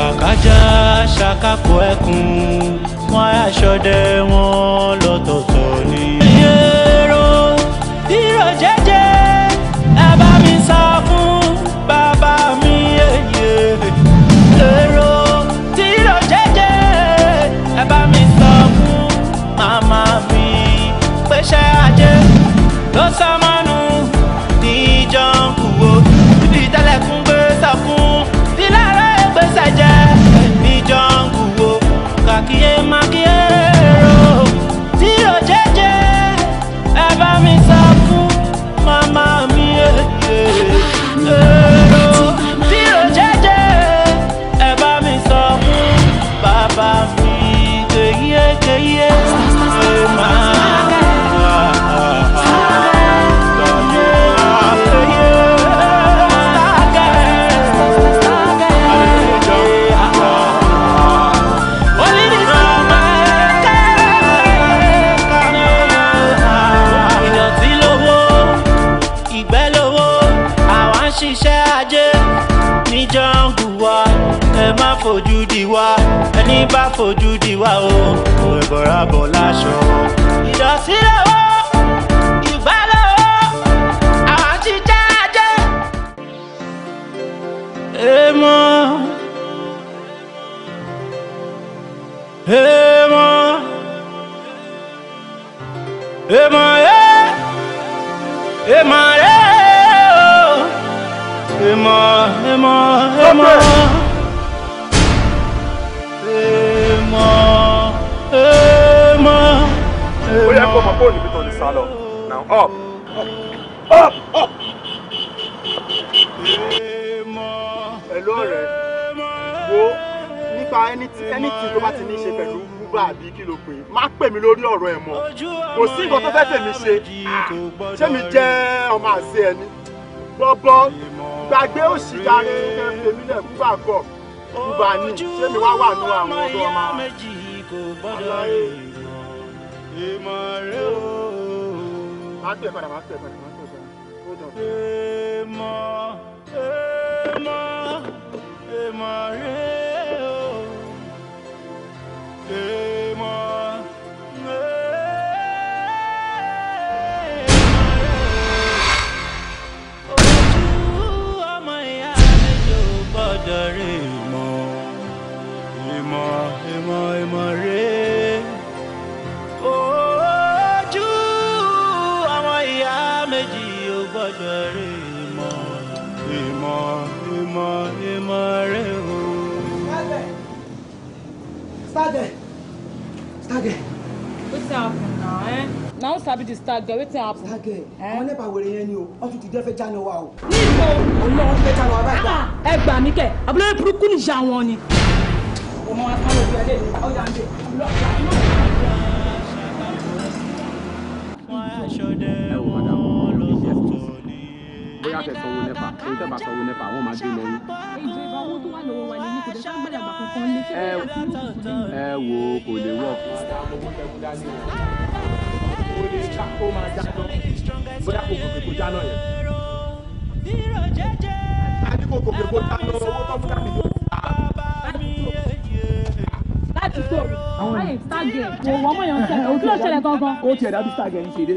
kàkàjà ṣàkàkọ ẹkùn wọn aṣọdẹ wọn lọ́tọ̀ọ̀tọ̀ ni. ìyẹ́rọ ìrọ̀ jẹ́jẹ́ ẹ bá mi sá fún bàbá mi yeye. èrò tìrọ̀ jẹ́jẹ́ ẹ bá mi sọ fún màmá mi pé ajé ló tiwa ẹni bá fojú diwa o ẹ̀bọ̀ra bọ̀ láṣọ. ìdọ̀tí lọ́wọ́ ìgbà lọ́wọ́ àwọn ti jáde. èèmọ̀ èèmọ̀ èèmọ̀ ẹ̀ èèmọ̀ ẹ̀ èèmọ̀ èèmọ̀ èèmọ̀. up, up, up, up. Hello rẹ̀ wo nípa anything tó bá ti ní ṣe pẹ̀lú Uber àbí kí ló pè é má pè mí lórí ọ̀rọ̀ ẹ̀ mọ́ kò sí nǹkan tó fẹ́ tèmi ṣe ah, ṣé mi jẹ́ ọmọ àṣẹ ẹni gbọ́gbọ́ gbàgbé òṣì darí èmi lẹ̀ Uber àgọ́ Uber ní ṣé mi wá wà nú àwọn ọ̀dọ́ ọmọ aláyé máa pè padà máa pè padà máa pè padà ó dàn. èèmọ̀ èèmọ̀ èèmọ̀ rèé o èèmọ̀. ìmọ̀ ìmọ̀ rẹ o. star girl star girl. wetin happen na eh. na who sabi the star girl wetin happen. star girl ọmọ nípa wèrè yẹn ni o wọn tún ti dẹ́fẹ́ jáná wa o. ní ìbò òun náà wọn fẹ́ jáná wa báyìí. ẹ gbà mí kẹ abúlé burúkú nìyá wọn ni. ọmọ wa kálọ̀ bí ẹlẹ́yìn ọjà ń dé ẹ wò fẹ́ sanwó nẹ́pà èyí tẹ́ bá sanwó nẹ́pà wọ́n máa gbé lẹ́yìn. ìjọba owó tó wà lọ́wọ́ ẹ wo kò lè wọ̀. bóyá kò kòkè kó já yẹn. a kò kòkè kó já lọ owó tó fún mi láti sọ̀rọ̀ láyé Stargurl kò wọ́n mọ̀ yàn sẹ́yìn òkú ló gangan. ó tiẹ̀ dábí Stargurl ń ṣeré.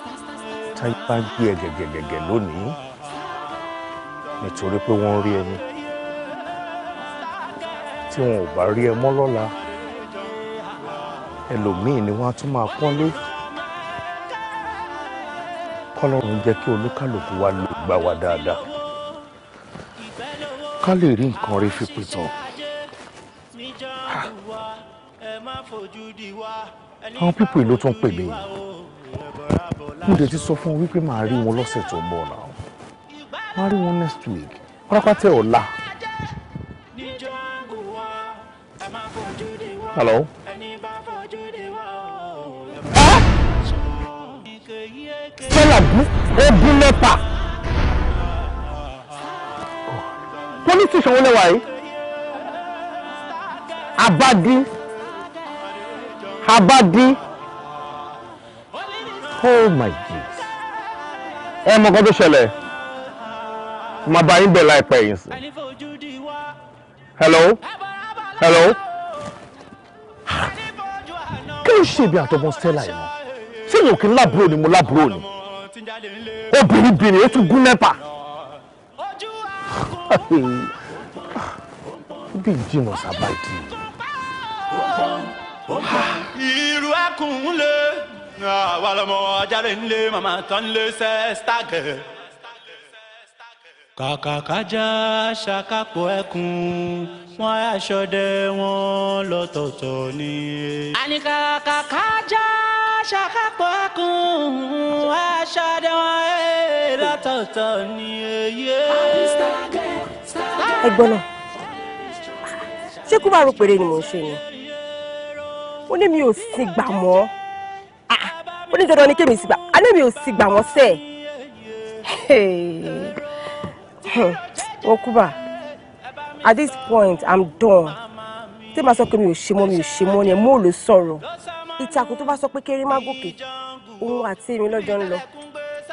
táyé bá ń gbé ẹ gẹ̀gẹ̀gẹ̀gẹ̀ lónìí nítorí pé wọ́n rí ẹni tí wọn ò bá rí ẹ mọ́ lọ́la ẹlòmíì ni wọ́n á tún máa pọ́nlé kọ́lọ́run jẹ́ kí olúkálùkù wa lò gbà wá dáadáa ká lè rí nǹkan rí fi pè tán. àwọn pípò ló tún pè mí mo dẹ̀ ti sọ fún wọn wípé màá rí wọn lọ́sẹ̀ tó ń bọ̀ ọ̀la màá rí wọn next week pátápátá ọ̀la. hello. Stella ogun mẹ́ta. police station wọlé wa yìí abadi abadi oh my Jesus ẹ mọ nǹkan tó ṣẹlẹ̀ máa bá yín bẹ̀ láìpẹ́ yìí sí hello hello kí ló ṣe ibi àtọmọ Stella yìí mọ ṣé mi ò kí ń lábúrò ni mo lábúrò ni obìnrin bìnrin ó tún gún nẹ́pà bí jìnnà sábà dì í. irú ẹkùn lè walamo ajale nle mama kàkàkàjà ṣàkàpọ̀ ẹkùn wọn aṣọdẹ wọn lọ́tọ̀ọ̀tọ̀ ni. àní kàkàkàjà ṣàkàpọ̀ ẹkùn wọn aṣọdẹ wọn lọ́tọ̀ọ̀tọ̀ ni. ẹ gbọ́ náà ṣé kúbárò péré ni mò ń ṣe ni ó ní mi ò sì gbà mọ́ ó ní dandan ni kémi sì gbà á ò sì gbà wọ́n sẹ́ẹ̀ hmm. wọ́n kú bá at this point i'm done tí màá sọ pé mi ò ṣe mọ́ mi ò ṣe mọ́ ni ẹ̀ mọ́ ló sọ̀rọ̀ ìtàkùn tó bá sọ pé kéré má gòkè òun àti èmi lọ́jọ́ ń lọ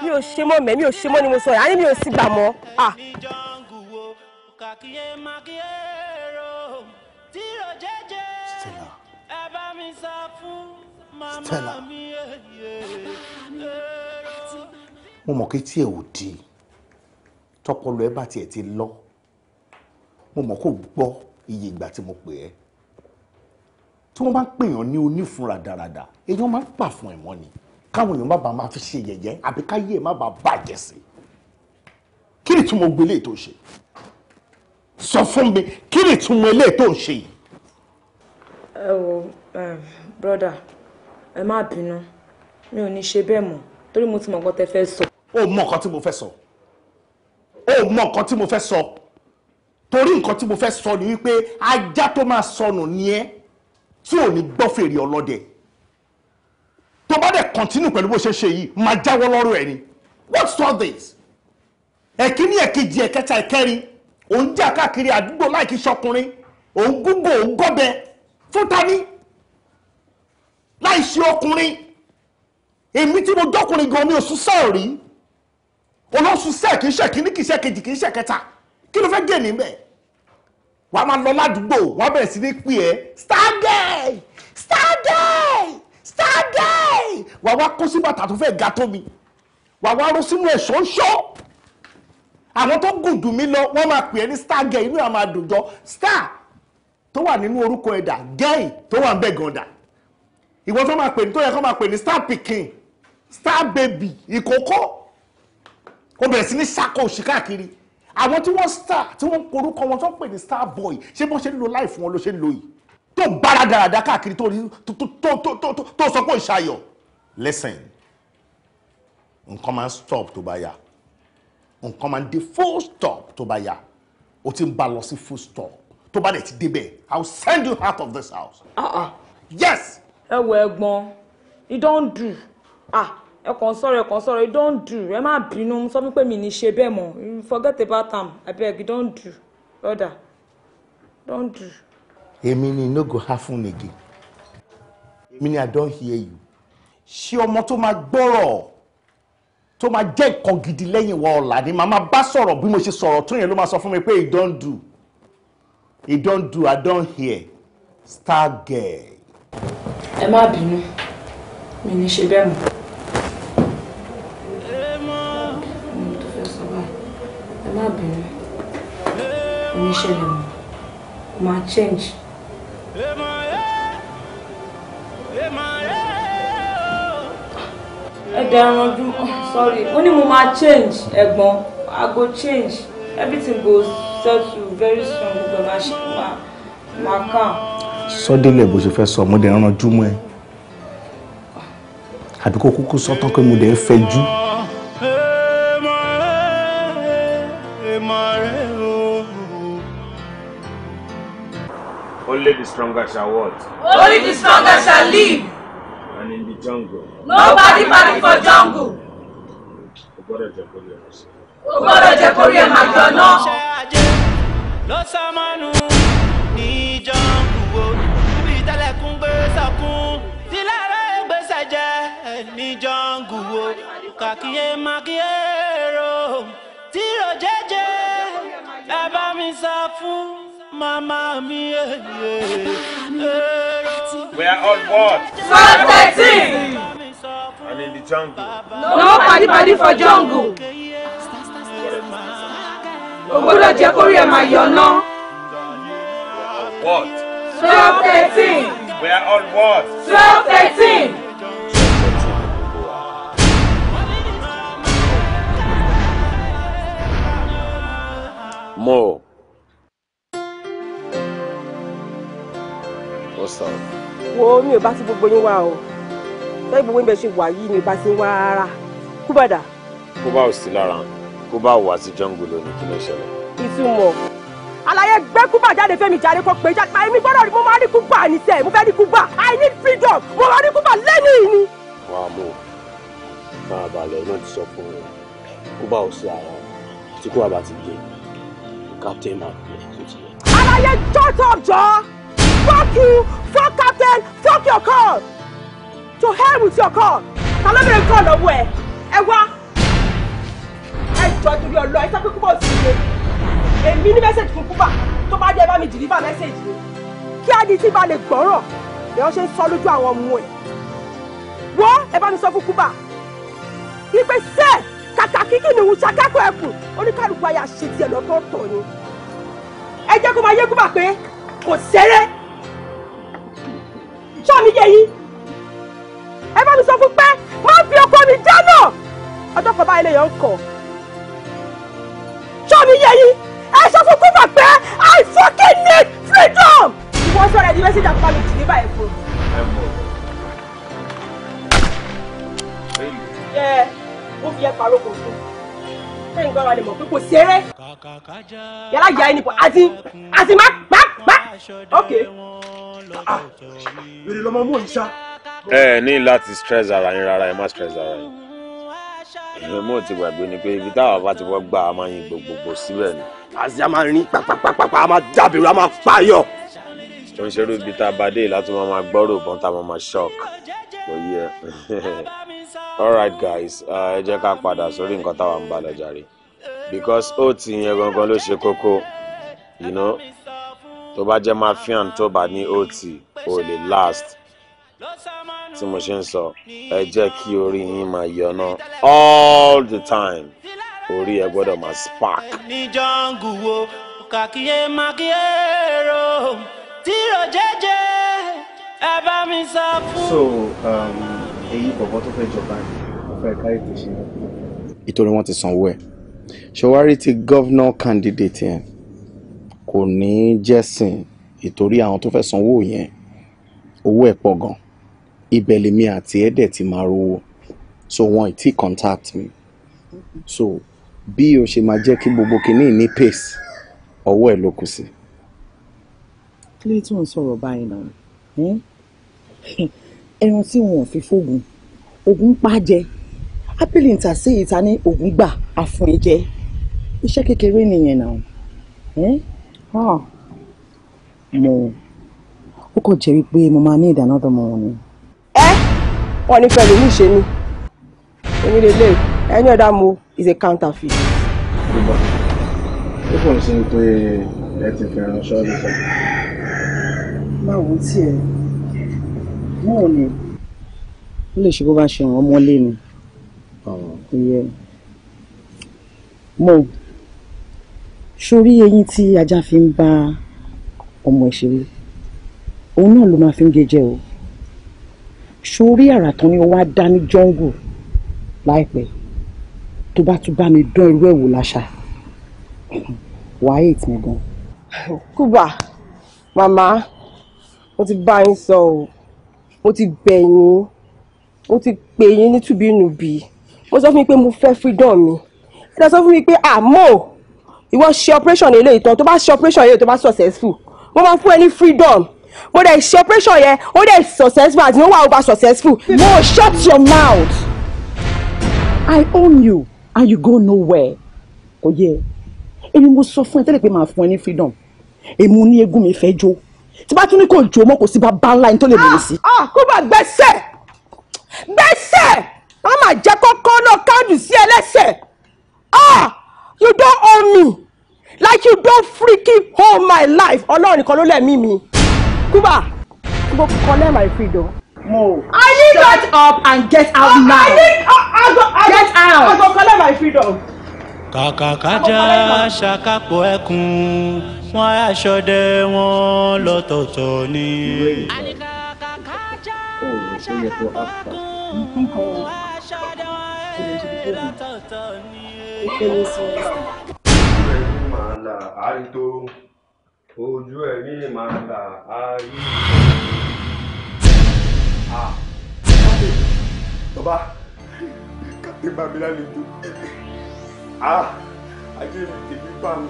mi ò ṣe mọ́ mẹ́ mi ò ṣe mọ́ ni mo sọ yà á ò sì gbà mọ́ à. Stella. Stella mo mọ̀ kí tí ẹ ò di tọpọlọ ẹ bá tiẹ̀ ti lọ mo mọ̀ kó gbọ́ iye ìgbà tí mo pè ẹ́ tí wọ́n bá ń pèèyàn ní onífúnra dáradá èèyàn máa ń pà fún ẹ̀mọ́ ni káwọn èèyàn má bàa máa fi ṣe yẹ̀yẹ́ àbí káyé ẹ̀ má bàa bàjẹ́ sí kí ni túmọ̀ gbélé tó ṣe sọ fún mi kí ni túmọ̀ ilé tó ṣe yìí. ẹ wo eh, broda ẹ má bínú mi ò ní ṣe bẹ́ẹ̀ mọ́ torí mo ti mọ̀ nǹkan tẹ fẹ́ sọ. o mọ nǹkan tí mo fẹ́ sọ o mọ nǹkan tí mo fẹ́ sọ torí nǹkan tí mo fẹ́ sọ ni wípé ajá tó máa sọnù ni ẹ tí ò ní gbọ́ fèrè ọlọ́dẹ tó bá dẹ̀ kọ́ntínú pẹ̀lú bó ṣe ṣe yìí máa jáwọ́ lọ́rọ̀ ẹ ni what's all this ẹ̀kíní ẹ̀kejì ẹ̀kẹta ẹ̀kẹrin òun jà káàkiri àdúgbò láìkí ṣọkùnrin òun gúgbò òun gọ́bẹ fún ta láì ṣe ọkùnrin èmi tí mo dọ́kùnrin gan mi ò sún sẹ́ẹ̀ rí olóṣù sẹ́ẹ̀ kì í ṣe kíní kì í ṣe kejì kì í ṣe kẹta kí ló fẹ́ gé níbẹ̀ wàá máa lọ ládùúgbò wàá bẹ̀rẹ̀ sí ní pè ẹ́ stargay stargay stargay wàá wá kó sí bàtà tó fẹ́ ga tó mi wàá wá ró sínú ẹ̀ ṣọ́ṣọ́ àwọn tó gùn dùn mí lọ wọ́n máa pè ẹ́ ní stargay inú ẹ̀ máa dùn jọ star tó wà nínú orúkọ ẹ̀dà gay tó wà ń bẹ̀ gàndà ìwọ tó máa pè ní tó yẹ kó máa pè ní star pikin star baby ìkókó kò bẹ̀rẹ̀ sí ní ṣàkó òṣì káàkiri àwọn tí wọ́n star tí wọ́n korúkọ wọn tó pè ní star boy ṣé bó ṣe ń lo láì fún wọn ló ṣe ń lo yìí tó bára dáradá káàkiri tó tó sọ pé ìṣayọ̀ listen nǹkan máa ń stop tó bá yá nǹkan máa ń dé full stop tó bá yá o ti ń ba lọ sí full stop tó bá dẹ̀ ti débẹ̀ i will send you out of this house. Uh -uh. yes ẹ wọ ẹ̀gbọ́n e don do ah ẹ kàn sọ̀rọ̀ ẹ kàn sọ̀rọ̀ e don do ẹ má bínú sọ fún pé mi ní ṣe bẹ́ẹ̀ mọ́ forget about am abeg e don do brother don do. èmi ni no go happen again èmi ni i don hear you ṣé ọmọ tó máa gbọ́rọ̀ tó máa jẹ́ nǹkan gidi lẹ́yìn wa ọ̀la ni màmá bá sọ̀rọ̀ bí mo ṣe sọ̀rọ̀ tó yẹn ló máa sọ fún mi pé e don do e don do i don hear star girl ẹ má bínú mi ní ṣe bẹ́ẹ̀ mọ́. mo tó fẹ́ sọ báyìí ẹ má bínú mi ní ṣe lè mọ́ máa change. ẹ̀dẹ̀ ẹranjú sorry ó ní mo máa change ẹ̀gbọ́n I go change everything go settle very soon gbogbo ẹ̀ máa ṣe máa calm sọdélẹ̀ bó ṣe fẹ́ sọ mo dẹ̀ ránjú ẹ àbí kúkú sọ pé mo dẹ̀ fẹ́ jú. Only the stronger shall what? Only the stronger shall live. And in the jungle. Nobody party for jungle. O gbọ́dọ̀ jẹ́ kórìí ẹ̀ máa ṣe. Lọ́sàmánú ní jungle wo níbi ìtẹ́lẹ̀kùn gbé sọkún sílára gbèsè jẹ ní jọ́ngù wo kàkíyé màkíyé ro tìrò jẹjẹ ẹ bá mi sọ fún màmá mi èyí èrò. we are all what. Psalm thirteen. I'm in the jungle. no padi for jungle. ògbódò jẹ́ kórìí ẹ̀ máa yọ̀ ná. what twelve thirteen. we are on what. twelve thirteen. More. What's up? Wo mi ò bá ti gbogbo yín wá o. Sẹ́yìn gbogbo yín bẹ ṣe wà yìí mi ò bá ti wá rárá. Kúbàdà. Kó bá ò sí lára, kó bá wà sí jọ́ngùlù ní kí ló ṣẹlẹ̀. Ìtumọ̀ àlàyé gbé jáde fẹ́mi jáde kó pé jáde àìmí gbọ́dọ̀ rí mo máa rí kúbà ní mo fẹ́ rí kúbà I need freedom mo máa rí kúbà lẹ́nu ìní. wàá mú o máa balẹ̀ náà ti sọ fún ọ kúbà ò sí ara tí kúbà bá ti gbé captain máa gbé e, tó ti yẹ. àlàyé jọ́tọ̀ ọ̀jọ́ fuck you fuck captain fuck your call to hell with your call ta ló bẹ̀rẹ̀ call lọ́wọ́ ẹ ẹ wá ẹ jọ torí ọlọ ẹ sọ pé kúbà ò sí ilé èmi ní mẹ́sẹ̀jì fún kúbà tó bá dé bá mi dìlífà mẹ́sẹ̀jì mi kí á di tí bá lè gbọ́rọ̀ lèyàn ṣe ń sọ lójú àwọn ọmọ ẹ̀ wọ́ ẹ bá mi sọ fún kúbà ìpè sẹ́ẹ̀ kàkà kíkì ni òun ṣàkẹ́kọ̀ọ́ ẹ̀kùn oníkálukú ayé àṣetì ẹ̀ lọ́tọ̀ọ̀tọ̀ ni ẹ jẹ́ kó máa yé kúbà pé kò sẹ́rẹ́ sọ́ọ̀mì yẹ yín ẹ bá mi sọ fún pé wọ́n fi ọkọ mi dáná ọjọ́ kan báyìí lèyàn ń kọ̀ sọ́ọ̀mì yẹ yín. I sọ fún kúmọ̀ pé I fucking need freedom. ìwọ sọ̀rọ̀ ẹni mẹ́sẹ̀jì àkọ́kọ́ mi tìlé báyìí fún mi. ẹ ó fi ẹ parọ́ kò tó sẹ́yìn gbọ́ra lè mọ̀ pé kò ṣeré yàrá ìyá ẹni pọ̀ àti àti má má má ok. Ah, èrè lọmọ mú òyìnṣá. ẹ ní láti stress ara yín rárá ẹ má stress ara yín èmi mò ti gbàgbé ni pé ibi táwa bá ti wọ́n gbà á máa yin gbogbogbò síbẹ̀ ni àti a máa rìn pàpàpàpà a máa dàbẹ̀rù a máa pààyọ̀. tó ń ṣerú ibi tá a bá dé láti máa gbọ́rò bọ́n tá a máa shock kò yẹ. alright guys ẹ jẹ́ ká padà sórí nǹkan táwa ń balẹ̀ jàre because ó ti yẹn gangan ló ṣe kókó you know tó bá jẹ́ mafian tó bá ní ot ò lè last tí mo ṣe ń sọ ẹ jẹ́ kí orí yín máa yọ náà all the time orí ẹ gbọ́dọ̀ máa spark. ní jọ́ngù wo kàkíyé màkíyèrò tírò jẹ́jẹ́ ẹ bá mi sọ fún. so um, èyí bọ̀bọ̀ tó fẹ́ jọba ó fẹ́ ká ètò ìṣẹ́yìn. ìtorí wọn ti sanwó ẹ ṣọwárí ti gọ́vnà candidate yẹn kò ní jẹ́sìn ìtorí àwọn tó fẹ́ sanwó yẹn owó ẹ̀ pọ̀ gan ibẹ̀ lèmi àti ẹ̀dẹ̀ ti máa rówó so wọn ì tí contact me so bí o ṣe máa jẹ́ kí gbogbo kìíní ní pace ọwọ́ ẹ̀ ló kù sí. clayton sọ̀rọ̀ báyìí náà ẹran tí wọn ò fi fóògùn oògùn pa jẹ ápìlì ìta sí ìta ní oògùn gbà àfún ẹ̀jẹ̀ iṣẹ́ kékeré nìyẹn náà ah. mo ó kàn jẹ́ wípé mo máa ní ìdáná dánmọ́ wọn ni. ẹ wọn ní fẹlẹ ní ìṣe ni onílé lè ẹni ọ̀dà mo is a counterfeit. ṣùgbọ́n ó kò sí pé ẹ ti fi ránṣọ́ ní sọ. báwo tiẹ̀ náà ni ó lè ṣe bó bá ṣe wọ́n mọ́lé ni kò yẹ mo sórí eyín tí ajá fi ń bá ọmọ ẹ̀ ṣeré òun náà ló máa fi ń gé jẹ o sórí àrà tán ni ó wá dá jọ́ngù láìpẹ́ tó bá tún bá mi dán irú ẹ̀ wò láṣà wàá èyí mi gan. kúbà màmá mo ti bá yín sọ o mo ti bẹ̀ yín mo ti pè yín nítùbínùbí mo sọ fún yín pé mo fẹ́ freedom mi ẹ sọ fún mi pé àmọ́ ìwọ ṣe operation eléyìí tán tó bá ṣe operation eléyìí tó bá successful mo máa fún ẹ ní freedom mo dẹ̀ ṣe operation yẹn ó dẹ̀ successful àti mo wà over successful mo shut your mouth I own you and you go nowhere kò yẹ èmi mo sọ fún ẹ tẹ́lẹ̀ pé màá fún ẹ ní freedom èmi ní egun mi fẹ́ jó tí bá tún ní kò jó mọ́ kò sí bàbá ńlá ẹni tó lè bèrè sí. Ah, ah, kó bá gbẹ́sẹ̀ gbẹ́sẹ̀ wọ́n máa jẹ́ kọ́kọ́ náà káàdù sí ẹlẹ́sẹ̀ ah, you don't own me like you don't freaking own my life ọlọ́run nìkan ló lẹ̀mí mi kúbà kúbọ̀ kọ́lẹ́ my freedom. Mo. I need Shut that. up and get out uh, now. I need. Uh, I go, I go, get out. I go collect my freedom. kàkàkàjà ṣàkàpò ẹkùn wọn oh, aṣọdẹ wọn wọn aṣọdẹ ni. ojú ẹ̀ màá là á Ah. bàbá kàtẹ́ bá mi lálejò ajé mi tèmi bá mi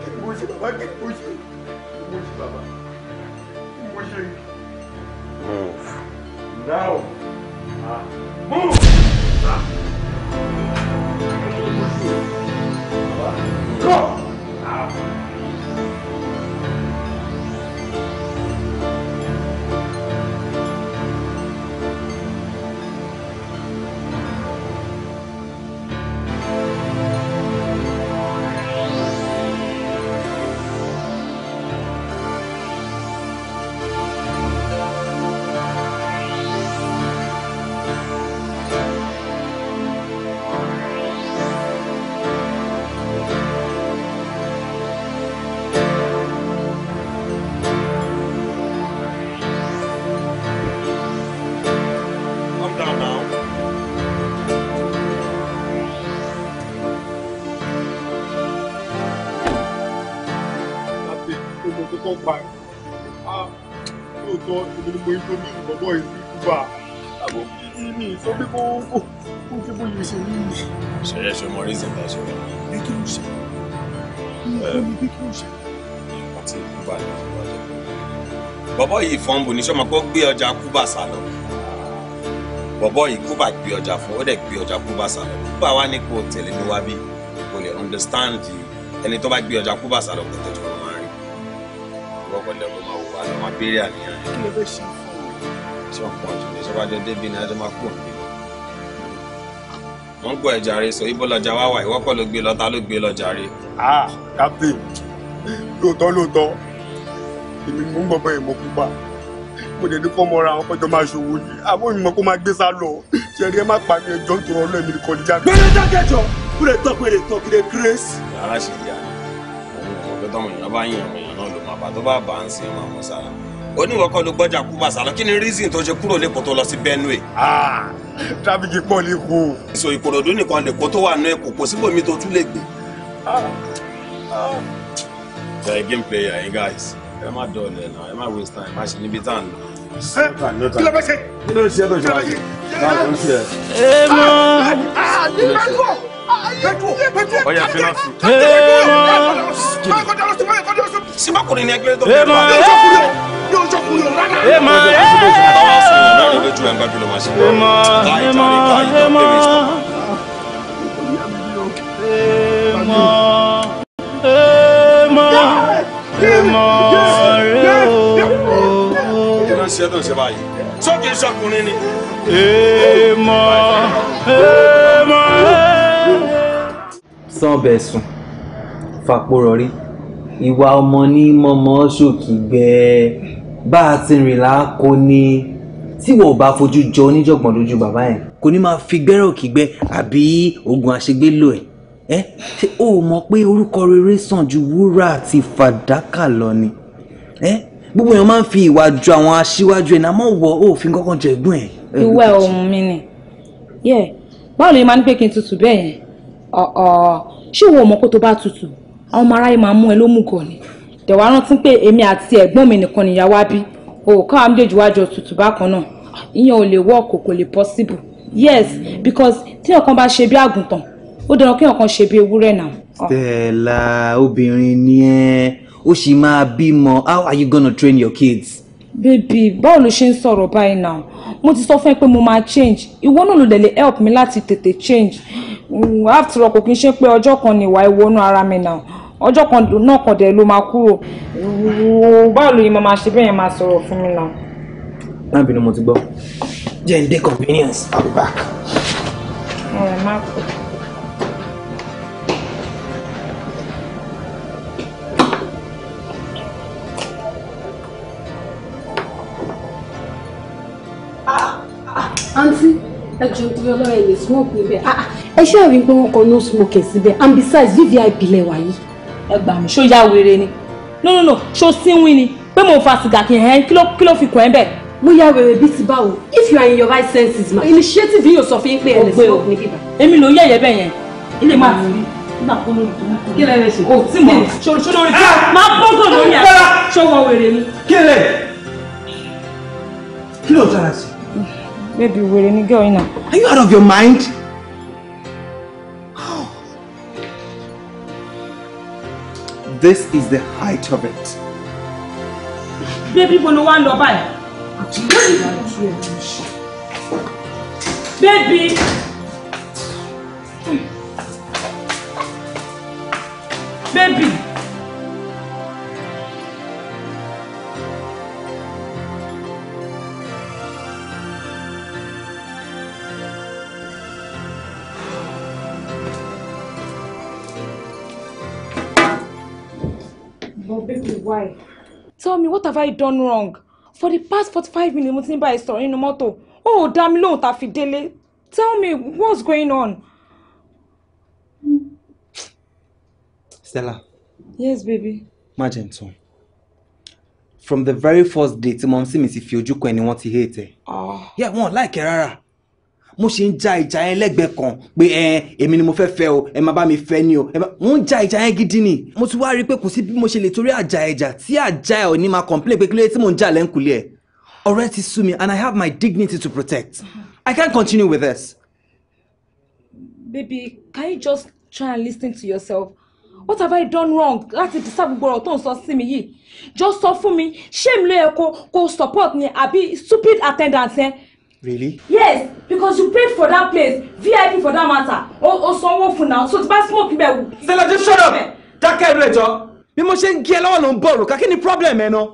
kí ni mo ṣe bàbá kí mo ṣe kí mo ṣe bàbá kí mo ṣe. move now ah. move. Ah. Go! Ah. ṣẹlẹ̀ ṣe mọ reason ta ṣe bẹ̀rẹ̀ bí kí ló ṣe bí kí ló ṣe nǹkan tí kúbà ní ìwà jẹ bọ́bọ́ yìí fọ́nbù ní sọ́mọ́ pé ó gbé ọjà kúbà sá lọ bọ́bọ́ yìí kúbà gbé ọjà fún ó dẹ̀ gbé ọjà kúbà sá lọ kúbà wá ní kó tẹ̀lé mi wá kò lè understand ẹni tó bá gbé ọjà kúbà sá lọ kò tẹ̀jú ọmọ rẹ ìwọ́pọ̀ lẹ́kọ̀ọ́ máa wò wá lọ́mọ abẹ́rẹ́ àníyàn kí ló fẹ́ ṣe fún ọ tí wọ́n pọ̀ jù ní sọ́bàjọ́ débi ní adé máa kú ọ̀nà wọ́n gbọ́ ẹ̀ jàre sọ ibo lọ́jà wá wà ìwọ́kọ̀ ló gbé lọ́ta ló gbé lọ́jà rè. ah captain lóòótọ́ lóòótọ́ èmi mò ń gbọ́ bẹ́ẹ̀ mọ́ kúpa mo lè ní kọ́ mọ́ ra àwọn kọjọ́ máa ṣòwò ni àmọ́ mi mọ̀ kó máa gbé sá lọ ṣe rí ẹ má pa mi ẹjọ́ ń tọrọ ọlọ́ọ̀mí kọ́ ní jáde. gbẹ̀rẹ̀ dákẹ́jọ́ kúrẹ́ tọ́ kúrẹ́ tọ́ kúrẹ́ grace. yàrá ṣe yà òun ò mọ̀ pé tọ́mọ èèyàn bá yàn ọmọ èèyàn náà ló máa bá tó bá bá ń sin ọmọ àmọ́ sára oníwọ̀kọ́ ló gbọ́jà kú bàṣà lọ kí ni reason tó ṣe kúrò lẹ́kọ̀ọ́ tó lọ sí Benue. tráfíkì pọ̀ ní kú. èso Ìkòròdú nìkan lẹ́kọ̀ọ́ tó wà ní Èkó kò síbòmí tó tún lè gbé. ṣe game player yín guys ẹ má dọ̀ọ̀lẹ̀ náà ẹ má waste time má ṣe níbi tá à ń lọ. kí ló bẹ́ ṣe. kí ló ń ṣe lóṣù àjò. ẹ mọ. ọyà fẹ́ràn fún. ẹ mọ síbákùnrin ni ẹgbẹ́ tó bẹ̀rẹ̀ wá. yóò jọkùnrin o rárá. èèmọ̀ èèmọ̀ báwa fún un náà lójú ẹ̀ ń gbájú ló máa ṣe. èèmọ̀ èèmọ̀ èèmọ̀ èèmọ̀ èèmọ̀ èèmọ̀ sókè sọkùnrin ni. èèmọ̀ èèmọ̀. sanbẹ̀sùn fàpò rọrí ìwà ọmọ ní mọ́mọ́ ṣòkì gbẹ́ẹ́ bá a ti rìn là á kó ni tí wọn ò bá fojú jọ oníjọ̀gbọ̀n lójú bàbá yẹn kò ní máa fi gbẹ́rẹ́ òkì gbẹ́ àbí oògùn àṣegbé lò ẹ̀ ẹ́ ṣé o mọ̀ pé orúkọ rere sàn ju wúrà àti fàdákà lọ ni ẹ́ gbogbo èèyàn máa ń fi ìwà ju àwọn aṣíwájú ẹ̀ náà mọ̀ wọ òfin kankan jẹ ẹ̀gbọ́n ìwà ohun mi ni báwo ló yẹ máa ń pé kí n tutù bẹ́ẹ̀ yẹn ṣé ìwọ ò mọ̀ pé tó bá tutù àwọn ọmọ aráyé máa mú ẹ ló mú gan ni tẹ̀wá rántí pé èmi àti ẹ̀gbọ́n mi nìkan nìyàwó á bí òun káwa tutù bákan náà ìyẹn ò lè wọ́ọ̀kù kò lè possible yes because tí ọ̀kan bá ṣe bí àgùntàn ó dandan kí ọ̀kan ṣe bí ewúrẹ́ náà. Stella obìnrin ni ẹ ó sì máa bímọ how are you gonna train your kids. baby báwo ló ṣe ń sọ̀rọ̀ báyìí náà mo ti sọ fún ẹ pé mo máa change ìwọ náà ló dẹ̀ lè help mi láti tètè change mm, after all kò kí n ṣe pé ọjọ́ kan ni ìwà ìwọ́nú ara mi náà ọjọ́ kan náà kan dẹ̀ ló máa kúrò báwo lóye máa ṣe bẹ́ẹ̀ máa sọ̀rọ̀ fún mi náà. má bínú mo ti gbọ́ jẹ́ ǹdẹ́ convenience I'll be back. ọ̀rẹ́ má kú. àǹtí ẹ jù nítorí ọlọ́run lè smoke níbẹ̀ ah, ah, ẹ ṣáà rí pé wọ́n kọ no smoking síbẹ̀ and besides vvip lẹ́wà yìí ẹ gbà mí ṣó ya wèrè ni no no no ṣó sínwín ni pé mo fa sìgá kí ẹ kí ló fi kàn ẹ́ bẹ́ẹ̀. mo ya wèrè bíi ti báwo if you are in your right senses ma initiative yóò sọ fún yín pé ẹ lè sọ ní bíbá. èmi ló yẹ̀yẹ́ bẹ́ẹ̀ yẹn ilé máa fi rí nígbà kó lórí tó ń kú. kí lè lè ṣe. o tí mo ṣo ṣo lórí tí a máa bọ́gọ̀ lórí ẹ̀ ṣó wọ wèrè ni. kí lè kí ló tara sí. bébí wèrè ni gẹ́ọ̀ yìí náà. are you out of your mind? This is the height of it. Baby, mo ló wá ń lọ Baby. Baby. Why? Tell me, what have I done wrong? For the past 45 minutes, mo been ń bá ẹ sọ̀rọ̀ nínú mọ́tò. O ò dá mi lóhùn Tell me, what's going on? Stella. Yes, baby. Má so. From the very first day tí mo ń sí mi ti fi ojú kan ẹni wọ́n ti ah. Yeah, wọn like láìkẹ́ mo ṣe ń ja ìjà yẹn lẹ́gbẹ̀ẹ́ kan pé ẹ èmi ni mo fẹ́ fẹ́ o ẹ má bá mi fẹ́ ni o mo ń ja ìjà yẹn gidi ni mo ti wá rí i pé kò sí bí mo ṣe lè torí àjà ẹ̀jà tí àjà ẹ̀ ò ní máa complain pé kílódé tí mò ń jà lẹ́ńkulẹ̀ ẹ̀ ọ̀rẹ́ ti sú mi and I have my dignity to protect I can't continue with this. Baby, can you just try and listen to yourself? What have I done wrong láti deserve gbogbo ọ̀rọ̀ tó ń sọ sí mi yìí? Just sọ fún mi, ṣé mi ló yẹ kó kó support ni àbí stupid attendant yẹn? Eh? Really? Yes, because you paid for that place, VIP for that matter. O o sanwó fún so ti bá smoke bẹ́ẹ̀ wù. Stella just shut up! Dákẹ́ ẹ̀rọ ẹ̀jọ́. Bí mo ṣe ń gé ẹ lọ́wọ́ ló ń bọ̀ òrùka, kí ni problem ẹ náà?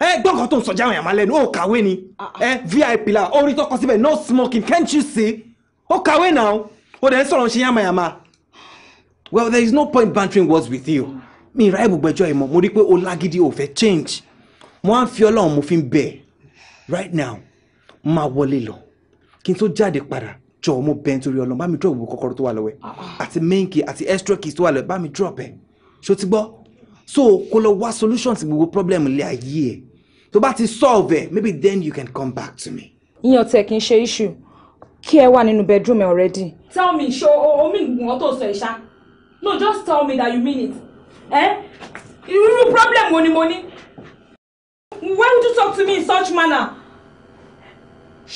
Ẹ gbọ́ nǹkan tó ń sọjá àwọn àmàlẹ́ nu, ó kàwé ni. Ah, ah. Ẹ VIP la, orí tó kọ síbẹ̀ no smoking, can't you see? Ó kàwé náà, ó dẹ̀ ń sọ̀rọ̀ ṣe yàmàyàmà. Well, there is no point bantering words with you. Mi ìrà ìbùgbẹ́jọ́ ìmọ̀, mo rí pé o lágídí ò fẹ́ change. Mo á ń fi Ọlọ́run mo fi ń bẹ̀ right now máa wọlé lọ kí n tó jáde padà jọ mo bẹ nítorí Ọlọ́run bá mi drop gbogbo kọ́kọ́rọ́ tó wà lọ́wọ́ ẹ ah, ah. àti main key àti extra keys tó wà lọ́wọ́ bá mi drop ẹ ṣó ti gbọ́ so kó lọ wá solution sí gbogbo problem ilé ayé ẹ tó bá ti solve ẹ maybe then you can come back to me. ìyàn tẹ kì í ṣe issue kí ẹ wà nínú bedroom ẹ already. tell me ṣo omi ìgbìmọ̀ tó sọ ìṣá no just tell me that you mean it eh? irú problem wo ni mo ní why would you talk to me in such manner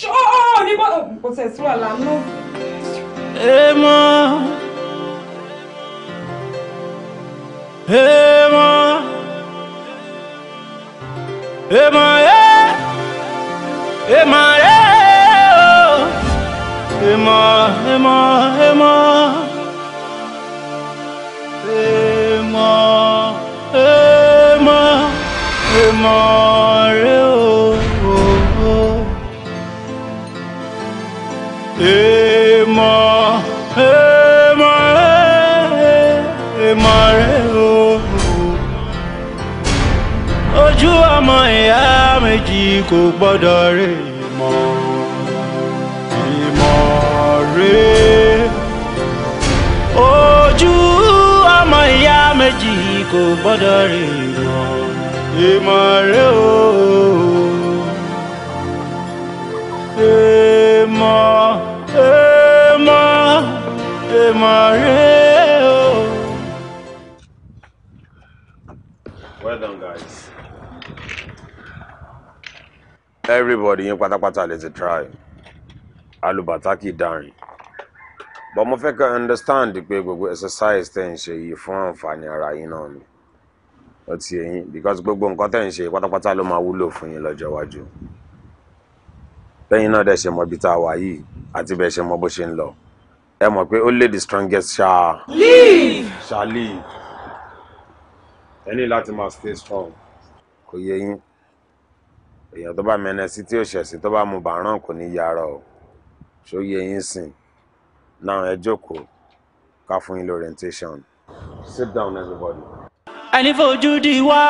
ṣọ́ọ́ ní bọ́ọ̀lù kò tẹ̀sí wà lánàá. èèmọ̀ èèmọ̀ èèmọ̀ ẹ̀ èèmọ̀ ẹ̀ èèmọ̀ èèmọ̀ èèmọ̀ èèmọ̀ èèmọ̀ èèmọ̀ rẹ̀. èèmọ̀ èèmọ̀ èèmọ̀ rẹ o ojú ọmọ ìyá méjì kò gbọ́dọ̀ rè mọ́ ìmọ̀ rè ojú ọmọ ìyá méjì kò gbọ́dọ̀ rè mọ́ ìmọ̀ rè o. everybody yín pátápátá lè ti try alùbàtà kì í dàrin but mo fẹ́ kẹ́ understand pé gbogbo exercise tẹ̀ ń ṣe yìí fún àǹfààní ara yín náà ni ó ti yín because gbogbo nǹkan tẹ̀ ń ṣe pátápátá ló máa wúlò fún yín lọ́jọ́ iwájú lẹ́yìn náà dẹ̀ ṣe mọ ibi tá a wà yìí àti bẹ́ẹ̀ ṣe mọ bó ṣe ń lọ ẹ mọ̀ pé ó lè the strongest ṣá leave ṣá leave ẹ ní láti máa stay strong kò yẹ yín èèyàn tó bá mẹ́nẹ sí tí ò ṣẹ̀sìn tó bá mu bàrán kò ní yára o ṣó yẹ yín sìn náà ẹ jókòó ká fún yín lórientation sit down everybody. ẹni fojú di wá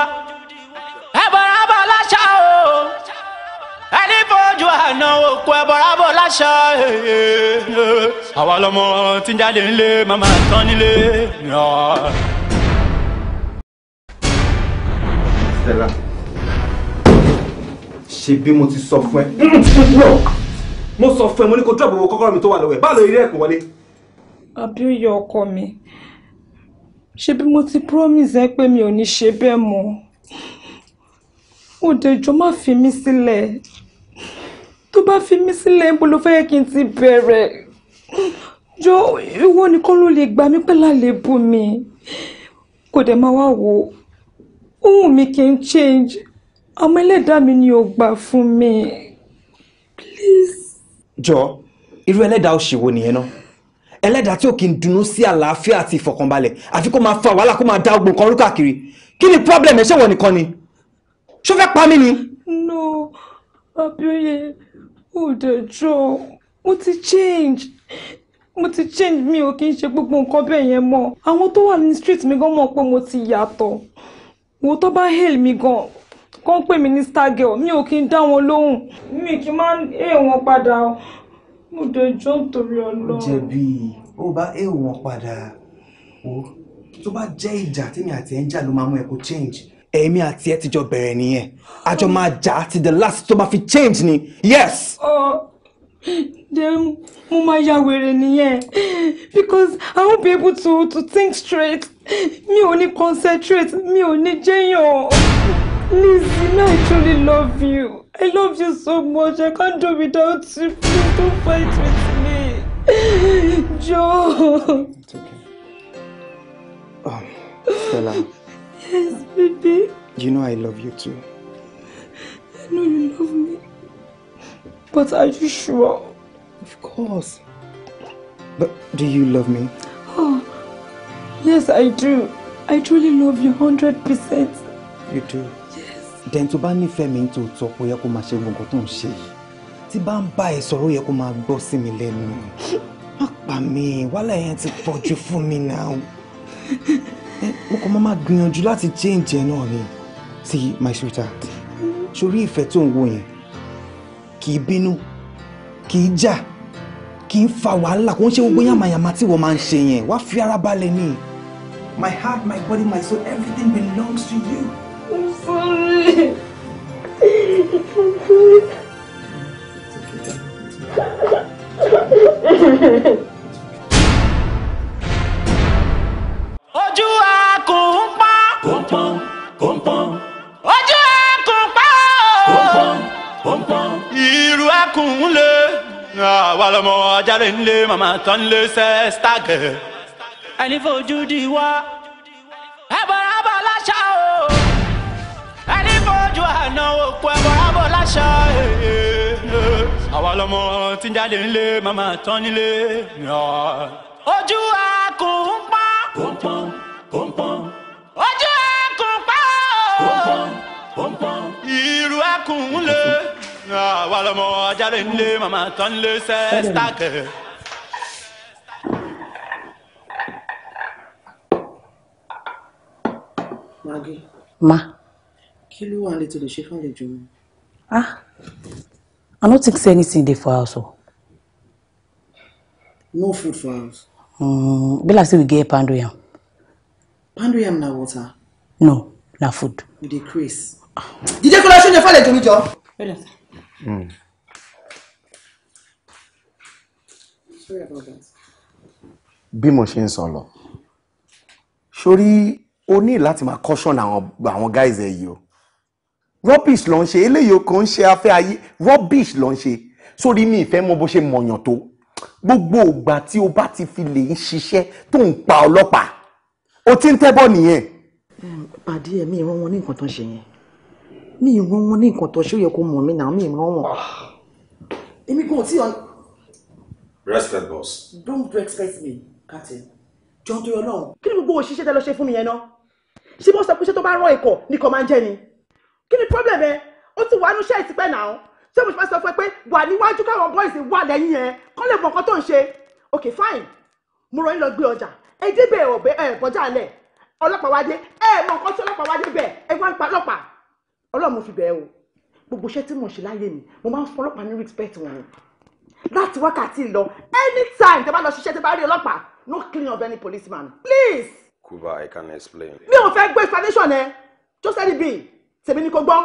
ẹbọra bọ láṣà o ẹni fojú àná òkú ẹbọra bọ láṣà eh, eh. àwa lọmọ tí ń jáde nílé màmá tán nílé. Stella ṣe bí mo ti sọ fún ẹ. Mm, mo sọ fún ẹ mo ní kó drop kọ́kọ́rọ́ mi tó wà lọ́wọ́ ẹ báwo lórí ẹ̀kún wọlé. àbí ó yọ ọkọ mi ṣe bí mo ti promise ẹ pé mi ò ní ṣe bẹ́ẹ̀ mọ́ òdèjọ má fi mí sílẹ̀ tó bá fi mí sílẹ̀ ń bolo fẹ́ kí n ti bẹ̀rẹ̀ jọ ìwọ nìkan ló lè gbà mí pẹ́lá lè bù mí kò dẹ̀ máa wá wò ó wù mí kí n change ọmọ ẹlẹ́dàá mi ni ò gbà fún mi please. jọ irú ẹlẹ́dàá òṣèwò nìyẹn náà ẹlẹ́dàá tí ò kí ń dunnú sí àlàáfíà àti ìfọ̀kànbalẹ̀ àfi kó máa fa wàhálà kó máa dá ogbò kan rú káàkiri kí ni problem ẹ ṣé wọ nìkan ni ṣó fẹ́ pa mí ni. no abioye ò dẹjọ mo ti change mo ti change mi ò kí ń ṣe gbogbo nǹkan bẹ́ẹ̀ yẹn mọ́ àwọn tó wà ní street mi gan mọ̀ pé mo ti yàtọ̀ wò tó bá hail mi gan kó ń pè mí ní stargirl mi ò kí ń dá wọn lóhùn mi kì í máa ń é wọn padà mo dẹjọ́ nítorí ọlọ́run. jẹ̀bi ó bá é wọn padà o tó bá jẹ́ ìjà tèmi àti ẹ̀ ló máa mú ẹ change. èmi àti ẹ ti jọ bẹ̀rẹ̀ nìyẹn àjọ máa jà àti the last tó bá fi change ni yes. Uh, de mo máa ya wèrè nìyẹn because i won't be able to to think straight mi ò ní concentrate mi ò ní jẹ́yàn. Please, you know I truly love you. I love you so much. I can't do without you. Please don't fight with me. Joe. It's okay. Um, Stella. Yes, baby. You know I love you too. I know you love me. But are you sure? Of course. But do you love me? Oh, yes, I do. I truly love you 100%. You do? dẹ̀n tó bá nífẹ̀ẹ́ mi tó tọ́ kó yẹ kó máa ṣe gbogbo tó ń ṣe yìí tí bá ń bá ẹ sọ̀rọ̀ yẹ kó máa gbọ́ sí mi lẹ́nu má pa mí wàhálà yẹn ti pọ̀ jù fún mi náà mo kàn máa gbìyànjú láti change ẹ náà ni sí my sweetheart sórí ìfẹ́ tó ń wo yẹn kì í bínú kì í jà kì í fa wàhálà kò ń ṣe gbogbo yàmàyàmà tí wọ́n máa ń ṣe yẹn wá fi ara balẹ̀ ni my heart my body my soul everything belongs to you sorry. I'm sorry. Ojú akùn ń pa. Pọ̀npọ̀n pọ̀npọ̀n. Ojú akùn pa. Pọ̀npọ̀n pọ̀npọ̀n. Ìrù akùn ń lé. Àwa lọmọ ajálẹ̀ ń lé màmá tán ń lé sẹ́sítàgẹ̀. Ẹni fojú di wá. Ẹ bọ̀rọ̀ abọ́ aláṣà lójú àná òkú ẹ̀wọ̀ ábò láṣà. Eh, eh. àwa lọmọ tí ń jáde nílé màmá tán nílé. ojú ẹkùn ń pọ́n. pọ́npọ́n pọ́npọ́n. ojú ẹkùn pọ́n. pọ́npọ́n pọ́npọ́n. ìrù ẹkùn ń lé. àwa lọmọ jáde nílé màmá tán nílé sẹ́sítàkẹ́. Maggie. Ma kí ló wà létò lè ṣe fàlejò mi. ah i no think say anything dey for house o. no food for house. Um, be like say we get pound yam. pound yam na water. no na food. we dey craze. jíjẹ́ kọ́lá ṣe ń jẹ fàlejò mi jọ. sorry about that. bí mo ṣe ń sọ lọ sórí o ní láti máa caution àwọn guys ẹ yìí o rubbish ló ń ṣe eléyìí kan ń ṣe afẹ́ ayé rubbish ló ń ṣe sórí mi ìfẹ́ mọ bó ṣe mọ̀yàn tó gbogbo ìgbà tí o bá ti fi lè ń ṣiṣẹ́ tó ń pa ọlọ́pàá o ti ń tẹ́bọ̀ nìyẹn. pàdé ẹ̀ mi ìran wọn ní nǹkan tó ń ṣe yẹn mi ìran wọn ní nǹkan tó ṣe yẹ kó mọ̀ mí náà mi ìran wọn. Ah. èmi kò tí ọ. respect boss. don't respect me captain jọ́ńtò yọ náà. kí ni gbogbo òṣìṣẹ́ tẹ lọ ṣe fún mi yẹn náà ṣé bó sọ pé ṣé tó bá rán ẹ̀kọ́ ni kò máa ń jẹ́ ni kí ni problem ẹ ó ti wà á nu iṣẹ́ ìtìpẹ́ náà ṣé mo ti fẹ́ sọ fún ẹ pé wà níwájú káwọn boys wà lẹ́yìn ẹ kọ́ lè mọ nǹkan tó ń ṣe ok fine mo rọ yín lọ gbé ọjà ẹ débẹ̀ ọ̀bẹ ẹ bọ́jà lẹ̀ ọlọ́pàá wá dé ẹ mọ nǹkan tí ọlọ́pàá wá dé bẹ̀ ẹ wá ń pa ọlọ́pàá ọlọ́run mo fi bẹ̀ ẹ o gbogbo iṣẹ́ tí mo ṣe láyé mi mo máa ń fún ọlọ́pàá ní respect wọn ni láti wákàtí lọ anytime tẹ́ bá lọ ṣiṣẹ́ tẹ́ bá rí ọlọ́pàá no clean up any policeman please. Kuba I can explain. mi ò fẹ́ gbé explanation ẹ jọ́sẹ́ni bíi tèmi ni kò gbọ́.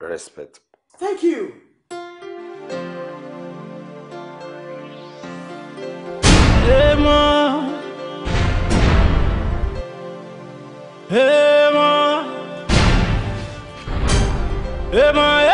respect. thank you. Emo. Emo. Emo.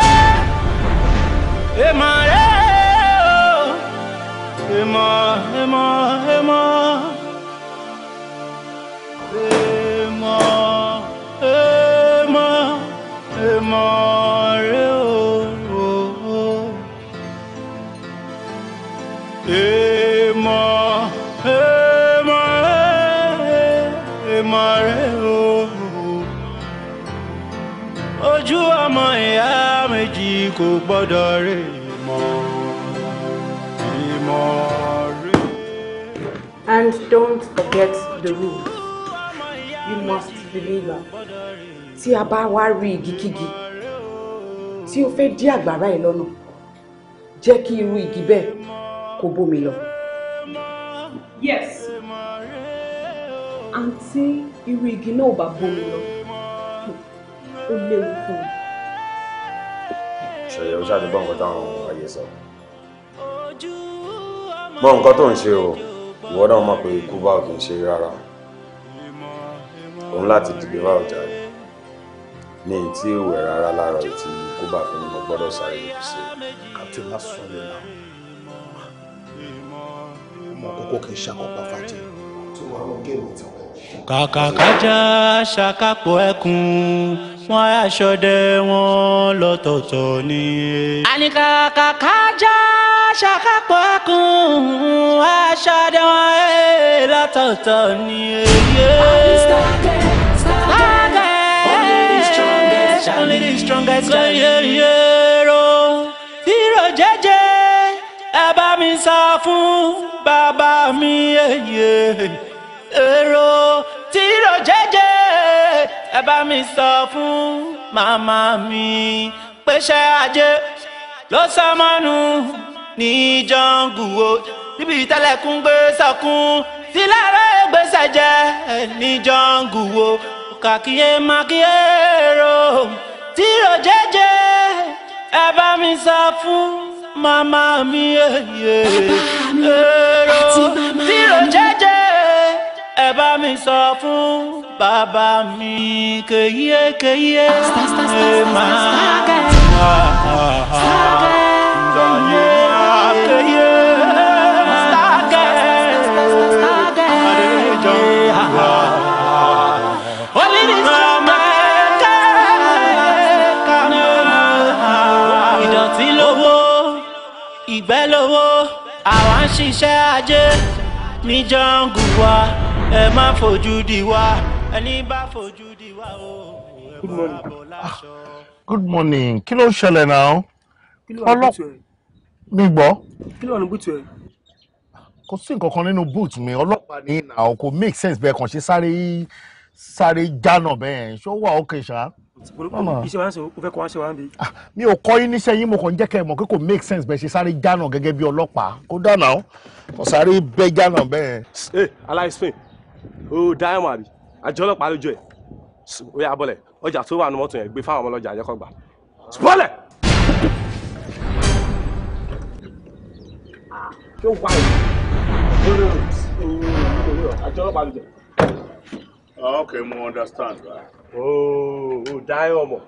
kò gbọ́dọ̀ rè mọ́ ìmọ̀ rè. And don't forget the rule you must deliver tí a bá wá rí igikígi tí ó fẹ́ dí àgbàrá ẹ̀ lọ́nà jẹ́ kí irú igi bẹ́ẹ̀ kó bómi lọ. Yes àǹtí irú igi náà ò bá bómi lọ ó léwu fún un ṣẹyẹ ó ṣáàtì gbọ́ nǹkan táwọn ayé sọ gbọ́ nǹkan tó ń ṣe o ìwọ náà mọ̀ pé ikú bá òkè ṣe rárá òun láti dìgbé bá ọjà rẹ ní etí ìwẹ̀ rárá lára ètí ikú bá fún mi mo gbọ́dọ̀ sáré lòdì sí captain má sùn lè kókó kì í ṣàkópa fàjẹ tó wà lọ géèmù tí wọn. kàkàkájà ṣàkápọ̀ ẹkùn wọ́n aṣọdẹ wọn lọ́tọ̀ọ̀tọ̀ ni. àníkà kàkà já ṣàkàpọ̀ kún aṣọdẹ wọn eh, lọ́tọ̀ọ̀tọ̀ ni. Only the strongest ẹ bá mi sá fún bàbá mi Èrò tìrò jẹ́jẹ́ ẹ bá mi sọ fún màmá mi pé ṣẹ́ ajé ló sọ mọ́nu ní jọ́ngù o níbi tẹ́lẹ̀kùn gbé sọkún tí lára gbèsè jẹ́ ní jọ́ngù o kàkíyè màkíyèrò tí rò jẹ́jẹ́ ẹ bá mi sọ fún màmá mi èrò tí rò jẹ́jẹ́ ẹ bá mi sọ fún bàbá mi kéyé kéyé ẹ máa gbàyè kéyé sàgẹ̀ àdéjọ́ wà. ìgbẹ́ lówó àwa ń ṣiṣẹ́ ajé ní jọ́ngù wa ẹ má fojú di wá ẹni bá fojú di wá o ẹ bọra bọ ah, láṣọ. good morning kí ló ń ṣẹlẹ̀ náà ọlọ́pàá mi gbọ́. kí ló ń bùtù ẹ̀ kò sí nǹkan kan nínú boot mi ọlọ́pàá ní ìnà kò make sense bẹ́ẹ̀ kàn ṣe sáré sáré jánà bẹ́ẹ̀ ṣó wà ókè ṣá. iṣẹ́ wa ń sọ o fẹ́ kọ́ wá ṣe wa ń bi. Ah, mi ò kọ́ yín níṣẹ́ yín mo kàn ń jẹ́ kẹ́ ẹ mọ̀ pé kò make sense bẹ́ẹ̀ ṣe sáré jánà gẹ́gẹ́ bí ọlọ́pàá kó dànà kò sáré bẹ́ẹ̀ jánà bẹ́ẹ̀. ẹ aláìsàn o dá ẹ̀wọ̀n àbí àjọ ọlọ́pàá lójú ẹ̀ ó yà bọ́lẹ̀ ọjà tó wà ní mọ́tò yẹn gbé fáwọn ọmọ ọlọ́jà àjẹkọ́ gbà bọ́lẹ̀. ṣé wà á lórí àjọ ọlọ́pàá lójú ẹ̀. Ah, ok mo understand. ooo o dá ẹ̀wọ̀n mọ̀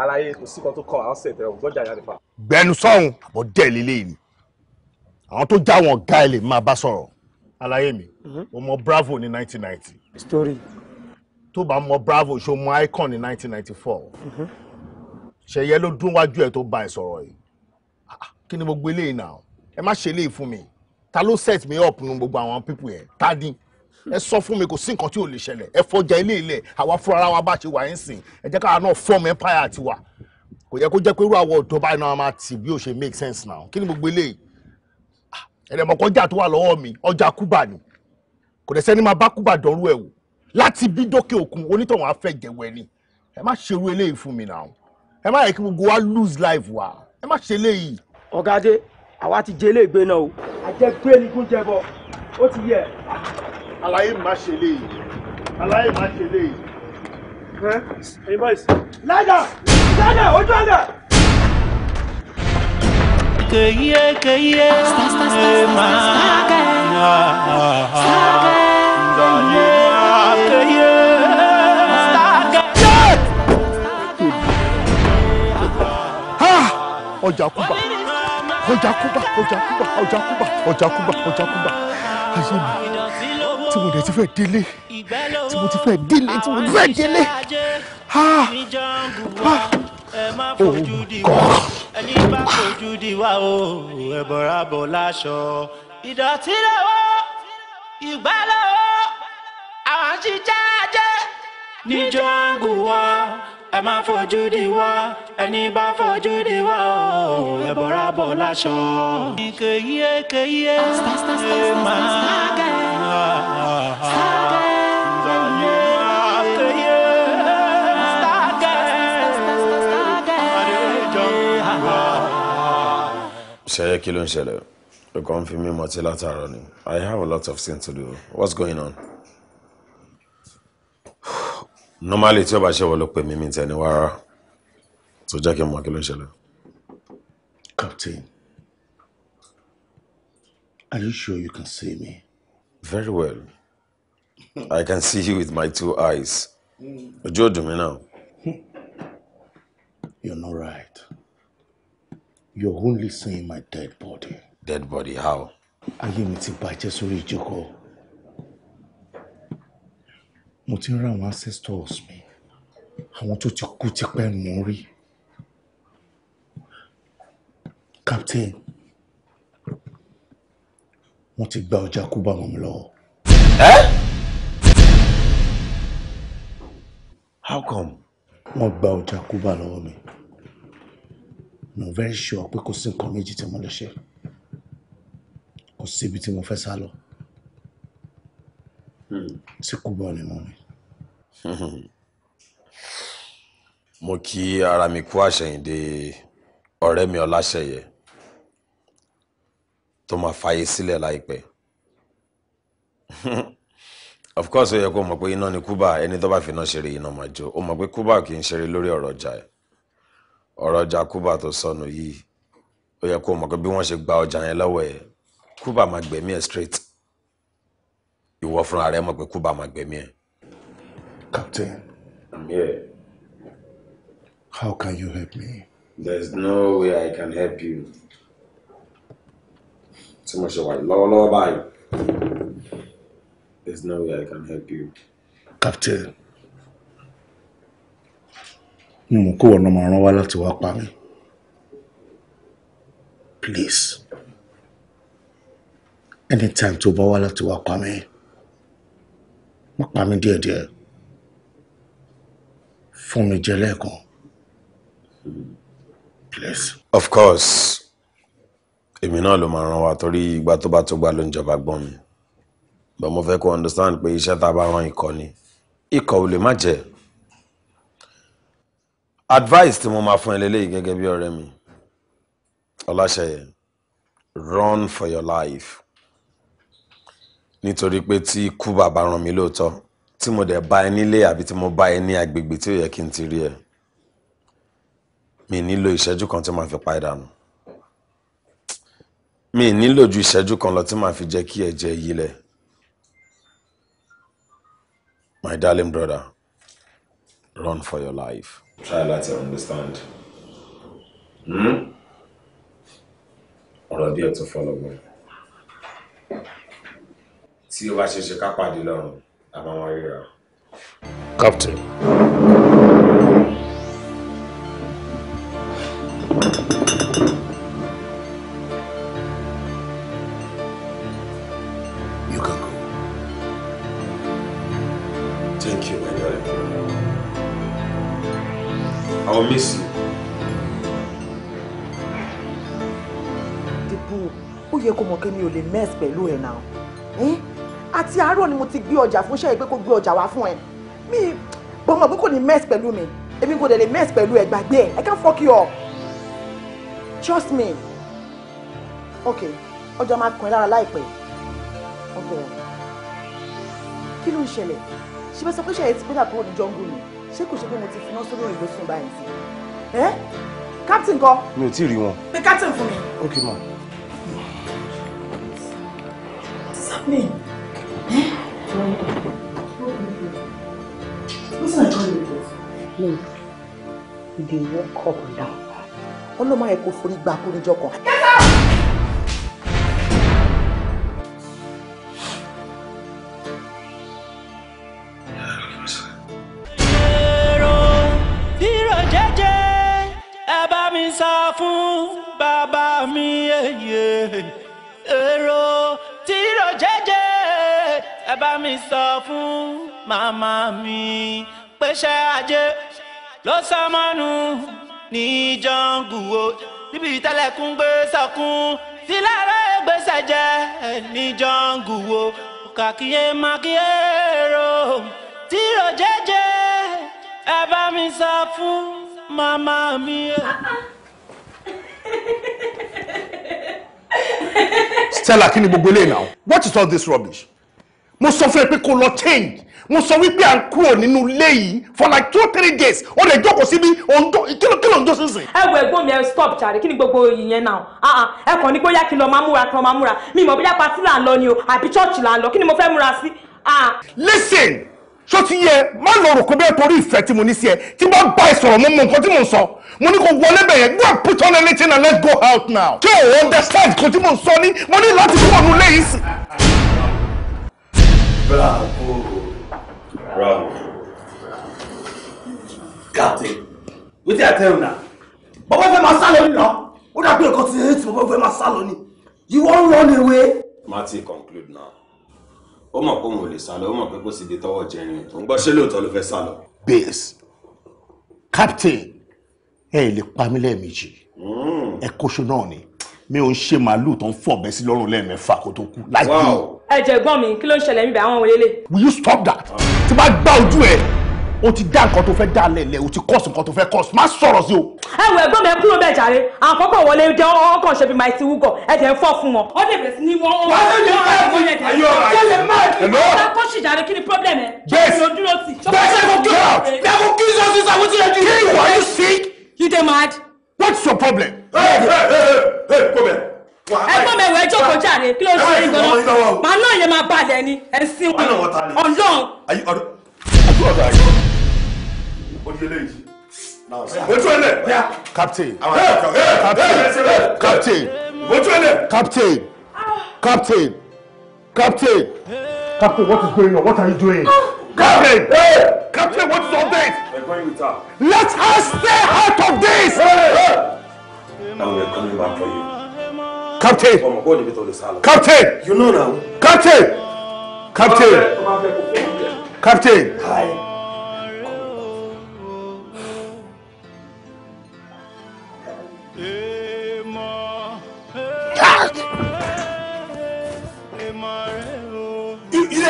àlàyé kò sí kan tó kọ àwọn ṣètò ẹ̀wọ̀n gbọ́dọ̀ àyàlẹ̀ fà. gbẹnusọ̀hún àbọ̀dẹ́ lélẹ́yìn àwọn tó já wọn ọ̀gá ẹ̀ lè máa bá sọ̀rọ̀ aláyé mi mhm. mọ bravo ní 1990. story. tó bá mọ bravo ṣó mọ icon ní 1994. ninety four. Mhm. ṣẹyẹ ló dún wájú ẹ tó bá ẹ sọ̀rọ̀ yìí ah, ah, kí ni mo gbé léyìn náà ẹ má ṣe léyìn fún mi ta ló set me up nu gbogbo àwọn pípù yẹn ta dín ẹ sọ fún mi kò sí nǹkan tí ò lè ṣẹlẹ̀ ẹ fọjá ilé ilẹ̀ àwa fúnra ara wa bá ṣe wà ẹ́ ń sìn ẹ jẹ́ káwa náà fọ́ọ̀mù empire tiwa kò yẹ kó jẹ́ pé irú àwọn ọ̀dọ́ báyìí náà máa tì bí ó ṣe make sense now kí ni mo gbé ẹ̀rẹ̀mọ̀kọ́ ọjà tó wà lọ́wọ́ mi ọjà kúbà ni kò dẹ̀ sẹ́ni máa bá kúbà dọ́rú ẹ̀ wò láti bí dókè òkun onítọ̀hún afẹ́ jẹ̀wẹ̀ ni ẹ má ṣerú eléyìí fún mi náà ẹ má yẹ kí gbogbo wa lose life wa ẹ má ṣe eléyìí. ọ̀gá dé àwa ti jẹ eléègbé náà o àjẹgbé ni kún jẹbọ ó ti yẹ. àlàyé má ṣe eléyìí àlàyé má ṣe eléyìí. ẹ ẹ báyìí. ládà ládà ojú àdà que ye que ye ọjà kúbà ọjà kúbà ọjà kúbà ọjà kúbà ọjà kúbà ọjà kúbà ayé mi tí mo dẹ̀ ti fẹ́ délé tí mo ti fẹ́ délé tí mo ti fẹ́ délé ẹ má fojú di wá ẹni bá fojú di wá o ẹ bọ̀rá bọ̀ láṣọ. ìdọ̀tí lọ́wọ́ ìgbà lọ́wọ́ àwọn jíjá jẹ́ ní jọ́ngù wa ẹ má fojú di wá ẹni bá fojú di ṣẹyẹ kí ló ń ṣẹlẹ̀ o kàn ń fi mí mọtí látàárọ̀ ni i have a lot of things to do what's going on. normally tí o bá ṣe wọ ló pè mí mi tẹni wá rárá tó jẹ́ kí n mọ kí ló ń ṣẹlẹ̀. captain are you sure you can see me. very well i can see you with my two eyes ojú ò dùn mí náà. you're not right. You're only seeing my dead body. Dead body, how? Ayé mi ti bàjẹ́ sórí ìjókòó. Mo ti ń rá àwọn ancestors mi. Àwọn tó ti kú tipẹ́ mò rí. Captain, wọ́n ti gba ọjà kú bá wọn lọ́wọ́. Ẹ́ How come? Wọ́n gba ọjà kú bá mi mo very sure pé kò sí nǹkan méjì tí mo lè ṣe kò síbi tí mo fẹ́ sá lọ tí hmm. kú bọ̀ ni mo mo kí ara mi kú àṣẹyìndé ọ̀rẹ́ mi ọláṣẹyẹ tó máa fàyè sílẹ̀ láìpẹ́ of course ó yẹ kó mọ̀ pé iná ni kúbà ẹni tó bá fi iná ṣeré iná máa jó ó mọ̀ pé kúbà kì í ṣeré lórí ọ̀rọ̀ ọjà ẹ̀ ọ̀rọ̀ ọjà kúbà tó sọnù yìí ó yẹ kó mọ̀ pé bí wọ́n ṣe gba ọjà yẹn lọ́wọ́ ẹ̀ kúbà máa gbẹ̀mí ẹ̀ straight ìwọ fúnra rẹ mọ̀ pé kúbà máa gbẹ̀mí ẹ̀. Captain. I'm here. How can you help me? There's no way I can help you. Tí mo ṣe wà lọ́wọ́lọ́wọ́ báyìí. There's no way I can help you. Captain mi mọ̀ kó ọ̀nà máa rán wá láti wá pa mí please anytime tó bá wá láti wá pa mí má pa mí díẹ̀díẹ̀ fún mi jẹ lẹ́ẹ̀kan please. of course èmi náà ló máa ràn wá torí ìgbà tó bá tó gbà ló ń jọba gbọ́n mi but mo fẹ́ kó understand pé iṣẹ́ tá a bá rán ikọ̀ ni ikọ̀ ò lè má jẹ́ advice tí mo máa fún ẹ lélẹ́yìí gẹ́gẹ́ bí ọ̀rẹ́ mi ọláṣẹ́yẹ run for your life nítorí pé tí ikú bàbá ràn mí lóòótọ́ tí mo dẹ̀ bá ẹ nílé àbí tí mo bá ẹ ní agbègbè tí ó yẹ kí n ti rí ẹ mi nílò ìṣẹ́jú kan tí màá fi pa ẹ dànù mi nílò ju ìṣẹ́jú kan lọ tí màá fi jẹ́ kí ẹ̀jẹ̀ yí lẹ̀ my darling brother run for your life try to understand hmm? ọ̀rọ̀ díẹ̀ tó fọlọ́gbọ́n tí ó bá ṣe ṣe ká pàdé lọ́rùn a máa wá ríra. captain. lè mess pẹ̀lú ẹ̀ náà àti àárọ̀ ni mo ti gbé ọjà fún ṣẹ́yìn pé kó gbé ọjà wá fún ẹ mi bọ́mọ̀ pé kò ní mess pẹ̀lú mi èmi kò dẹ̀ lè mess pẹ̀lú ẹ gbàgbé ẹ I can fuck you up trust me ok ọjà máa kàn ẹ́ lára láìpẹ́ ọgbẹ́ ẹ̀ kí ló ń ṣẹlẹ̀ ṣe bẹ́ẹ̀ sọ pé ṣe ti pẹ́lá kúrò ní jọ́ngù ni ṣé kò ṣe pé mo ti finá sórí òyìnbó sùn báyìí sí ẹ́ captain kọ́. mi ò tí ì rí wọn. pé captain fún mi. ok ma. happening? Eh? What's my problem with this? No. You dey walk up and down. Ọlọ́mọ ẹ̀kọ́ forí gba kú níjọ kan. Get out! sá fún bàbá mi èyè èrò Tiro jẹ́jẹ́ ẹ bá mi sọ fún màmá mi pẹ́ṣẹ́ ajé ló sọ mọ́nu ní jọ́ngù o níbi ìtẹ́lẹ̀kùn gbé sọkún sí lára ìgbésẹ̀ jẹ́ ní jọ́ngù o kàkíyè ro, tiro jẹ́jẹ́ ẹ bá mi sọ fún màmá mi. Stella kí ni gbogbo eléyìí náà what is all this rubbish mo sọ fún ẹ pé kó lọ change mo sọ wípé à ń kúrò nínú ilé yìí for like two three days ó lè jókòó síbi òǹdó kílò kílò òǹdó sísìn. ẹ wo ẹ̀gbọ́n mi ẹ stop jàre kí ni gbogbo ìyẹn náà ah, ah. ẹ kàn ní bóyá kí lọ máa múra kí lọ máa múra mi mọ̀ bóyá patí là ń lọ ni o àbí church là ń lọ kí ni mo fẹ́ múra sí. Ah. listen ṣó ti yẹ má lọ rò kó bẹ́ẹ̀ torí ìfẹ́ tí mo ní sí ẹ tí bá bá ẹ sọ̀rọ̀ mo mọ nǹkan tí mo ń sọ mo ní kó wọlé bẹ̀yẹn go and put on anything and let's go out now. ṣé o understand nǹkan tí mo ń sọ ni mo ní láti kúrò ní ilé yìí sí. bravo bravo captain wetin i tell you na bàbá fẹ́ máa sálọ nínú ó dàbí nǹkan tí mo fẹ́ máa sálọ ni you wan run away. mati conclude now ó mọ̀ pé òun ò lè sá lọ ó mọ̀ pé kò síbi tọ́wọ́ jẹrin tó ń gbọ́ lóòótọ́ ló fẹ́ sá lọ. base captain ẹ lè pa mí lẹ́ẹ̀mejì hmm. ẹ kóṣó náà ni mi ò ń ṣe màálùú tó ń fọ̀bẹ sí lọ́rùn lẹ́ẹ̀mẹ́fà kó tó kú láì kú. ẹ jẹ̀gbọ́n mi kí ló ń ṣẹlẹ̀ níbi àwọn òun lélẹ̀. will you stop that? tí bá gbá ojú ẹ o ti dá nǹkan tó fẹ́ dá lẹ̀lẹ̀ o ti kọ́ọ̀sì nǹkan tó fẹ́ kọ́ọ̀sì má sọ̀rọ̀ sí o. ẹ wo ẹ̀gbọ́n mi ẹ kúrò bẹ́ẹ̀ jàre àkọ́kọ́ wọlé jẹ ọkàn ṣẹbi máa ti wúgọ ẹ tẹ ń fọ fún wọn. ó lè bẹ̀rẹ̀ sí ní wọn. wà á lóye ká ẹ̀kọ́ yẹn tẹ̀. ayọ̀ ayọ̀ hello. ọ̀la kọ́ sì jàre kí ni problem ẹ. bẹ́ẹ̀ bẹ́ẹ̀ sẹ́kọ̀ọ́ ẹ̀gbọ́n mi ẹwẹ ẹjọ kọjá rẹ kí ló ń ṣe ìgbọràn màá náà yẹ máa balẹ̀ ni ẹ̀sìn ọlọ́run ó di eléyìí. Ojú ẹlẹ̀. Captain. Captain. Captain. Ojú ẹlẹ̀. Captain. Captain. Captain. Captain, what is going on? What are you doing? Ah. Captain. Hey. Captain, what is all this? We're going with her. Let her stay out of this. Hey. And we're coming back for you. Captain. Ọmọ kò Captain. You know now. Captain. Captain. Captain.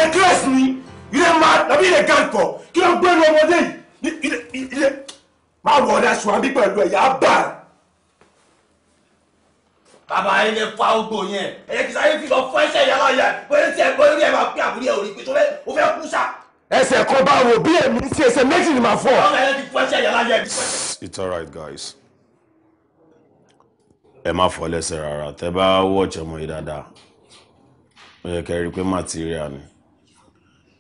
dey dress you dey mad na me dey gang for kí ló gbé ní ọmọdé yìí ilé máa wọ ọdẹ aṣọ àbí pẹ̀lú ẹ̀yà bá. bàbá yín lè fa ogbó yẹn ẹ̀yẹ kì í fi lọ fọ ẹsẹ̀ ìyá láyà bóyá tí ẹ bọ́ orí ẹ̀ máa pín àbúrí ẹ̀ òrí pé tó fẹ́ o fẹ́ kú sá. ẹsẹ̀ kan bá wo bí èmi ti ẹsẹ̀ méjì ni màá fọ. It's alright, guys ẹ má fọ lẹ́sẹ̀ rárá tẹ́ bá wọ́ọ̀chẹ̀ mọ́ yìí dáadáa ó yẹ kẹ́ pé material ni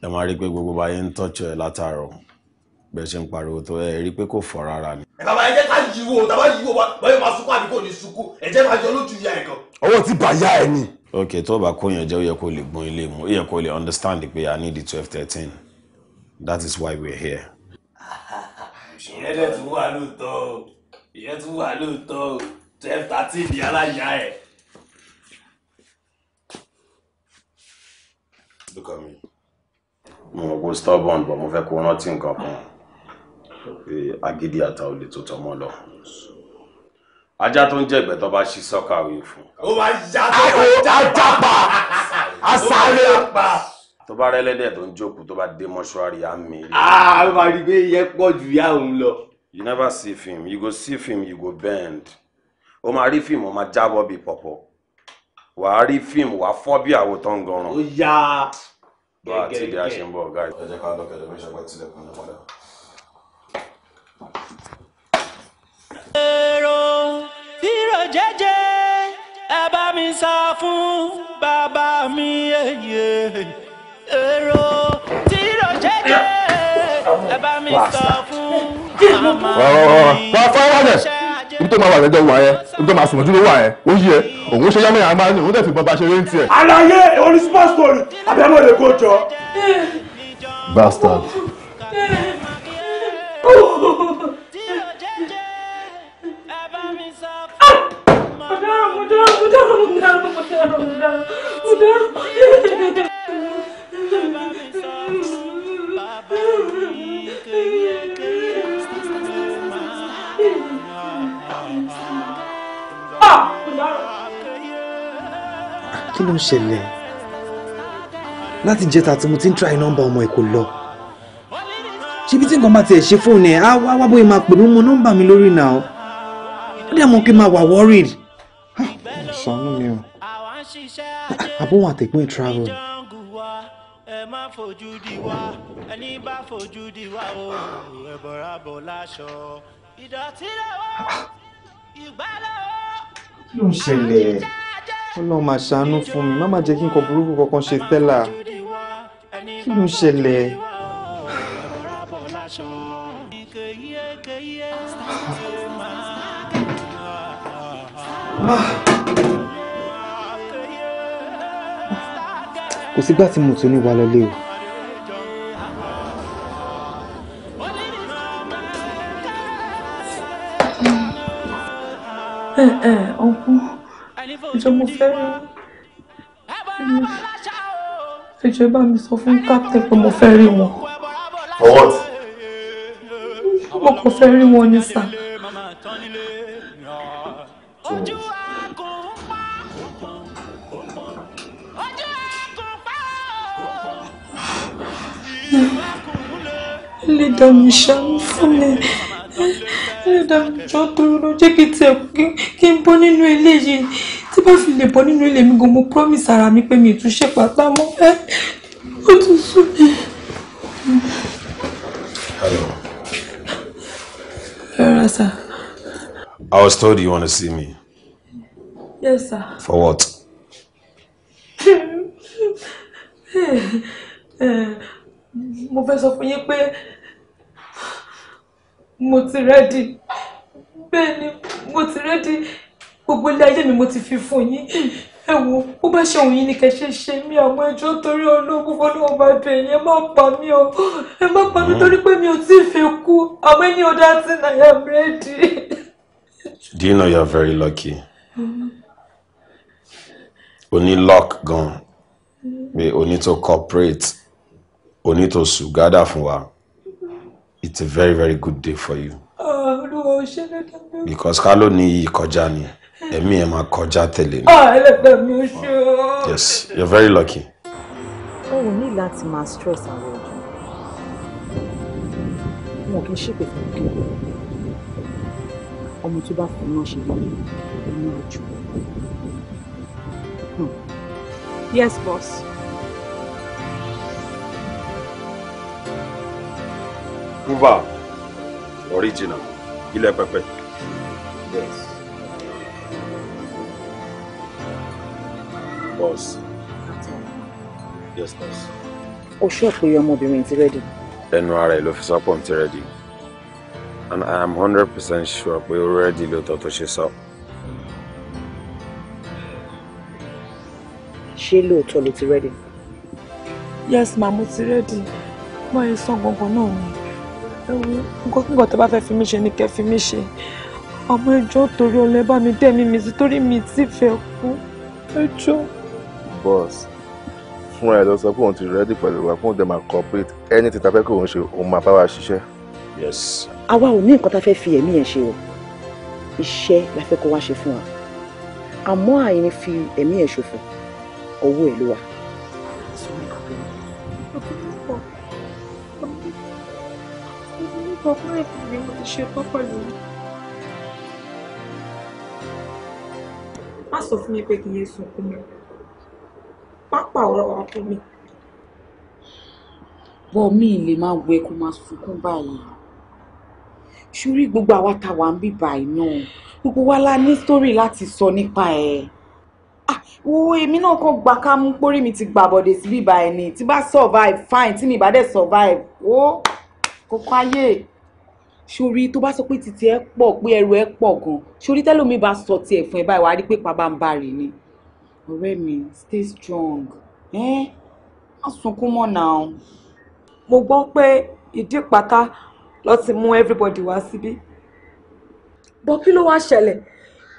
ẹ máa rí pé gbogbo báyé ń tọ́jú ẹ látàárọ̀ bẹ́ẹ̀ ṣe ń pariwo tó ẹ rí pé kò fọ́ rárá ni. ẹ bàbá ẹ jẹ́ ká yíwo tàbá yíwo wa báyọ̀ máa sunkún àbí ní sunkún ẹ jẹ́ máa jọ lójú ìyá ẹ̀ gan. ọwọ́ ti bà yá ẹ ni. ok tó o bá kóyàn jẹ́ ó yẹ kó lè gbọ́n ilé mu ó yẹ kó lè understand pé i need the twelve thirteen that is why we are here. ìyẹn dẹ̀ tún wà lóòótọ́ o ìyẹn tún wà lóòótọ́ o twelve thirteen ni aláya ẹ̀. look at me mo mọ̀ pé stubborn but mo fẹ́ kó rántí nǹkan kan pé agídí àtà olè tó tọmọ lọ ajá tó ń jẹ̀gbẹ́ tó bá ṣí sọ́kà òye fún. ó wá já tó wá já jápa àsálẹ̀ tó bá rẹ́lẹ́dẹ̀ tó ń jókòó tó bá dé mọ́ṣúárì á mi. Ah, a máa yẹ pọ̀ ju ìyá òun lọ. you never see film you go see film you go bend o máa rí fíìmù o máa jábọ́ bíi pọ̀pọ̀ wàá rí fíìmù wàá fọ́ bí àwòtán gan-an. ó yá bá a ti di àṣẹ èrò tìrò jẹ́jẹ́ ẹ bá mi sá fún bàbá mi èyè èrò tìrò jẹ́jẹ́ ẹ bá mi sá fún màmá mi. wà á ibi tó máa wà lẹ́jọ́ wà yẹn ibi tó máa sùn lójú wà yẹn ó yí ẹ òun ṣe yámẹ́yà máa ní òun tẹ̀ fi bọ́ba ṣe eré tiẹ̀. àlàyé orí super story abẹ́mọ̀ lè kó jọ. bastard. Ah! mo dáhùn mo dáhùn mo dáhùn mo dáhùn mo dáhùn mo dáhùn. ló ń ṣẹlẹ̀ láti jẹta tí mo ti ń try nọ́mbà ọmọ ẹ̀ kò lọ ṣebí tí nǹkan bá tiẹ̀ ṣe fóònù ẹ̀ á wá wá bóyá máa pè mí mọ nọ́mbà mi lórí nà ó ó dẹ̀ mọ kí n máa wà worried. Ah, ṣàánú mi o àbúrò àtẹ̀gbọ́n ẹ̀ travel ah, kí ló ń ṣẹlẹ̀? ọlọ́run máa ṣàánú fún mi má má jẹ́ kí nǹkan burúkú kankan ṣe Stella kí ló ń ṣẹlẹ̀. kò sígbà tí mo tún ní wa lọlé o. ẹ ẹ ọgbọ́n ìjọ mo fẹ́ ìjọ bá mi sọ fún captain pé mo fẹ́ rí wọn. for what? mo kàn fẹ́ rí wọn ẹ̀dá jọ ló jẹ́ kí tiẹ̀ kí n bọ́ nínú ilé tí bá fi lè bọ́ nínú ilé gan mo promise ara mi pé mi ì tún ṣe pàtà mọ́ ẹ́ ó tún sùn mí. Hello. Hello, sir. I was told you want to see me. Yes, sir. For what? Mo fẹ́ sọ fún yín pé mo ti rẹ́dì bẹ́ẹ̀ ni mo ti rẹ́dì gbogbo ilé ayé mi mo ti fi fún yín ẹ wo bó bá ṣe òun yín ni kẹ ṣe ṣe mí àmọ́ ẹjọ́ torí ológun fọlọ́wọ́ bá bẹ̀ yẹn má pa mí o ẹ má pa mí mm. torí pé mi ò tí ì fi kú àmọ́ ẹni ọ̀dà tí nàyà bírèdì. Do you know you are very lucky? o ní luck gan-an pé o ní tó cooperate o ní tó sùgádà fún wa it's a very very good day for you. Oh, olúwa ò ṣe lẹ́dàá mi. because ká ló ní iyì kọjá ni ẹ̀mí ẹ̀ máa kọjá tẹ̀lé mi. Ah, ẹlẹ́dàá yes you're very lucky. ó wù ní láti máa stress àwọn ọ̀dọ́ wọn kì í ṣèpè fún kí ọmọ tó bá fún náà ṣe lórí ẹni ojú. Hmm. yes boss. Vancouver original ilẹ̀ pẹpẹ. Yes. Boss. Yes, boss. O ṣe àpòyọ ọmọbìnrin ti rẹ́dì. Ẹnu ara ẹ̀ ló fi sọ́pọ̀ ti rẹ́dì. And I am hundred percent sure pé ó rẹ́dì lóòótọ́ tó ṣe sọ. Ṣé lóòótọ́ ló ti rẹ́dì? Yes, màmú ti rẹ́dì. Wọ́n yẹ sọ gbọ̀ngàn náà ni ẹwọ nǹkan tó bá fẹ́ fi mí ṣe ni kẹ́ fi mí ṣe àmọ́ ẹjọ́ torí ọlọ́ ẹ bá mi dẹ́mi mi sí torí mi ti fẹ́ kú ẹjọ́. boss fúnra ẹ lọ sọ pé òun ti rẹ́dí pẹ̀lú wa fún òde máa cooperate ẹni tí ta fẹ́ kí òun ṣe òun máa bá wa ṣiṣẹ́. yes. àwa ò ní nǹkan tá a fẹ́ fi ẹ̀mí yẹn ṣe o iṣẹ́ la fẹ́ kó wá ṣe fún wa àmọ́ àìní fi ẹ̀mí yẹn ṣòfò ọwọ́ ẹ̀ ló wà. ọkùnrin kan ni mo ti ṣetán pẹ̀lú yín. má sọ fún mi pé kì í yé sunkún mi pápá ọ̀rọ̀ wa fún mi. bọ́ mi lè máa wẹ kó máa sunkún báyìí gbogbo a wà ń bì báyìí náà gbogbo wa la ní sítórì láti sọ nípa ẹ̀ ah, wo èmi náà kàn gbà ká mú pórí mi ti gbàbọ̀dè sí bíbá ẹni tí bá survive fine tí mi bá dẹ̀ survive ó kò káyé sórí tó bá sọ pé títí ẹ pọ̀ pé ẹrù ẹ pọ̀ gan sórí tẹ́lómi bá sọ tiẹ̀ fún ẹ báyìí wàá rí pé pàbá ń bá rè ni ọ̀rẹ́ mi stay strong ẹ́n má sunkún mọ́ náà mo gbọ́ pé ìdí pátá ló ti mú everybody wá síbí bọ́ kí ló wá ṣẹlẹ̀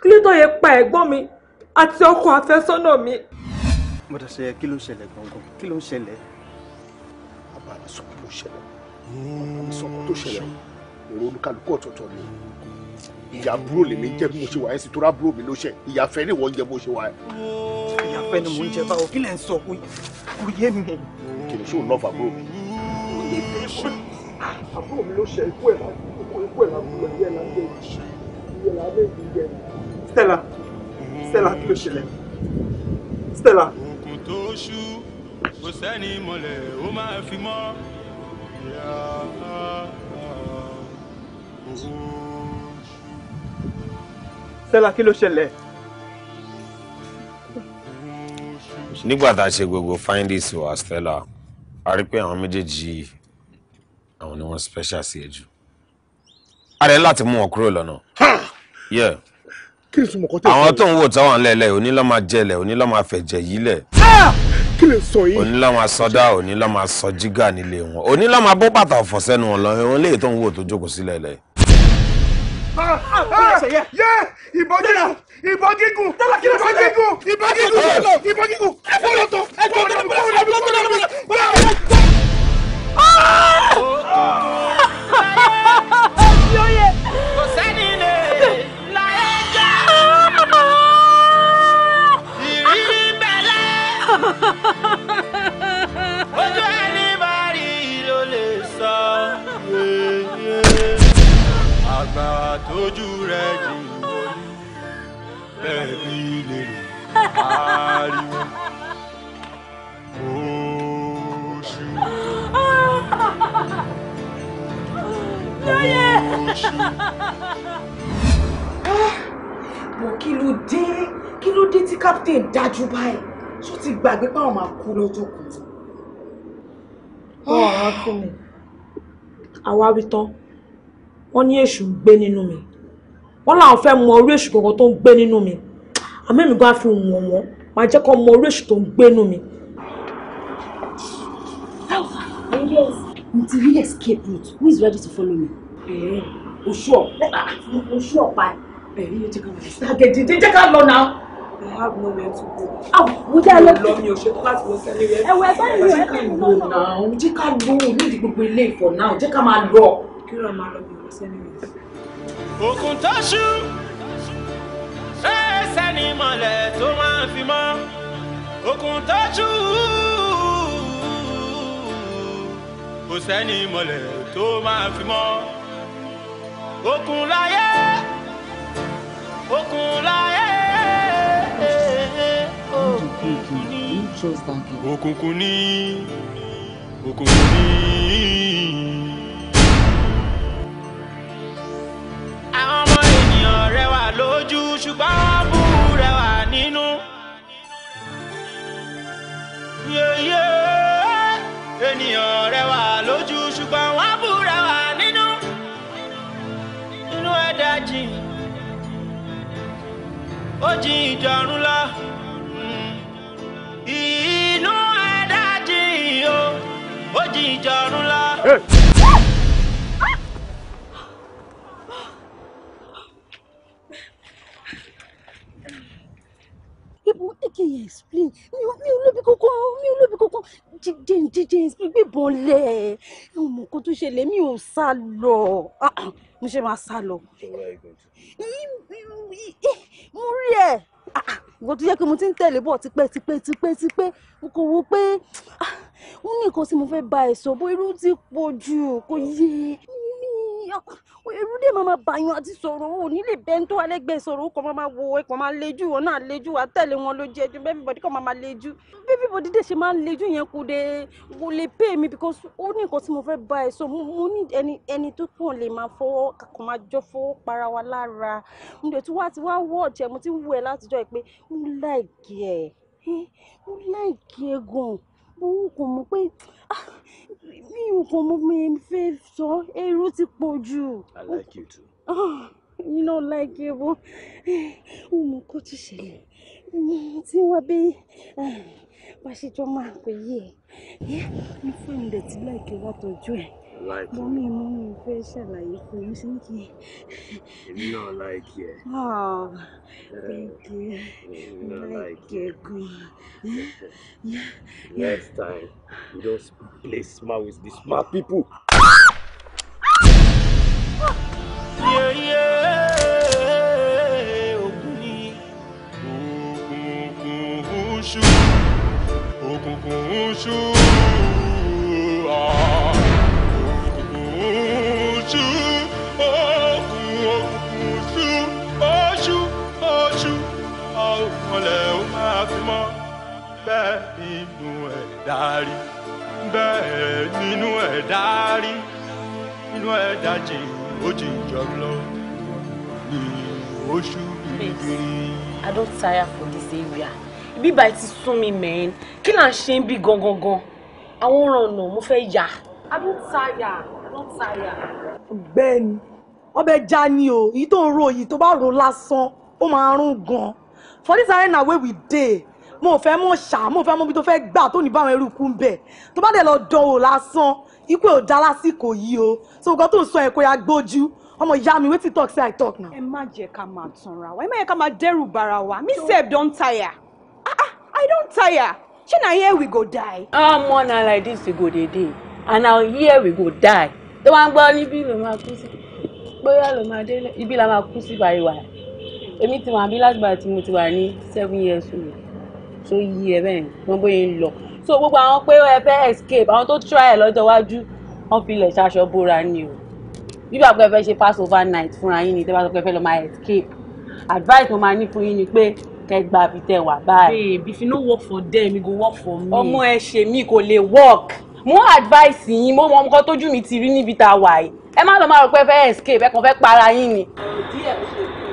kí ló tó yẹ pa ẹ̀gbọ́n mi àti ọkọ àfẹ́sọ́nà mi. mo dẹ̀ ṣe yẹ kí ló ń ṣẹlẹ̀ gangan kí ló ń ṣẹlẹ̀. àbára sọ kí ló ṣẹlẹ̀ àbára sọ kí ló ṣẹlẹ̀ ọ̀rọ̀ olúkálùkù ọ̀tọ̀ọ̀tọ̀ ni ìyá àbúrò lèmi jẹ́ bí mo ṣe wà ẹ́ sì tó rábúrò mi ló ṣẹ̀ ìyá fẹ́ ni wọ́n ń bó ṣe wà ẹ́. ìyá fẹ́ ni mò ń jẹ kí lẹ̀ ń sọ kò yé mi. kì í ṣe òun náà fàbúrò mi. àbúrò mi ló ṣe ikú ẹ̀ ikú ẹ̀ làbúrò ẹ̀ yẹ Stella Stella kí ló ṣẹlẹ̀ Stella. òkú tó ṣú kò sẹ́ni mọ̀lẹ́ ó máa fi mọ́. Yeah. Stella kí ló ṣẹlẹ̀? Nígbà tá a ṣe gbogbo findings wa Stella, a rí pé àwọn méjèèjì àwọn ni wọ́n special sí ẹ jù. A rẹ̀ láti mú wọn kúrò lọ́nà. Àwọn tó ń wò táwọn lẹ̀lẹ̀ onílọ́mà jẹlẹ̀ onílọ́mà fẹ̀jẹ̀ yílẹ̀. Kí lè sọ yìí? Onílọ́mà sọdá onílọ́mà sọ jígà nílé wọn. Onílọ́mà bó bàtà ọ̀fọ̀ sẹ́nu wọn lọ, òun léyìí tó ń wò tó jókòó sílẹ̀ lẹ̀. Ah, ah, ah, ìbọn gígùn ìbọn gígùn ìbọn gígùn ìbọn gígùn kúrò tó kúrò tó kúrò tó kúrò tó. ẹ̀sìn oyè. tójú rẹ̀ jì wọlé bẹ́ẹ̀ bí lè ariwo oṣù oṣù. mo kí ló dé kí ló dé tí captain dájú báyìí tó ti gbàgbé pé àwọn máa kú lọ́jọ́ kan. ọ̀rọ̀ fún mi àwa wí tán wọ́n ní èṣù ń gbé nínú mi wọ́n làwọn fẹ́ mọ orí èṣù kankan tó ń gbé nínú mi àmẹ́mi bá fi wọ̀n wọ́n máa jẹ́ kó mọ orí èṣù tó ń gbé nínú mi. mo ti escape route who is ready to follow me. oṣù ọ̀pá oṣù ọ̀pá ẹ̀rí yóò jẹ́ ká wọlé. àgẹ̀dì jẹ́ ká lọ náà. I have nowhere to go. Àwọn ọmọdé alẹ́ lọ mi ò ṣe tó láti lọ sẹ́ni rẹ̀. Ẹ̀wẹ̀ bá ìlú ẹ̀ ká lọ náà. Jẹ́ ká lọ òun nídìí gbogbo ilé ìfọ̀ náà. Jẹ́ ká máa lọ. Kí ló máa lọ bí? òkun tó ṣú ṣẹ́ẹ́sẹ́ ni mọ̀lẹ́ tó máa ń fi mọ́ òkun tó ṣú kò sẹ́ni mọ̀lẹ́ tó máa fi mọ́ òkun láyé òkun láyé òkùnkùn ní òkùnkùn ní òkùnkùn ní. ọmọ ènìyàn rẹwà lójú ṣùgbọ́n wọ́n bú rẹwà nínú. yeye ènìyàn rẹwà lójú ṣùgbọ́n wọ́n bú rẹwà nínú. inú ẹ̀dá jìn ó jìn ìjọ̀run lọ. inú ẹ̀dá jìn o ó jìn ìjọ̀run lọ. kí n explain mi ò lóbi kankan mi ò lóbi kankan jíjẹ jíjẹ gbígbé bọ́lẹ̀ ọmọ kan tó ṣẹlẹ̀ mi ò sá lọ ah, ah, mo ṣe máa sá lọ. mo rí ẹ ìwọ ah, tó yẹ kí mo ti ń tẹ̀lé bọ̀ tipẹ́ tipẹ́ tipẹ́ tipẹ́ mo kò wo pé ó ní nǹkan tí mo fẹ́ bá ẹ sọ bó irú ti pọ̀ jù kò yé mi ẹrú dé máa bá yan àti sọ̀rọ̀ o ní lè bẹ́ẹ̀ tó alẹ́gbẹ̀ẹ́ sọ̀rọ̀ o kò máa wo ẹ kò máa lejú wọn náà lejú wa tẹ̀lé wọn lójú ẹjọ́ bẹ́ẹ̀ bíbọ̀dí kò máa lejú bẹ́ẹ̀ bíbọ̀dí dé ṣe máa ń lejú yẹn kò dé kò lè pè mí because ó ní nǹkan tí mo fẹ́ bá ẹ sọ mo ní ẹni ẹni tó kàn lè máa fọwọ́ kò máa jọ fọwọ́ para wa lára mo dẹ̀ tún wá ti wá wọ́ ọ̀jẹ̀ mo ti ń wù ẹ látijọ́ ẹ pé mo láìkí ẹ mo láìkí ẹ gan-an mo ah, kò mọ̀ pé mi ò kò mọ̀ mi fẹ́ sọ èrò ti pọ̀ jù. I like you too. Oh, you no like you eh, o mọ kó tó ṣẹlẹ̀ tí wọ́n bí wàá ah, ṣe jọ máa pè yí ẹ̀ ní fóònù rẹ̀ ti láìkí wọ́n tọ́jú ẹ̀ láìkí. mọ́mí mọ́mí fẹ́ ṣàlàyé fún mi sí kí. èmi náà láìkí ẹ. Oh, eh, thank you èmi like you. ẹ gan. next time you just play smart with these smart people. yeah, yeah. òkùnkùn ń ṣú òkùnkùn ń ṣú. dárí bẹ́ẹ̀ nínú ẹ̀ dárí nínú ẹ̀ dájì ó ti jọlọ ní oṣù gbìngbìn. I don tire for this area ibi báyìí ti sun mi mẹ́ẹ́n kila n ṣe n bi gangan gan àwọn ọ̀ràn ọ̀nà mo fẹ́ ya. I don tire I don tire. ọ̀gbẹ́ni ọbẹ̀ já ni o èyí tó ń ro yìí tó bá ro lásán ó máa rún gan for this area na where we dey mo fẹ́ mọ̀ ṣá mo fẹ́ mọ̀ bí tó fẹ́ gbà tó ní báwọn eruku ń bẹ̀ tó bá dẹ̀ lọ dán o lásán ikú ò dá lásìkò yìí o so nǹkan tó ń sọ ẹ̀ kó ya gbójú ọmọ ìyá mi wetin talk say i talk now. ẹ má jẹ́ ká máa tanra wa ẹ má jẹ́ ká máa dẹ́rù bara wa me sef don tire ah ah i don tire shey na here we go die. ọmọ ah, na like this we go dey dey and na here we go die tó máa ń gbọ́ níbí ló máa kú sí bóyá ló máa délé ibi la máa kú sí báyìí wa èmi ti wà bí lágbàá tí mo ti wà ní seven years old tó yí ẹ bẹ́ẹ̀ wọ́n bóyá ń lọ so gbogbo àwọn pé ẹ fẹ́ escape àwọn tó try ẹ lọ́jọ́ iwájú wọ́n fi ilẹ̀ ṣaṣọ bóra ni o bíbá pé ẹ fẹ́ ṣe pass over night fúnra yín ni tẹ́ bá sọ pé ẹ fẹ́ lọ máa escape advice mo máa ní fún yín ni pé kẹ́ gba àbí tẹ́ wà báyìí. babe if you no work for them you go work for me. ọmọ ẹ ṣe mi kò lè work mo advice yín mo mọ nǹkan tójú mi ti rí níbi tá a wà yìí ẹ má lọ máa rò pé ẹ fẹ́ escape ẹ kàn fẹ́ para yín ni. díẹ̀ ó ṣe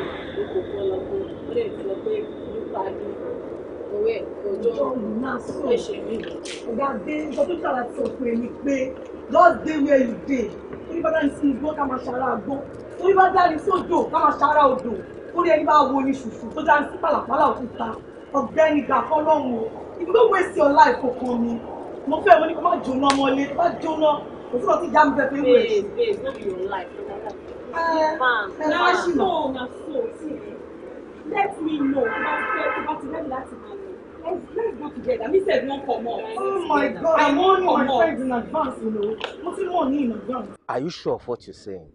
ìyàwó ẹ̀ ọjọ́ ẹ̀ṣẹ̀ mi. ọ̀gá dé nǹkan tó dára sọ fún ẹni pé just dey where you dey orí bá dání sí igbó ká máa ṣara àgbó orí bá dání sódò ká máa ṣara odò orí ẹni bá wo ni ṣùṣù tó dání sí pàlàpàlà òkúta ọ̀gbẹ́ni gbà fọ́lọ́run o ìgbó wẹ̀sì ọ̀la ìkọ̀kan mi mo fẹ́ mo ní kó má jóná ọmọlé tó bá jóná òfin ọtí já mi pẹpẹ wẹ̀. babe babe no be your life. ẹ ẹ na so na so let me know bá fẹ́ tó bá ti rẹ́mi láti máa Oh, let's go together. Me said no come on. Oh my God! I want my friends in advance, you know. Nothing money in advance. Are you sure of what you're saying?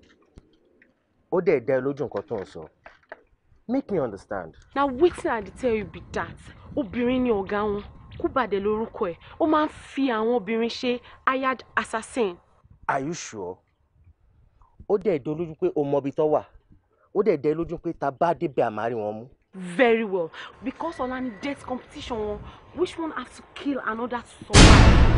Ó dẹ̀ dá ẹ lójú nǹkan tó Make me understand. Now which side dey tell you be that. Obìnrin ni ọ̀gá kuba Kúbàdé lorúkọ ẹ̀. Ó fi àwọn obìnrin she ayad assassin. Are you sure? Ó dẹ̀ dá ẹ lójú pé o mọ ibi tó wà. Ó dẹ̀ ta bá débẹ̀ àmárí wọn mú very well because ọ̀la ni death competition wọn which one has to kill another to survive.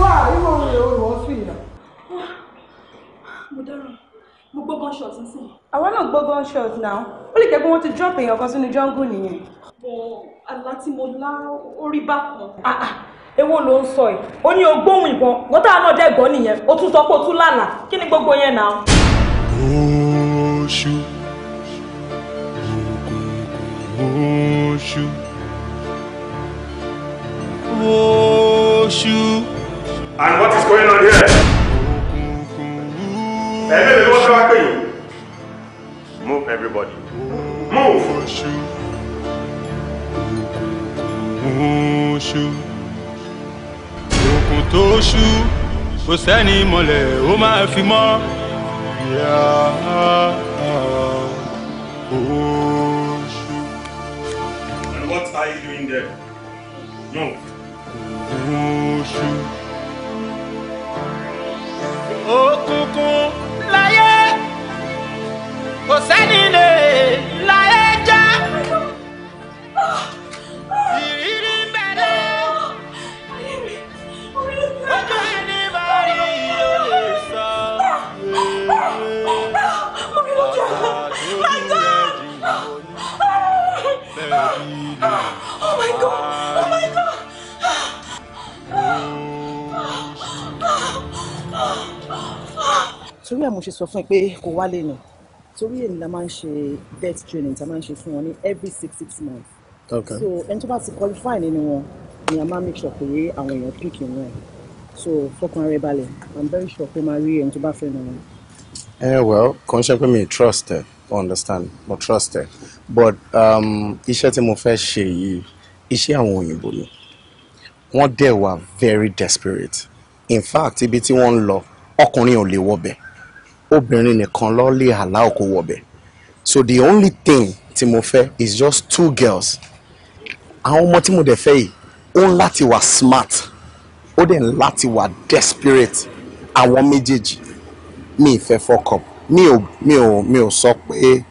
wá ìwọ rẹ olùwọ sí ìyá. mo dára mo gbọ́ gunshot nísìnyí. àwa náà gbọ́ gunshot náà ó lè jẹ́ pé wọ́n ti drop èèyàn kan sínú jungle nìyẹn. bọ̀ aláti mo lá orí bákan. Ah, ah èwo ló ń sọ yìí ó ní o ìbọn gọ́tà náà dẹ̀ gbọ́ nìyẹn o tún sọ pé o tún lánàá kí ni gbogbo yẹn náà. oṣù oṣù oṣù. and what is going on here? ẹ̀mí mi ló fẹ́ wá pè yín. move everybody move. oṣù ilẹ̀kùn tó ṣú kò sẹ́ni mọ̀lẹ̀ ó máa fi mọ́. ìyá And what are you doing there? No. oṣù. òkùnkùn láyé kò sẹ́ni lè. Oh my god! Oh my god! torí ẹ̀ mo ṣe sọ fún ẹ pé kò wálé nù torí èmi la máa ń ṣe death training tá máa ń ṣe fún wọn ní every six six months okay. so ẹni tó bá ti qualify nínú wọn ni a máa make sure pé àwọn èèyàn pick inú ẹ so fọkàn rẹ balẹ̀ i'm very sure pé máa rí ẹni tó bá fẹ́ nínú wọn. ẹ eh, well kàn ṣe pé mi trust ẹ. Eh understand mo trust ẹ but um, iṣẹ́ tí mo fẹ́ ṣe yìí iṣẹ́ àwọn òyìnbó ni wọ́n dẹ̀ wà very desperate in fact ibi tí wọ́n ń lọ ọkùnrin ò lè wọbẹ̀ obìnrin nìkan ló lè àlá òkú wọbẹ̀ so the only thing tí mo fẹ́ is just two girls àwọn ọmọ tí mo dẹ̀ fẹ́ yìí ó ń láti wà smart ó dẹ̀ ń láti wà desperate àwọn méjèèjì mi ìfẹ́ fọ́kọ̀pù mi ò mi ò mi ò sọ pé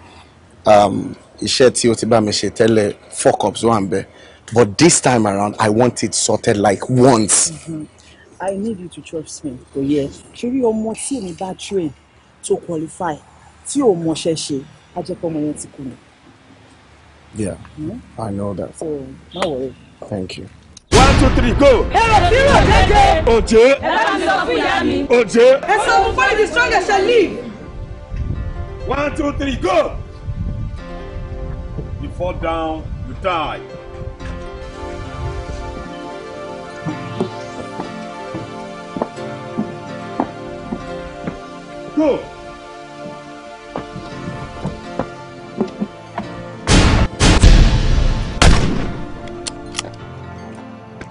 um, iṣẹ́ tí o ti bá mi ṣe tẹ́lẹ̀ four cups wà ń bẹ̀ but this time around I want it sorted like once. Mm-hmm. I need you to trust me kò yẹ ṣorí ọmọ tí èmi bá train to qualify tí ò mọṣẹ́ ṣe á jẹ́ pé ọmọ yẹn ti kùnà. Yeah, mm-hmm. I know that. So, no worry. Thank you one two three go. èrò tí mo jẹjẹ. òjé. ẹ bá mi sọ fún ìyá mi. òjé. ẹ sọ fún pé the strongest shall live. One, two, three, go! You fall down, you die. Go!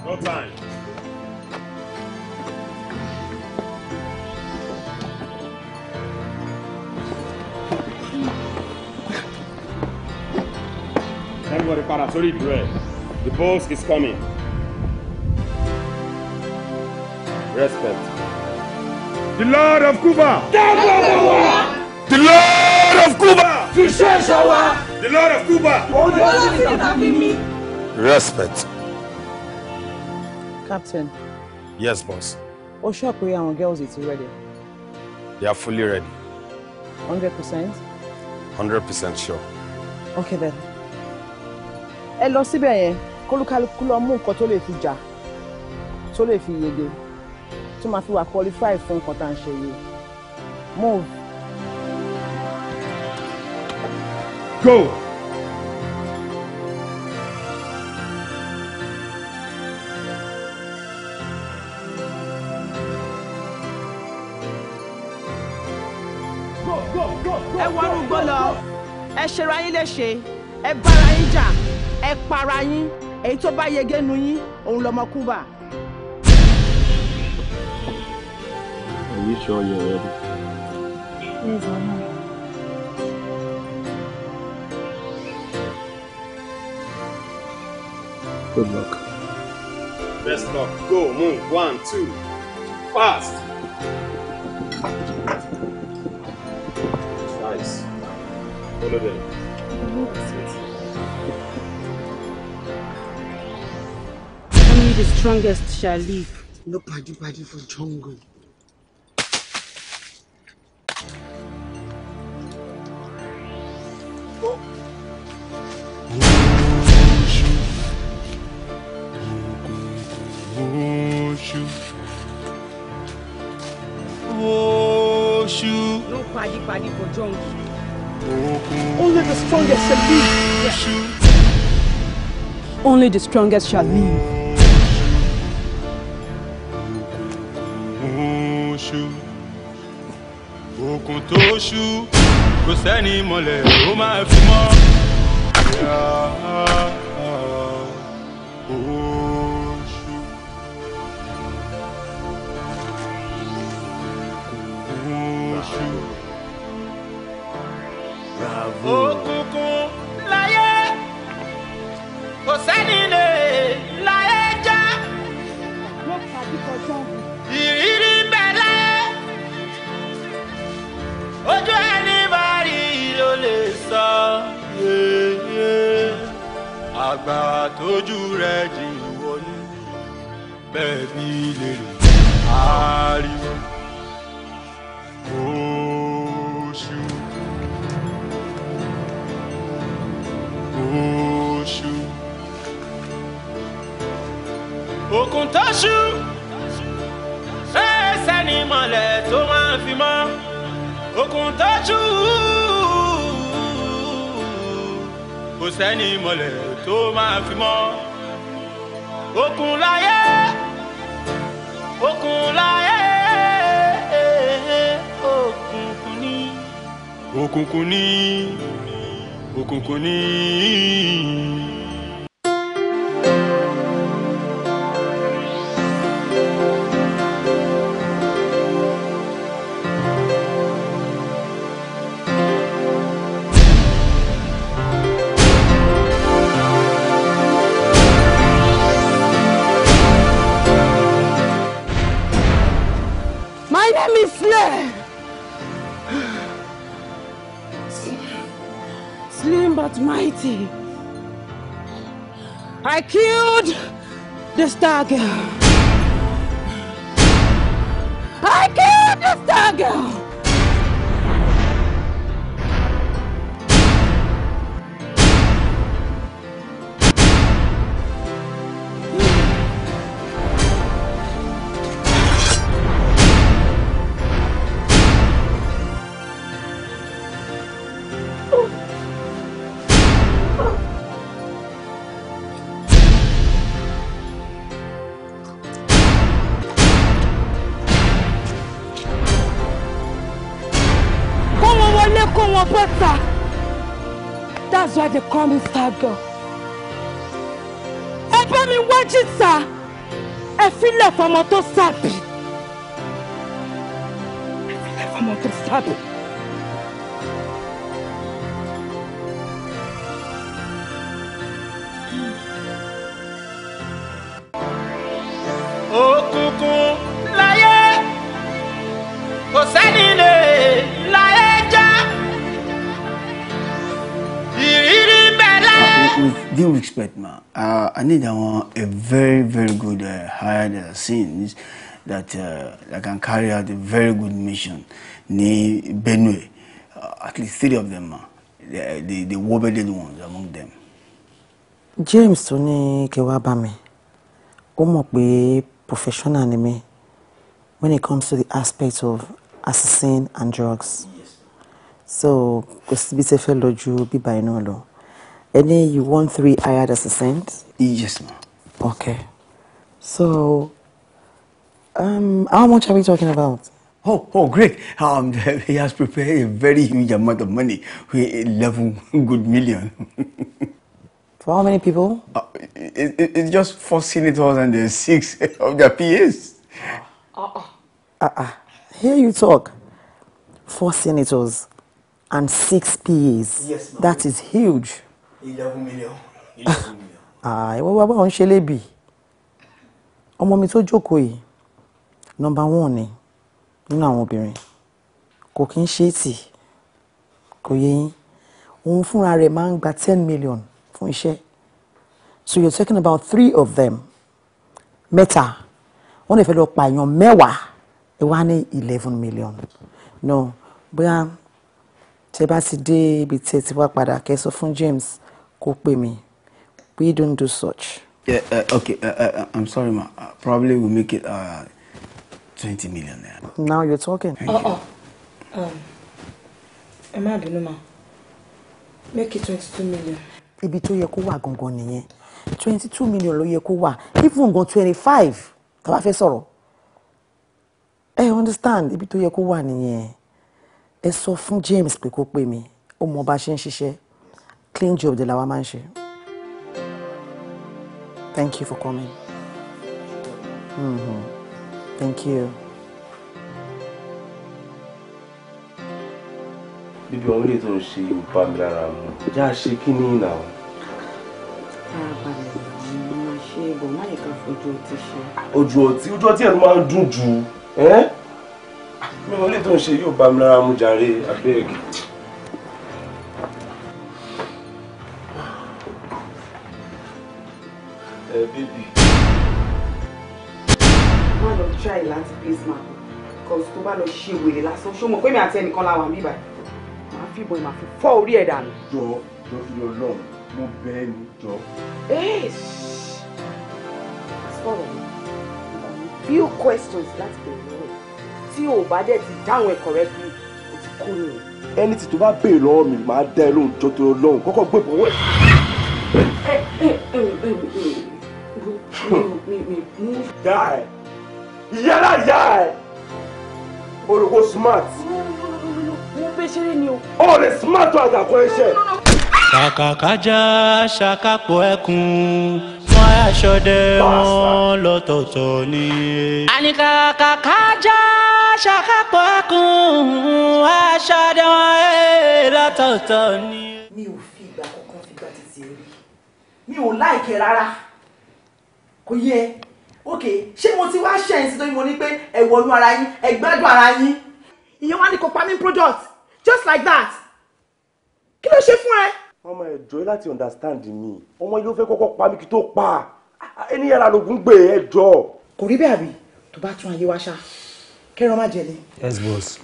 No time. padà sórí the boss is coming respect. the lord of cuba. dábò the lord of cuba. the lord of cuba. respect. captain. yes boss. o sọ pé àwọn girls It's ready. they are fully ready. hundred percent. hundred percent sure. okay then ẹ lọ síbẹ̀ yẹn kólúkálukú lọ mú nǹkan tó lè fi jà tó lè fi yege tó máa fi wà qualify fún nǹkan tá à ń ṣe yìí move. go. ẹ wọnú gbọ́ lọ ẹ ṣera yín léṣe ẹ bára yín jà ẹ para yín èyí tó bá yege nu yín òun lọmọ Are you sure you're ready? Yes, I Good luck. Best luck. Go, move. One, two. Fast. Nice. Follow them. Only the strongest shall live. No padi padi for jungle. Only the strongest shall live. Yeah. Only the strongest shall live. ṣú kò sẹ́ni mọ̀lẹ́ ó máa fi mọ́. Yeah. fọmọ tó sàbí àtìlẹ́ fọmọ tó sàbí. òkùnkùn láyé kò sẹ́ni lè senine, já ìrírí bẹ́ẹ̀ You with respect ma uh, i need àwọn. one uh, sins that uh, I can carry out a very good mission ni Benue uh, at least three of them uh, the, uh, the, the warbedded ones among them. James tó ní kí wàá bá mi professional ni when it comes to the aspect of assassin and drugs so kò síbi tẹ́ fẹ́ lọ ju bíbá iná lọ ẹni you want three hired assassins. yes ma. okay. So, um, how much are we talking about? Oh, oh, great. Um, he has prepared a very huge amount of money, 11 good million. For how many people? Uh, it, it, it's just four senators and uh, six of their PAs. Uh-uh. Ah, uh-uh. Ah, ah. Here you talk. Four senators and six PAs. Yes, ma'am. That is huge. 11 million. 11 million. Ah, what about Shelebi? ọmọ mi tó jókòó yìí nọ́mbà one ni nínú àwọn obìnrin kò kí ń ṣe tì kò yé yín òun fúnra rẹ̀ máa ń gba ten million fún iṣẹ́ so you're talking about three of them mẹ́ta wọ́n lè fẹ́ lọ pààyàn mẹ́wàá ẹ wá ní eleven million no bóyá tẹ bá ti dé ibi tí ẹ ti wá padà kẹ́ sọ fún James kó pè mí we don't do such. Yeah, uh, okay, uh, uh, uh, I'm sorry, ma. Uh, probably we'll make it uh, 20 million Yeah. Now you're talking. Thank oh, you. oh. oh um, Emma Dunuma, make it 22 million. Ibi tó yẹ kó wà gangan 22 million lo yẹ kó wà. Even gan 25, tá fe soro. sọ̀rọ̀. understand, ibi tó yẹ kó wà nìyẹn. Ẹ sọ James pe kó mi. mí. Ó mọ bá ṣe Clean job de la wa máa ń ṣe. Thank you for coming. Mm-hmm. Thank you. Bibi, àwọn ilé tó ń ṣe ò bá mi lára mu. Já ṣe kí ní ìnà o. Farabalẹ̀ ni mo ṣe ibò má yẹ ká fojú ọtí ṣe. Ojú ọtí ojú ọtí ẹ̀rù máa ń dùn mi lára mu jàre abeg. try láti place mark because tó bá lọ ṣe wèrè lásán ṣó mọ̀ pé mi àti ẹnìkan la wà ń bíbà fi ìbọn ìmàfi fọ́ orí ẹ̀ dànù. jọ jọ fi lọ lọ mo bẹ ẹ ní jọ. sọ̀rọ̀ mi few questions láti bẹ̀rẹ̀ lọ́wọ́ tí o bá dẹ̀ ti dáhùn ẹ̀ correctly o ti kú ni. ẹni tí tó bá béèrè lọ́wọ́ mi màá dá ẹ lóhùn jọ tó lọ lọ́hùn kọ́kọ́ gbé bọ́wọ́ ẹ̀. Die! yàrá ìyá ẹ̀ o rò kó smart. mo fẹ́ ṣeré ni o. o lè smart àgàkọ ẹṣẹ. kàkàkàjà ṣàkàpọ̀ ẹkùn wọn aṣọdẹ wọn lọ́tọ̀ọ̀tọ̀ ni. àní kàkàkàjà ṣàkàpọ̀ ẹkùn wọn wọn eh, lọ́tọ̀ọ̀tọ̀ ni. mi ò fi ìgbà kankan fi gba títí rí mi ò láìkẹ́ rárá kò yẹ ok ṣé mo ti wá ṣẹ̀yìn sí lórí mo ní pé ẹ wọnú ara yín ẹ gbádùn ara yín ìyẹn wá ní kò pa mí product just like that kí ló ṣe fún ẹ. ọmọ ẹjọ láti understand mi ọmọ yóò fẹ́ kọ́kọ́ pa mí kí tó pa ẹni yàrá lògùn gbé ẹjọ. kò rí bẹ́ẹ̀ àbí tó bá tún ayé wa ṣá kẹ́rọ má jẹ̀lé. yes boss.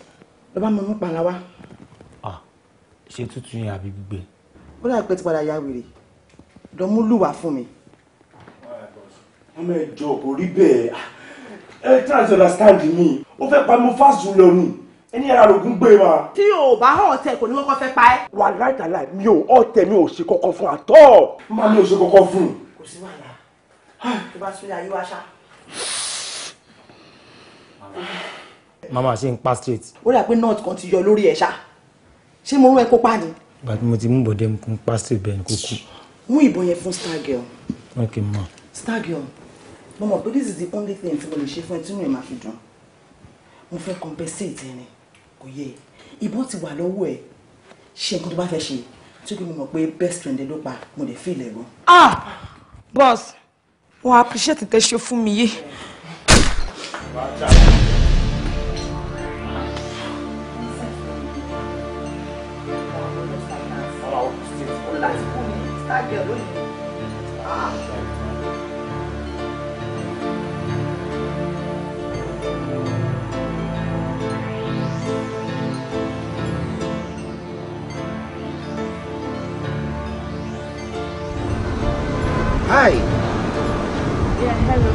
ló bá mú mú pàlà wá. ah ṣe tútù yẹn àbí gbígbẹ. ó dàbí pé ti padà ya wèrè dọ́mú lùwà fún mi ọmọ ẹjọ kò rí bẹ́ẹ̀ ah, ẹ try to understand me ó fẹ́ pa mo fásitì lọ ni ẹni ara rògùn gbé wa. tí o bá hàn ọ̀tẹ̀ kò ní kọ́kọ́ fẹ́ pa ẹ́. wà láìdàláì mi ò ọ̀tẹ̀ mi ò ṣe kọ́kọ́ fún àtọ́. má mi ò ṣe kọ́kọ́ fún un. kò sí wàhálà tó bá súnlẹ̀ ayé wa ṣá. mama ṣe ń pa straight. ó rà pé nọ́ọ̀tì kan ti yọ lórí ẹ̀ ṣá ṣé mo rún ẹ kó pa ni. bàbá mo ti mú bọ̀dé ń pa straight bẹ́ẹ̀ ni kò kú. mú ìbọn yẹn fún star girl. ok ma. star girl mo mọ̀ this is the only thing tí mo lè ṣe fún ẹ tínú ẹ fi dùn mo fẹ́ compensate ẹni kò yẹ ìbọn ti wà lọ́wọ́ ẹ ṣe nǹkan tó bá fẹ́ ṣe tí ó kí mo mọ̀ best friend ẹ ló pa mo lè fi ilẹ̀ rọ. ah boss wọn appreciate tẹ ṣe fún mi yìí. láti kú Hi. Yeah, hello.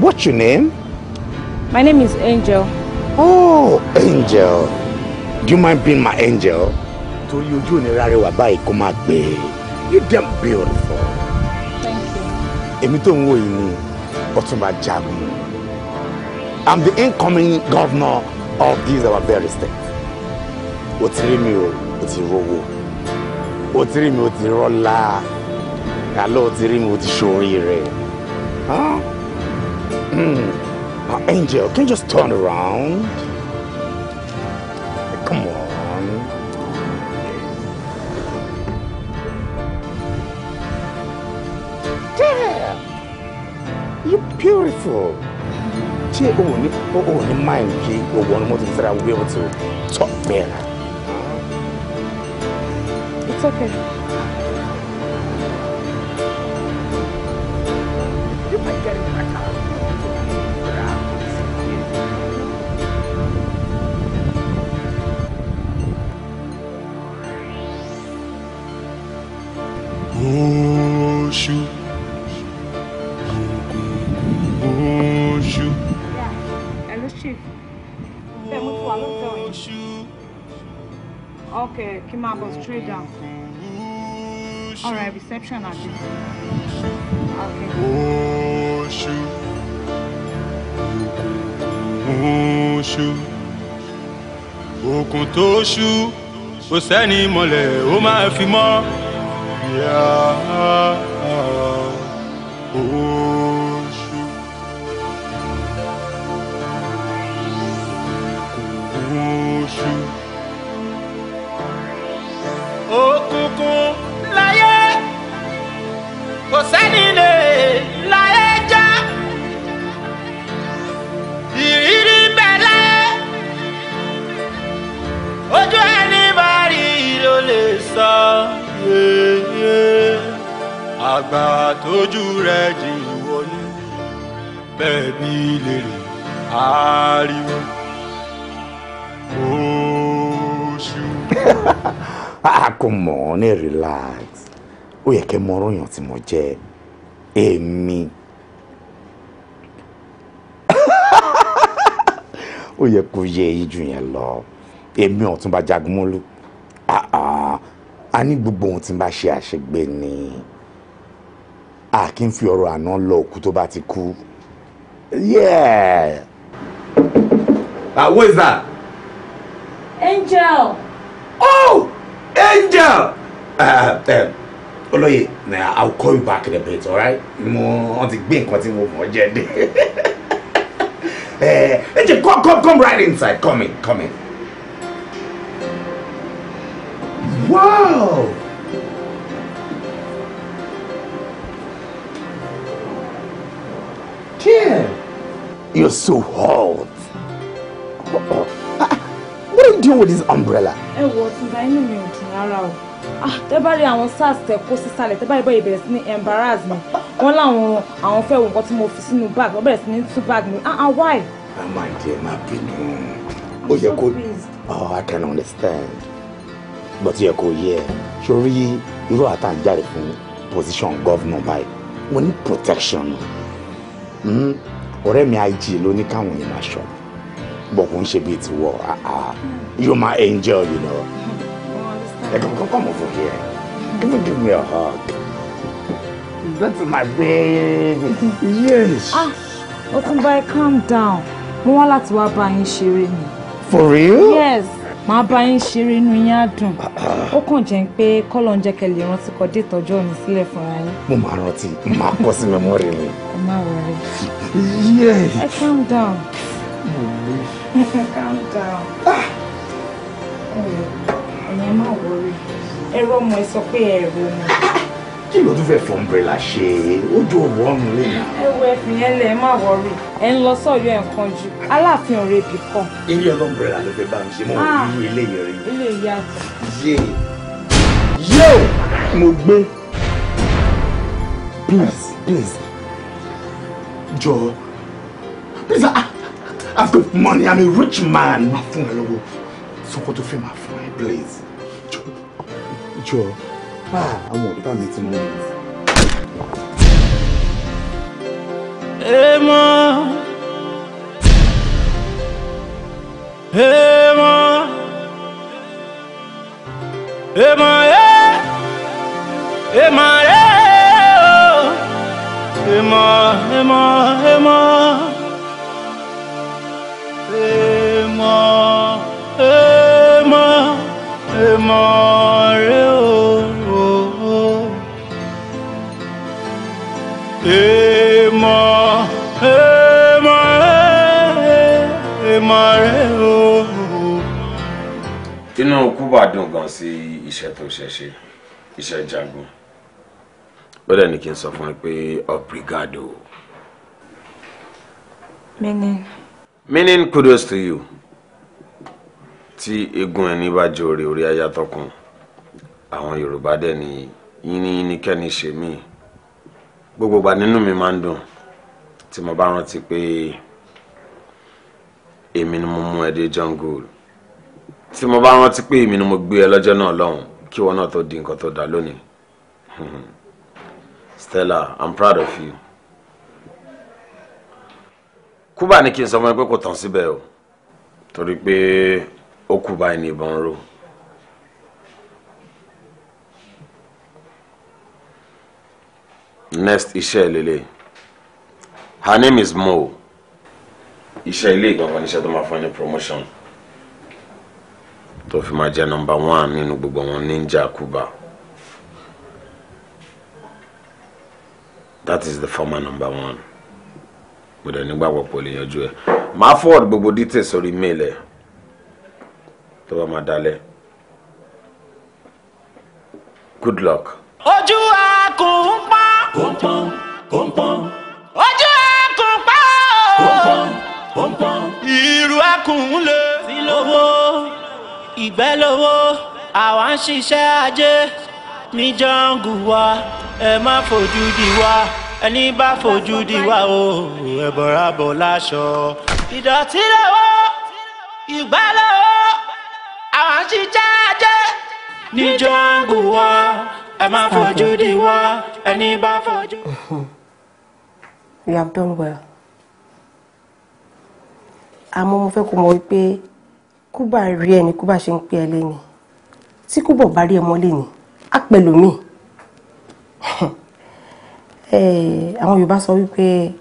What's your name? My name is Angel. Oh, Angel. Do you mind being my angel? To you, you Rariwa by Kumakbe. You damn beautiful. Thank you. Èmi tó ń wò yìí ni Ọ̀túnba Jagun. I'm the incoming governor of this our very state. Ó ti rí mi o, ó ti rówó ó ti rí mi ó ti rọ́lá kálọ́ ó ti hmm. ah, Angel, can you just turn around? Come on. Damn! You're beautiful. Oh, o ò ní mind kí owó ọ̀nà mọ́tò ìsara be able to talk, náà? It's okay. kí n máa straight down. All right, reception at this. Okay. Oṣù. Oṣù. tó ṣú, kò sẹ́ni mọ̀lẹ́, ó máa fi mọ́. Yeah. àgbà tójú rẹ̀ jìn wọlé bẹ́ẹ̀ bí lèrè ariwo oṣù. àkùmọ̀ ní relax ó yẹ kẹ́ mọ ọ̀rọ̀ yàn tí mo jẹ́ èmi. ó yẹ kó yẹ èyí jù yẹn lọ èmi ọ̀túnba jagunmólú àní ah, ah. gbogbo ohun tí n bá ṣe àṣegbè ni a kì í fi ọ̀rọ̀ àná lọ òkú tó bá ti kú. Yeah. Ah, who is that? Angel. Oh, Angel. Uh, um, Olóyè, nah, I'll call you back in a bit, all right? Mo wọ́n ti gbé nǹkan tí mo mọ̀ jẹ́ dé. Eh, Angel, come, come, come right inside. Come in, come in. Wow. Jim, you're so hot. what are you doing with this umbrella? Ẹ wo ọ̀túnba inú mi ò dùn rárá o. Ah, tẹ́ bá rí àwọn SARS tẹ kó sísàlẹ̀ tẹ́ bá rí bọ́yìí bẹ̀rẹ̀ sí ní embarrass mi. Wọ́n láwọn àwọn fẹ́ wo to tí mo fi sínú bag wọ́n bẹ̀rẹ̀ sí ní tú bag me. Ah ah why? Ah, I'm máa jẹ́ máa bínú. Ó yẹ kó. Oh, I can understand. But ó yẹ kó yẹ. Ṣorí irú àtàǹjáde fún position governor báyìí. We need protection. Hmm? ọ̀rẹ́ mi ig ló ní káwọn yẹn máa ṣọ bọ̀ kò ń ṣe bíi tiwọ́ ah, ah, you my angel you know hmm. ẹ kàn kàn mọ̀ fún mi give me give me a hug that's my baby yes. ah o tún bá calm down mo wá láti wá bá yín ṣeré ni. for real. yes màá bá yín ṣeré inú yín á dùn ó kàn jẹ́ pé kọ́lọ̀ ń jẹ́ kẹ́ lè rántí kọ́ dé ìtọ́jú ọ̀nì sílẹ̀ fúnra yín. mo máa rántí máa kọ́ sí mẹ́mọ́rì mi. ẹ má wọrí. ẹ calm down. calm down. ẹ̀yin ah! má wọrí ẹ̀rọ ọmọ ẹ sọ pé ẹ̀rọ ọmọ kí ló tún fẹ́ fọ umbrella ṣe ojú ọ̀wọ́ ọ̀run lè nà. ẹ wo ẹfin yẹn lẹ ẹ má wọrí ẹ ń lọ sọyọ ẹ nǹkan jù aláàfin ọ̀rẹ́ ibì kan. eré ọlọ umbrella ló fẹ́ bá mi ṣe mọ ah, irú ilé yẹn rí. ilé ìyá yé yóò mo gbé please please jọ please I, I've got money I'm a rich man má fún ẹ lọ́wọ́ sọ́kọ́ tó fẹ́ máa fún ẹ please jọ. jọ àwọn ọ̀tá mi ti mú mi. èèmọ̀ èèmọ̀ èèmọ̀ ẹ èèmọ̀ ẹ èèmọ̀ èèmọ̀ èèmọ̀ Buba dùn gan sí iṣẹ́ tó ṣe ṣe iṣẹ́ jagun ó dẹ̀ ní kí n sọ fún ẹ pé obrigado. meaning. meaning kudos to you tí egun ẹni bá jẹ òrè orí aya tọkùn àwọn Yorùbá dẹ̀ ní yínníyínní kẹ́ni ṣe mí gbogbo ìgbà nínú mi máa ń dùn tí mo bá rántí pé èmi ni mo mú ẹ dé jungle tí mo bá rántí pé èmi ni mo gbé ẹ lọ́jọ́ náà lọ́hùn kí wọn náà tó di nǹkan tó dá lónìí Stella I'm proud of you kúbà ní kí n sọ fún ẹ pé kò tán síbẹ̀ o torí pé ó kú báyìí ní ìbọn ró. next iṣẹ́ lele her name is Mo iṣẹ́ ilé ìgbọ̀ngàn níṣẹ́ tó máa fún ẹ ní promotion tó fi máa jẹ́ nọ́mbà one nínú gbogbo wọn Ninja Kuba that is the former number one mo dẹ̀ nígbàgbọ́ pé o lè yanjú ẹ̀ máa forward gbogbo details sórí mail ẹ̀ tó bá máa dalẹ̀ good luck. ojú akùn ń pa. kò ń pọn kò ń pa. kò ń ìrù akùn ń lè. sí ìgbẹ́ lówó àwa ń ṣiṣẹ́ ajé ní jọ́ngù wa ẹ má fojú di wa ẹni bá fojú di wa o ẹ bọ̀rá bọ̀ láṣọ. ìdọ̀tí lówó ìgbẹ́ lówó àwa ń ṣiṣẹ́ ajé ní jọ́ngù wa ẹ má fojú di wa ẹni bá fojú. You have done well. àmọ́ mo fẹ́ kó mọ̀ wípé kúbà rí ẹni kúbà ṣe ń pé ẹ lẹ́ni tí kúbọ̀ bá rí ẹ mọ́lẹ̀ ni á pẹ̀lú mi àwọn Yorùbá sọ wípé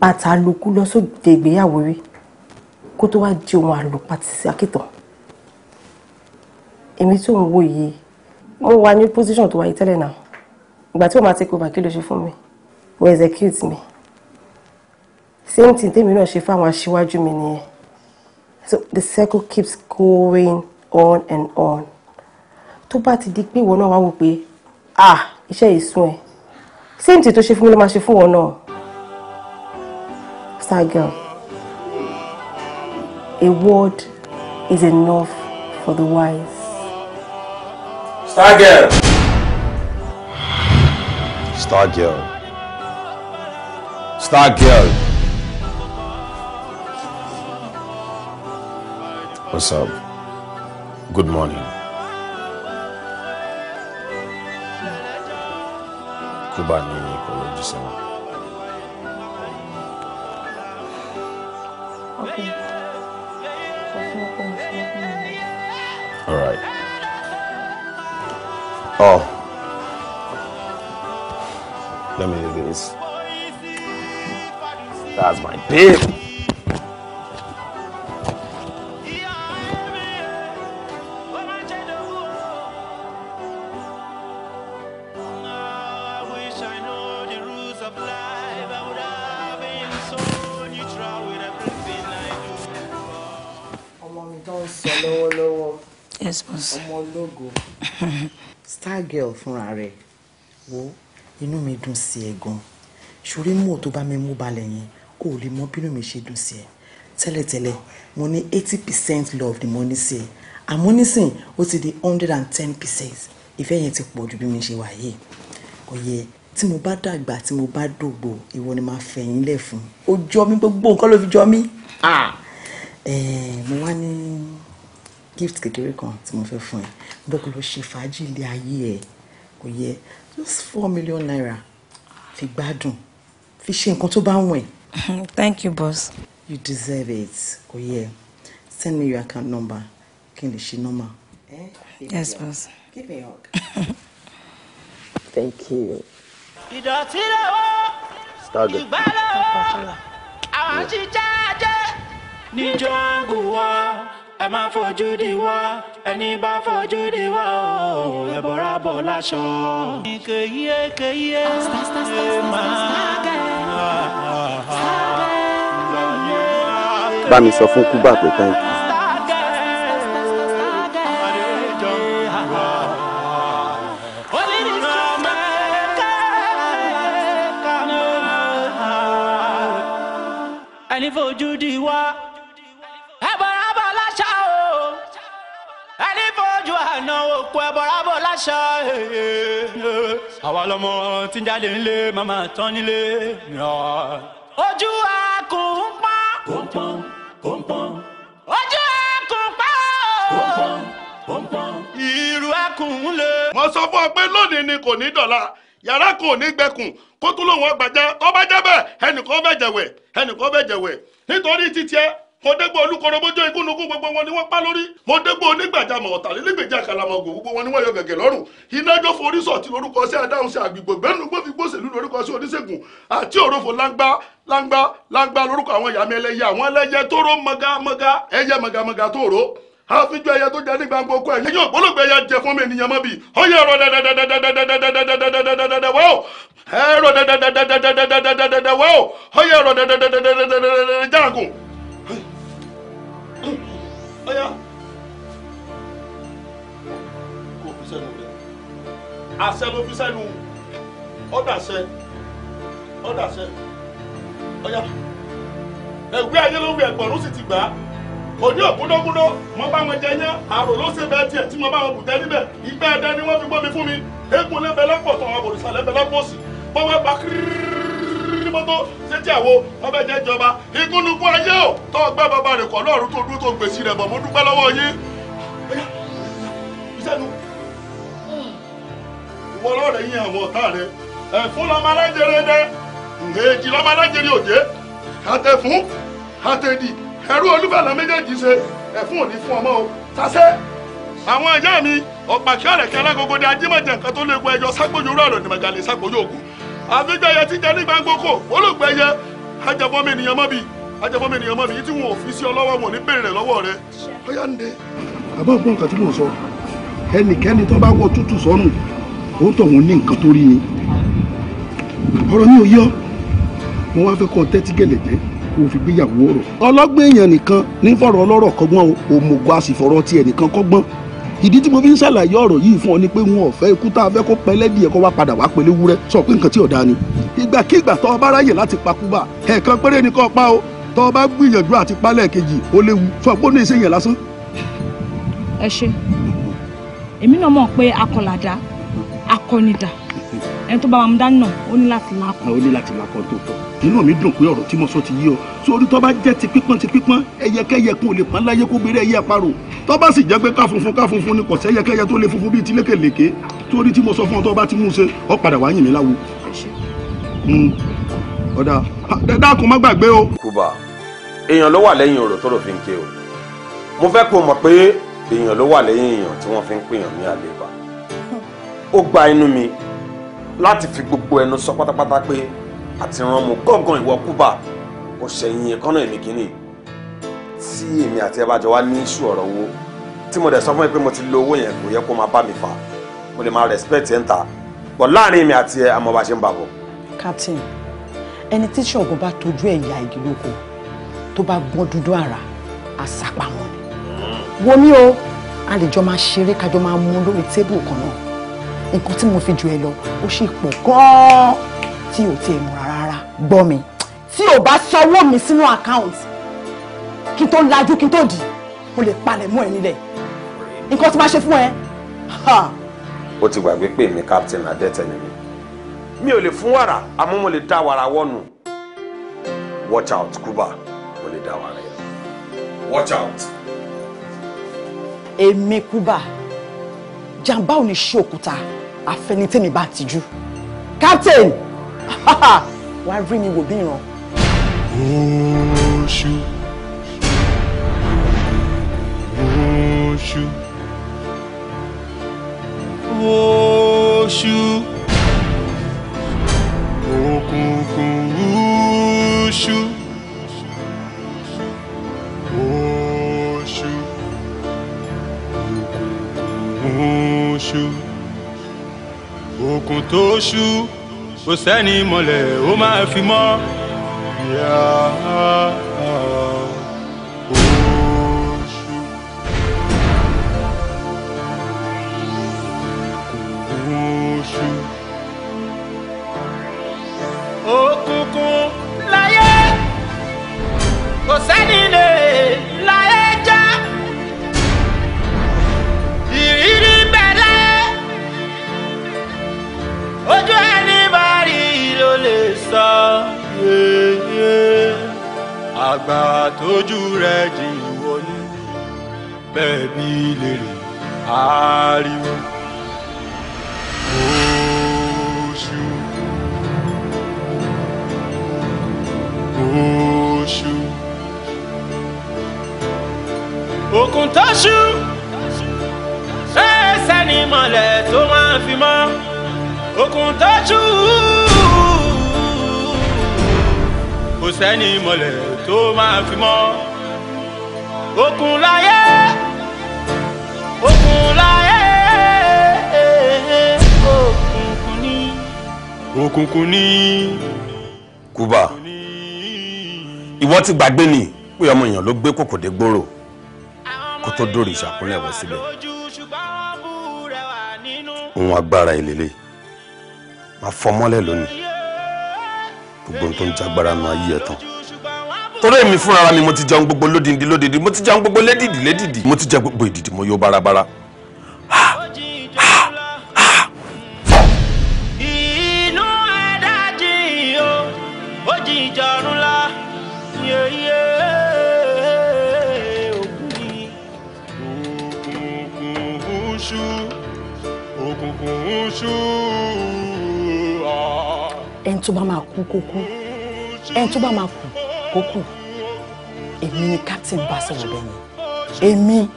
bàtà lukú lọ sóde ìgbéyàwó rí kó tó wá di ohun àlùpàtì sí akíntàn èmi tí òun wò yìí mo wà ní position tó wáyé tẹ́lẹ̀ náà ìgbà tí wọ́n máa ti kó bàkí ló ṣe fún mi wọ́n execute mi same thing tèmi náà ṣe fáwọn aṣíwájú mi nìyẹn so the circle keeps going on and on tó bá ti di pé ìwọ náà wá wò pé ah iṣẹ́ yìí sún ẹ same thing tó ṣe fún mi ló máa ṣe fún wọn náà star girl a word is enough for the wise. star girl. star girl. star girl. What's up? Good morning. Kubani, ni kọlọjú Okay. All right. Oh. Let me do this. That's my babe. response. ọmọ ológo star girl fúnra rẹ wo inú mi dùn sí ẹ gan ṣorí mú ò tó bá mi mú balẹ̀ yẹn kó o lè mọ bínú mi ṣe dùn sí ẹ tẹ́lẹ̀tẹ́lẹ̀ mo ní eighty percent love ni mo ní sí ẹ àmọ́ nísìn ó ti di hundred and ten percent ìfẹ́ yẹn ti pọ̀ ju bí mi ṣe wà yìí kò yẹ tí mo bá dàgbà tí mo bá dògbò ìwọ ni màá fẹ̀yìn lẹ̀ fún ó jọ mí gbogbo nǹkan ló fi jọ mí mo wá ní gift kékeré kan tí mo fẹ́ fún ẹ mo lọ ṣe fàájì ilé ayé ẹ kò yẹ just four million naira fi gbádùn fi ṣe nǹkan tó bá wọ̀n ẹ. thank you boss. you deserve it kò yẹ send me your account number kí n lè ṣe normal. Eh? yes boss. give me a hug. thank you. ìdọ̀tí lọ́wọ́ ìgbà lọ́wọ́ àwọn ti jáde níjọ́ gùn wọ́n ẹ má fojú di wá ẹni bá fojú di wá o ẹ bọ̀rá bọ̀ láṣọ. kèyíé kèyíé ẹ máa. bá mi sọ fún kúbà pé thank ẹni fojú di wá. àná òkú ẹbọra bò láṣà eh, àwa lọmọ tí ń jáde ńlé màmá tán nílé. ojú ẹkùn ń pọ́n. kò ń pọ́n kò ń pọ́n. ojú ẹkùn pọ́n. kò ń pọ́n kò ń pọ́n. ìrù ẹkùn ń lè. mo sọ fún ọ pé lónìí ni kò ní dọ̀la yàrá kò ní gbẹkùn kó tún lòun ọgbà jẹ tó bá jẹ bẹ́ẹ̀ ẹnìkan bẹ jẹwẹ ẹnìkan bẹ jẹwẹ nítorí títí ẹ mo dégbò olúkorobójó ikúnukú gbogbo wọn ni wọ́n pa lórí mo dégbò onígbàjámọ̀ ọ̀tàlélégbèjà kàlàmọ̀gò gbogbo wọn ni wọ́n yọ gẹ̀gẹ̀ lọ́rùn inájọ́ forí sọ̀tì lórúkọ sí adáhùn sí àgbègbè gbẹ́nu gbófi gbóṣèlú lórúkọ sí oníṣègùn àti òròfò láńgbá láńgbá láńgbá lórúkọ àwọn ìyàmì ẹlẹ́yẹ àwọn ẹlẹ́yẹ tóró mọ̀gámọ̀gá ẹyẹ mọ̀gámọ̀gá tóòró àfijọ́ ẹyẹ tó jẹ ní gbàgbọ́ kọ́ ẹ̀yẹ yóò gbólógbé ẹyẹ jẹ fún mi ènìyàn mọ́ bi ọyẹ ẹ̀rọ dẹdẹdẹdẹdẹdẹdẹdẹdẹdẹdẹdẹdẹ wọ́ọ̀ ẹ̀rọ dẹdẹdẹdẹdẹdẹdẹdẹdẹdẹ wọ́ọ̀ ọyẹ ẹ̀rọ dẹdẹdẹdẹdẹdẹdẹdẹdẹ jáàgùn ọyá kò fi sẹ́nu rẹ̀ àṣẹ ló fi sẹ́nu ọ̀dàṣẹ ọ̀dàṣẹ ọyá ẹ̀wí ayé ló ń wí ẹ̀gbọ̀n ló sì ti gbà á kò ní ògúndógúndó mo bá wọn jẹyán àrò ló ṣe bẹ́ẹ̀ tiẹ̀ tí mo bá wọn bùtẹ́ níbẹ̀ ìgbẹ́ ẹ̀dá ni wọ́n fi gbọ́ mi fún mi eégún lẹ́bẹ̀ẹ́ lọ́pọ̀ tó àwọn òrìṣà lẹ́bẹ̀ẹ́ lọ́pọ̀ sí bọ́wọ́ bá kírírí mọ́tò sétí àwo ọbẹ̀ jẹ́ ìjọba ìkúnnukú ayé ò tó ọgbẹ́ bàbá rẹ̀ kọ́ lọ́rùn tó dúró tó gbèsè rẹ̀ bọ̀ lọ́wọ́ yín. ìwọ yín àwọn ọ̀tá ẹ̀fún lọ́mọ alájẹrẹ lọ́mọ alájẹrẹ àtẹ̀fún àtẹ̀dì ẹ̀rú méjèèjì o àwọn mi ọ̀rẹ̀kẹ́ alágógó ajímọ̀jẹ̀ nǹkan tó léegun ẹjọ́ ògùn àfijọ́yẹ ti jẹ nígbà gboko olùgbẹ́yẹ ajẹ́fọ́mi ènìyàn mọ́bi ajẹ́fọ́mi ènìyàn mọ́bi yìí tí wọn ò fi sí ọ lọ́wọ́ wọn ní bèrè rẹ̀ lọ́wọ́ rẹ̀ ọyá ń de. àbá ògbọ́n nǹkan tí mò ń sọ ẹnikẹ́ni tó bá wọ tútù sọ́nù ó tọ̀hún ní nǹkan tó rí ni ọ̀rọ̀ ní òye ọ́ mo wá fẹ́ kọ́ tẹ́tí gẹ̀lẹ̀jẹ́ kó o fi gbéyàwó ọ̀rọ̀ ọlọ́gbọ́n èèyàn nìkan ní fọ̀rọ̀ ọlọ́rọ̀ kọ́gbọ́n òmùgọ̀ àsìfọ̀rọ̀ tiẹ̀ nìkan kọ́gbọ́n ìdí tí mo fi ń ṣàlàyé ọ̀rọ̀ yìí fún ọ ni pé wọn ò fẹ́ ikú tá a fẹ́ kó pẹ́ lẹ́dìí ẹ̀kọ́ wá padà wá pẹ̀lú ewúrẹ́ sọ pé nǹkan tí ò dáa ni. ìgbàkigbà tó o bá ráyè láti pakúbà ẹ̀ẹ̀kan péré ni kó o pa o tó o bá gbìyànjú àti palẹ̀ kejì ó léwu sọ pé ó ní ìṣe yẹn lásán. ẹ ṣe èmi náà mọ̀ pé akọ̀làdá akọ̀nìdà ẹni tó bá wa mú dání náà ó ní láti lakọ. ó ní láti lakọ tó tọ inú mi dùn pé ọ̀rọ̀ tí mo sọ ti yí ọ sórí tó bá jẹ́ ti pípọ́n ti pípọ́n ẹyẹkẹyẹ kò lè pọ́n láyé kó gbére ẹyẹ àparò tó bá sì jẹ́ pé ká funfun ká funfun ni kò sí ẹyẹkẹyẹ tó lè funfun bíi ti lékèlékè torí tí mo sọ fún ọ tó bá ti mú un ṣe ọ padà wá yìn mí láwo. Hmm. ọ̀dà dẹ́dá kò má gbàgbé o. kùbà èèyàn ló wà lẹ́yìn ọ̀rọ̀ tó rò fi ń ké o mo fẹ́ kó mọ̀ pé èèyàn ló wà lẹ́yìn èèyàn tí wọ́n fi ń pèèyàn ní àlébà ó gba inú mi láti fi gbogbo ẹnu sọ pátápátá pé àti ran mu gángan ìwọ kúbà kò ṣẹ̀yìn ẹ̀kọ́nà èmi kìíní tí èmi àti ẹ bá jọ wá ní iṣu ọ̀rọ̀ owó tí mo dẹ̀ sọ fún ẹ pé mo ti lo owó yẹn kò yẹ kó máa bá mi fà mo lè máa respect ẹ̀ ń ta but láàrin èmi àti ẹ àmọ́ bá ṣe ń bà bọ̀. captain ẹni tí ṣọ̀gbọ́n bá tọ́jú ẹ̀yà igi lóko tó bá gbọ́n dúdú àrà àṣàpàwọ̀n ni hmm. wo mi o a lè jọ máa ṣeré kájọ máa mú lórí tébù kan náà nǹkan tí mo fi jù ẹ lọ ó ṣe pọ̀ gan-an tí ò tiẹ̀ mọ̀ rárá gbọ́ mi tí ò bá sanwó mi sínú account kí n tó lajú kí n tó dì mo lè palẹ̀ mọ́ ẹ nílẹ̀ nǹkan tí máa ṣe fún ẹ. ó ti gbàgbé pé mi captain adẹ́tẹ̀ ni mi mi ò lè fún wàrà àmọ́ mo lè dá wàrà wọ́nu watch out kuba mo lè dá wàrà yẹn watch out. èmi kuba jàǹbá ò ní ṣe òkúta àfẹnitẹ́mi bá tijú captain wàá rí mi wò bí ìran. oṣù oṣù oṣù òkùnkùn oṣù. Oṣù, òkùnkùn oṣù òkùn tó ṣú kò sẹ́ni mọ̀lẹ̀ ó máa fi mọ́. Oṣù òkùn ojú ẹni bá rí ló lè sọ àgbà tójú rẹ jì wọlé bẹ́ẹ̀ bí lè rí ariwo oṣù oṣù tó ṣú ṣé ẹsẹ̀ ni mọ̀lẹ́ tó máa fi mọ́. O kún tájú kò sẹ́ni mọ̀lẹ̀ tó máa fi mọ́ ó kún láyé o kún láyé òkùnkùn ní. òkùnkùn ní. Kuba ìwọ ti gbàgbé ni pé ọmọ èèyàn ló gbé kòkòdé gbòòrò kó tó dórí ìṣàkúnlẹ̀ wọ síbẹ̀ ohun agbára ìlélẹ́yìí máa fọ́ lónìí gbogbo tó jágbára nu ayé ẹ̀ tán torí èmi fúnra mi mo ti jẹun gbogbo lódìdí lódìdí mo ti jẹun gbogbo lédìdí lédìdí mo ti jẹ gbogbo ìdìdí mo yó bárabára. inú ẹni tó bá máa kú kó kú ẹni tó bá máa kú kó kú èmi ni captain bá sọ̀rọ̀ bẹ́ẹ̀ ni èmi.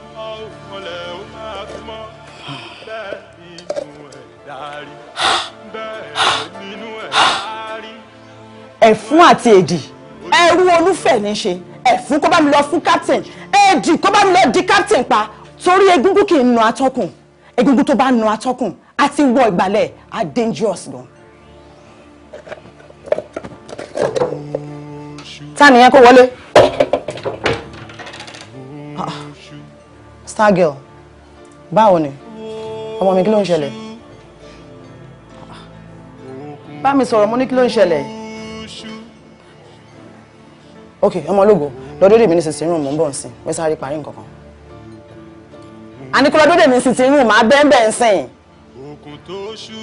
ẹ̀fún àti èdì ẹrú olúfẹ̀ ní ṣe ẹ̀fún kó bá mi lọ fún captain èdì kó bá mi lọ di captain pa torí egungun kì í nu atọ́kùn egungun tó bá nu atọ́kùn àti wọ ìgbàlẹ̀ are dangerous gan. ta nìyẹn kó wọlé. star girl báwo ni ọmọ mi kí ló ń ṣẹlẹ̀ bá mi sọ̀rọ̀ mo ní kí ló ń ṣẹlẹ̀ ok ọmọ ológo lọ́dọ̀ dèmi ní sísìn rún mò ń bọ̀ nsìn mo sáré parí nǹkan kan àní kí lọ́dọ̀ dèmi ní sísìn rún màá bẹ́ẹ̀ bẹ́ẹ̀ nsìn. òkun tó ṣú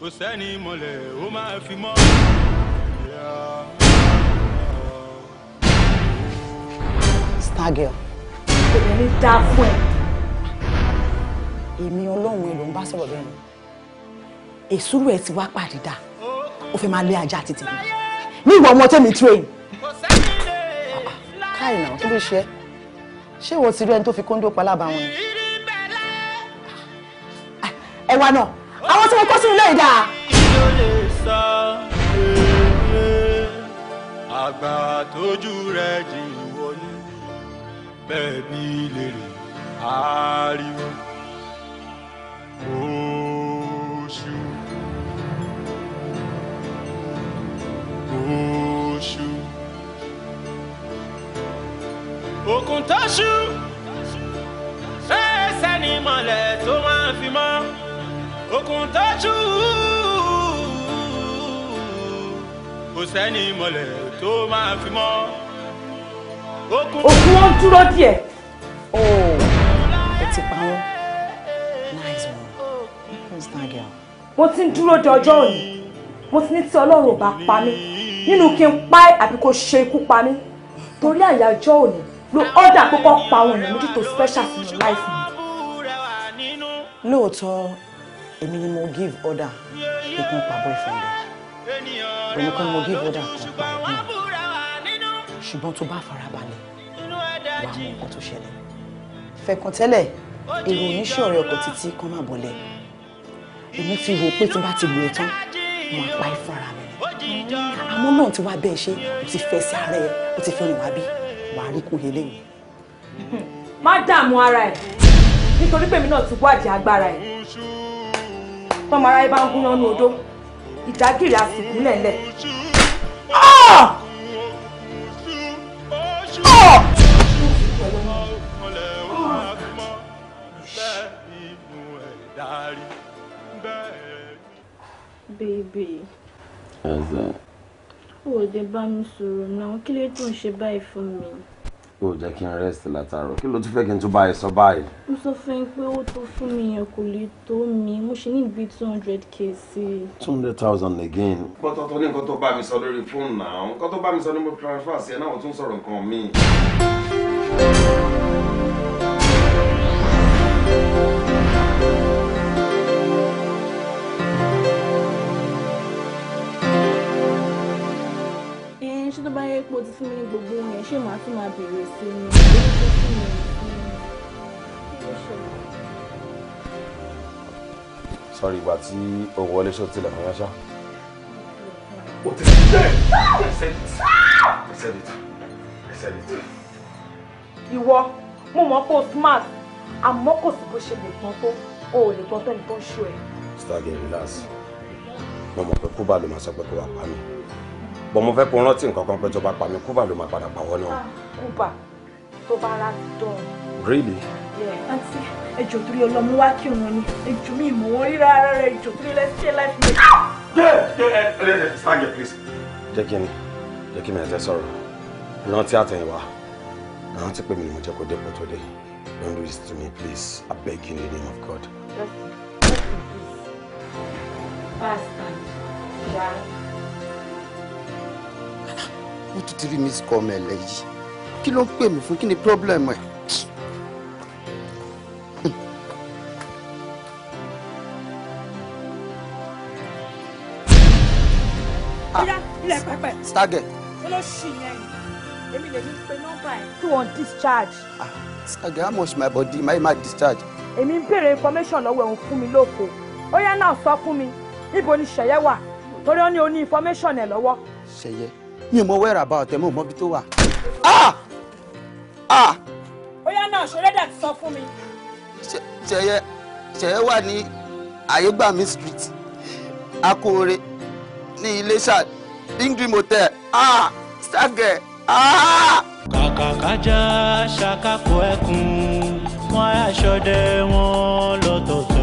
kò sẹ́ni mọ̀lẹ́ ó máa fi mọ́. star girl. èmi ní dá fún ẹ. èmi ọlọ́run ẹ ló ń bá sọ̀rọ̀ lẹ́nu èsúrò ẹ ti wá pàdé dá ó fẹ́ máa lé ajá àti tèmi ní ìwọ ọmọ tẹ́mi train. káyìn náà kí ló ṣe é ṣé ìwọ ti rí ẹni tó fi kóńdó pa lábàá wọn. Ah, ẹ wá náà àwọn tí mo kọ́ sínú ilé ìdá. àgbà tójú rẹ̀ jìn bẹ́ẹ̀ bí lèrè ariwo oṣù oṣù òkun tó ṣú fẹ́ẹ́sẹ́ ni mọ̀lẹ́ tó máa fi mọ́ òkun tó kò sẹ́ni mọ̀lẹ́ tó máa fi mọ́ òkú wọn dúró díẹ̀ Oh, ẹ ti pa wọn nice one who's that girl. mo ti ń dúró de ọjọ́ òní mo ti ní tí ọlọ́run ò bá pa mí nínú kí n pa ẹ́ àbí kò ṣe ikú pa mí torí àyájọ́ òní ló ọ́dà púpọ̀ pa àwọn èèyàn méjì tó special fún life. láìsí mi. lóòótọ́ èmi ni mo give order pé kí n pa boyfriend rẹ̀ èmi kan mo give order kan pa ẹ̀gbọ́n rẹ̀ ṣùgbọ́n tó bá fara wàá mọ nǹkan tó ṣẹlẹ̀ fẹ̀kàn tẹ́lẹ̀ èrò oníṣòro ọkọ̀ títí kan máa bọ̀lẹ̀ èmi ti rò pé tí n bá ti lò ó tán mo máa pa ìfúnra mi àmọ́ náà ti wá bẹ́ẹ̀ ṣe o ti fẹ́ sí ara ẹ o ti fẹ́ rìn wá bí wàá rí kú eléyìí. má dààmú ara ẹ nítorí pèmí náà ti wádìí agbára ẹ tọmọ ara ẹ bá ń gúnyán ní odó ìdágìrì àsìkò lẹ̀lẹ̀. baby. how's that. o ò dé bá mi sọ̀rọ̀ náà kí ló tó ń ṣe báyìí fún mi. o jẹ́ kí n rest látàárọ̀ kí ló tún fẹ́ kí n tún bá ẹ sọ báyìí. mo sọ fún yín pé ó tó fún mi yẹn kò lè tó mi mo ṣe ní ibi two hundred k sí i. two hundred thousand again. pọ́tọ́ tó ní nǹkan tó bá mi sọ lórí fóònù náà nǹkan tó bá mi sọ ní mo transfer sí ẹ náà wọ́n tún sọ̀rọ̀ nǹkan míì. ṣé tó bá yẹ pé o ti fún mi ní gbogbo ohun yẹn ṣé màá tún máa bèrè sí ni sọrí ìgbà tí o wọlé ṣó tilẹ̀ fún yánṣá. o ti ṣe é ẹsẹ̀ ẹsẹ̀ ẹsẹ̀ ẹsẹ̀. ìwọ mo mọ̀ pé o smart àmọ́ kò sí bó ṣe lè tán tó o ò lè tán tó ẹni tó ń ṣó ẹ. stargate relax mo mọ̀ pé kúbà ló máa sọ pé kó wàá pa mí bọ́ mo fẹ́ kó rántí nǹkan kan pé tó bá pa mí kúbà ló máa padà pàwọ́ náà. kúbà ah, tó bá ra dán. really. àǹtí ẹjọ torí ọlọmọ wá kí wọn ni ẹjọ mi ìmọ̀ wọn rí rárá rẹ ẹjọ torí lẹ́sẹ̀ láìpẹ́. Ah! jẹ́ kí ni jẹ́ kí mi ẹ̀sẹ̀ sọ̀rọ̀ rántí àtẹ̀yìnwá rántí pé mi ni mo jẹ́ kó dépò tó dé don't do this to me please I beg you in the name of God. Yes. Yeah ó tún ti rí miss call mẹ́lẹ̀ yìí kí ló ń pè mí fún kí ni problem ẹ̀. Hm. ilẹ̀ pẹ́pẹ́. Stargate. olóṣì yẹn èmi lè ní pe nọ́mbà ẹ̀ tí wọ́n discharge. ah Stargate how much my body my ma discharge. èmi ń béèrè information lọ́wọ́ ẹ̀hún fún mi lóko ó yá náà sọ fún mi níbo ni ṣẹ̀yẹ wà torí ó ní o ní information ẹ̀ lọ́wọ́. ṣẹ̀yẹ mi ò mọ wẹ́rà bá ọ̀tẹ̀ mọ̀ mọ́bí tó wà. Ah! Ah! bóyá náà ṣọlẹ́dà ti sọ fún mi. ṣẹyẹ ṣẹyẹ wà ní àyégbàmí street akóore ní iléṣà big dream hotel ah! stargate. kàkàkájà ṣàkàkọ ẹkùn wọn aṣọdẹ wọn lọ́tọ̀ọ̀tọ̀.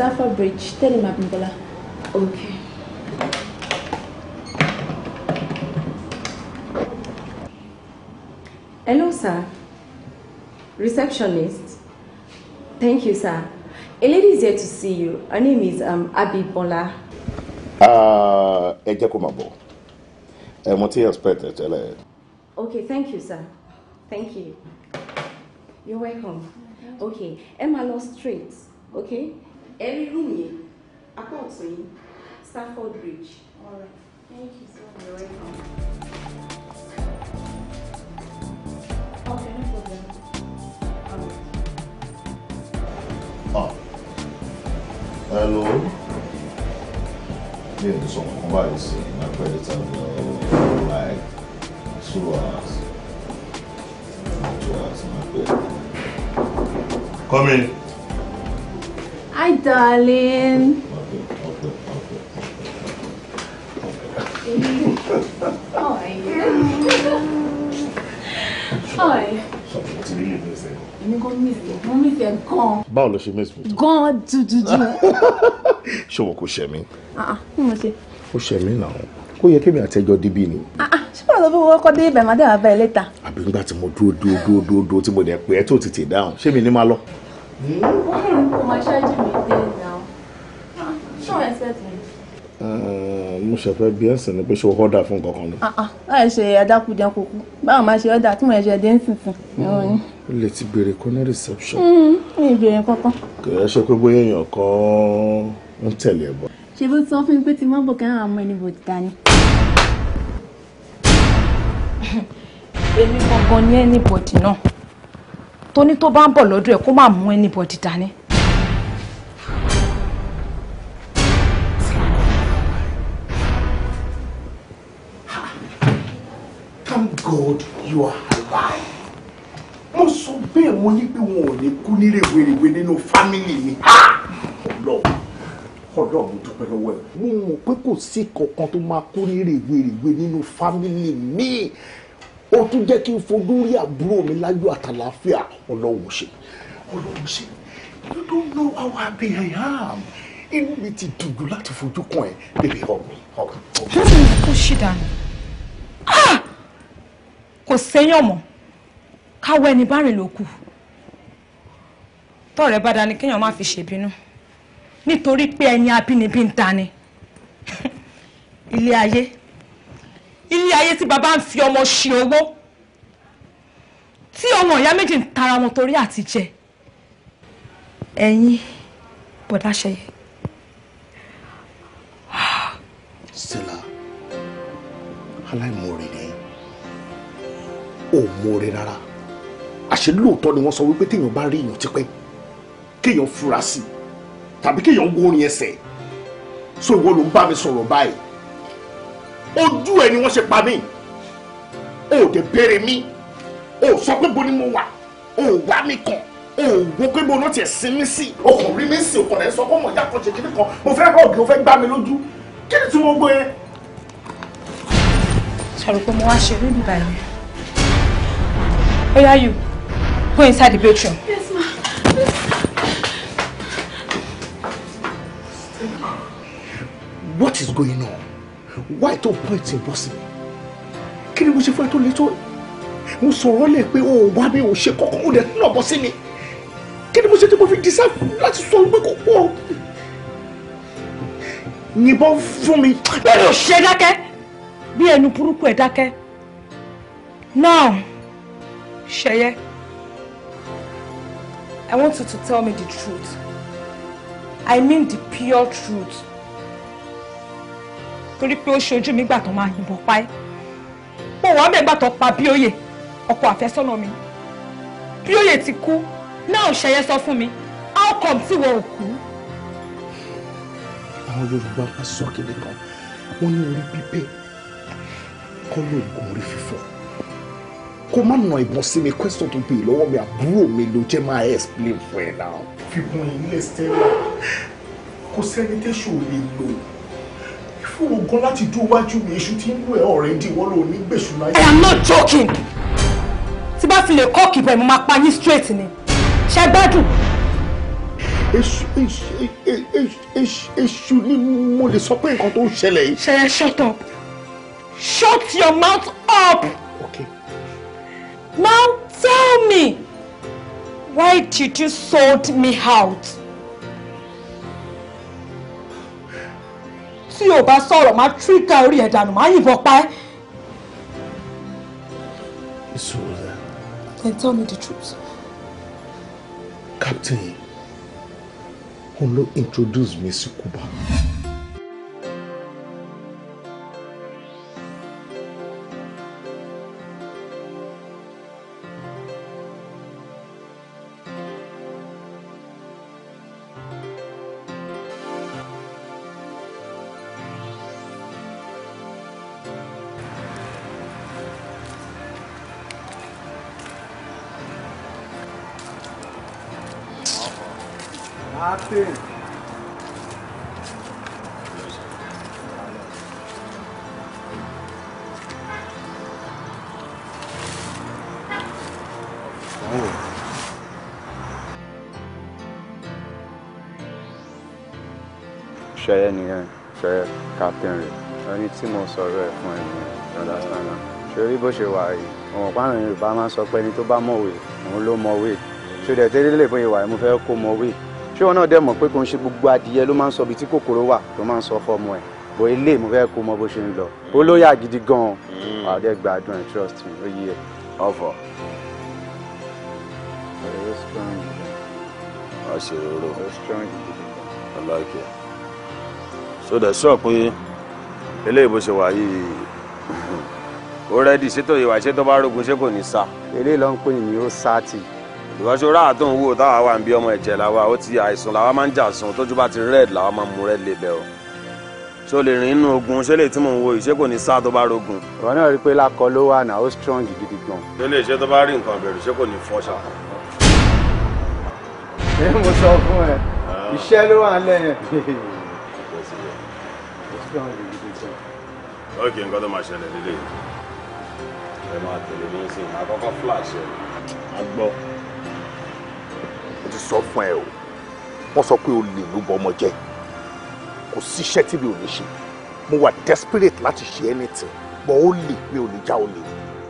Safa Bridge. Tell him Abimbola. Okay. Hello, sir. Receptionist. Thank you, sir. A lady is here to see you. Her name is um, Bola. Ah, uh, eh, ẹ jẹ́ kó máa bọ̀. Ẹ mọ̀ Okay, thank you, sir. Thank you. You're welcome. Okay, Emma Law lọ okay? ẹni room yẹn apá ọ̀tún yín Stafford Bridge. All right. Thank you so much. You're welcome. Okay, ah. Hello. Me and this one converse. My credit have uh, like two hours. Two hours, my credit. Come in. Hi, darling. Hi. Hi. Èmi kò miss ẹ, Báwo ló ṣe miss mi? Gan dududu. Ṣé wọn kò ṣẹ̀ mí? Ah, ah, Ó ṣẹ̀ mí náà. Kó yẹ kí mi àtẹjọ́ débí ni. Ah, ṣé báwo ló fi wọ́kọ́ dé ibẹ̀ máa dé àbá ẹ létà? Àbí nígbà tí mo dúró dúró dúró tí mo dẹ̀ pé tó tètè dáhùn, ṣé mi ní máa lọ? mo ṣẹ̀fẹ̀ bí ẹ̀sìn ni pé ah, ah, ṣe ọ́dà fún kankan ni. láì ṣe adákùjẹ báwo máa ṣe ọ́dà tí mo ṣe dé nísinsìn. Hmm, o lè ti béèrè kan ní reception. Hmm, mi ì béèrè kankan. kò yẹ ṣe pé bóyá èèyàn kan ń tẹ̀lé ẹ̀ bọ̀. ṣe bó ti wọ́n fún mi pé tí wọ́n bò kẹ́hìn àwọn ẹni bò ti dání. èmi gangan ni ẹni bòdì náà tóní tó bá ń bọ̀ lọ́dọ̀ ẹ̀ kó má mú anybody dání. Thank God you are alive. Mo sọ bẹ́ẹ̀ mo ní pé wọn ò ní kú ní rèwerèwe nínú fámìlì mi. Ọlọ́run ọlọ́run mo dúpẹ́ lọ́wọ́ ẹ̀. Mo mọ̀ pé kò sí kankan tó máa kú ní rèwerèwe nínú fámìlì mi ó tún jẹ́ kí n fojú rí àbúrò mi láyọ̀ àtàlàáfíà ọlọ́wọ́ ṣe ọlọ́wọ́ ṣe you don't know how happy I am inú mi ti dùn jù láti fojú kan ẹ bèbè hug me hug me. ó ṣì dànù ah! kò séyàn mọ́ káwọ ẹni bá rìn lókù tọ̀rẹ́ bá dání kéèyàn má fi ṣèbínú nítorí pé ẹni abínibí ń dání ilé ayé ilé ayé tí bàbá ń fi ọmọ ṣe owó tí ọmọ ìyá méjì ń tara wọn torí àti jẹ ẹ̀yin bọ̀dá ṣẹyẹ. Stella aláìmoore ni ò moore rárá àṣé lóòótọ́ ni wọ́n sọ wípé téèyàn bá rí èèyàn tipẹ́ kéèyàn fura sí tàbí kéèyàn gún orin ẹsẹ̀ so ìwọ ló ń bá mi sọ̀rọ̀ báyìí ojú ẹ ni wọ́n ṣe pa mí o ò dẹ̀ béèrè mi o ò sọ pé bo ni mo wà o ò wá mi kàn o ò wo pé bo náà tiẹ̀ sin mi sí o kàn rí mi sí o kàn ẹ̀ sọ fọ́ọ̀mù ìyá kan ṣe kíní kan mo fẹ́ rọ̀gì o fẹ́ gbá mi lójú kí ni tí mo gbé yẹn. sọ̀rọ̀ pé mo wá ṣe lónìí báyìí oya you go inside the bedroom. Yes, ma. What is going on? why tó point ẹ̀ bọ́ sí mi kí ni mo ṣe fún ẹ tó le tó mo sọ̀rọ̀ lẹ̀ pé o wá mi ò ṣe kọ́kọ́ ó dẹ̀ náà bọ́ sí mi kí ni mo ṣe tí mo fi deserve láti sọ pé kò pọ̀ yìnbọn fún mi. bẹ́ẹ̀ ló ṣe dákẹ́ bí ẹnu burúkú ẹ̀ dákẹ́ now ṣẹyẹ I want you to tell me the truth I mean the pure truth torí pé ó ṣojú mi gbà tó máa yìnbọn pa ẹ́ mo wà mẹ́gbà tó pa bíóyè ọkọ àfẹ́sọ́nà mi bíóyè ti kú náà ṣẹyẹ sọ fún mi how come tí wọn ò kú. àwọn yorùbá máa sọ kíni kan wọn ní orí pípé kọ́ lóògùn orí fífọ́ kó má nà ìbọn sí mi question tó bèè lọ́wọ́ mi àbúrò mi ló jẹ́ máa explain fún ẹ náà. fìbọn ilé stella kò sẹ́ni tẹ́sù ò lè lò fún láti dún wájú mi iṣu tí ń lù ẹ́ ọ̀rẹ́ dì wọ́n lò ní gbèsù láyé. I am not joking. tí bá fi lè kọ́ kìbọn mo máa pa yín straight ni ṣe gbádùn. èṣù ni mo lè sọ pé nǹkan tó ń ṣẹlẹ̀ yìí. ṣe shut up shut your mouth up. okay. now tell me why did you sold me out. tí o bá sọ̀rọ̀ máa tíríkà orí ẹ̀ dànù máa yìnbọn pa ẹ́. Isola. Then tell me the truth. Captain, òun ló introduce mi sí Cuba. bó ṣe wà yìí òun pààrọ̀ yorùbá máa ń sọ pé ẹni tó bá mọ̀wé òun ló mọ̀wé ṣòdẹ̀ tẹ́lẹ̀ lè bóyá wà yìí mo fẹ́ kó mọ̀wé ṣé wọn náà dẹ̀ mọ̀ pé kò ń ṣe gbogbo adìyẹ ló máa ń sọ ibi tí kòkòrò wà tó máa ń sọ fọmọ ẹ̀ bó ilé mo fẹ́ kó mọ bó ṣe ń lọ ó lóyà gidi gan-an ẹ̀ trust me ó yí ẹ̀ ọ̀fọ̀. àṣèrò sọ pé eléyìí bó ṣe wà yìí ó rẹ́dì ṣètò ìwà ṣètò bá rogun ṣé kò ní sá. eré ló ń pè ní ó sá tì. ìwọ́sọ ráà tó ń wò táwa wà ń bí ọmọ ẹ̀jẹ̀ làwa ó ti àìsàn làwa máa ń jà sùn tójú bá ti rẹ́ẹ̀d làwa máa ń mu rẹ́ẹ̀d lébẹ̀ o. ṣé o lè rìn inú ogun ṣé lè tí mò ń wo ìṣe kò ní sá tó bá rogun. ìwọ náà rí i pé lákọ ló wà náà ó strong gidi gan. ṣé lè ṣe tó bá rí nǹkan bẹ̀rù ṣé kò ní fọ́ ṣá. ṣé ah. nǹkan tó máa ṣẹlẹ̀ nílé yìí ẹ máa tẹ̀lé mi sí i àkọ́kọ́ flash ẹ̀ á gbọ́. mo ti sọ fún ẹ o wọ́n sọ pé o lè ló bọ́ ọmọ jẹ́ kò síṣẹ́ tí mi ò lè ṣe mo wà desperate láti ṣe anything but ó lè mi ò lè já o lè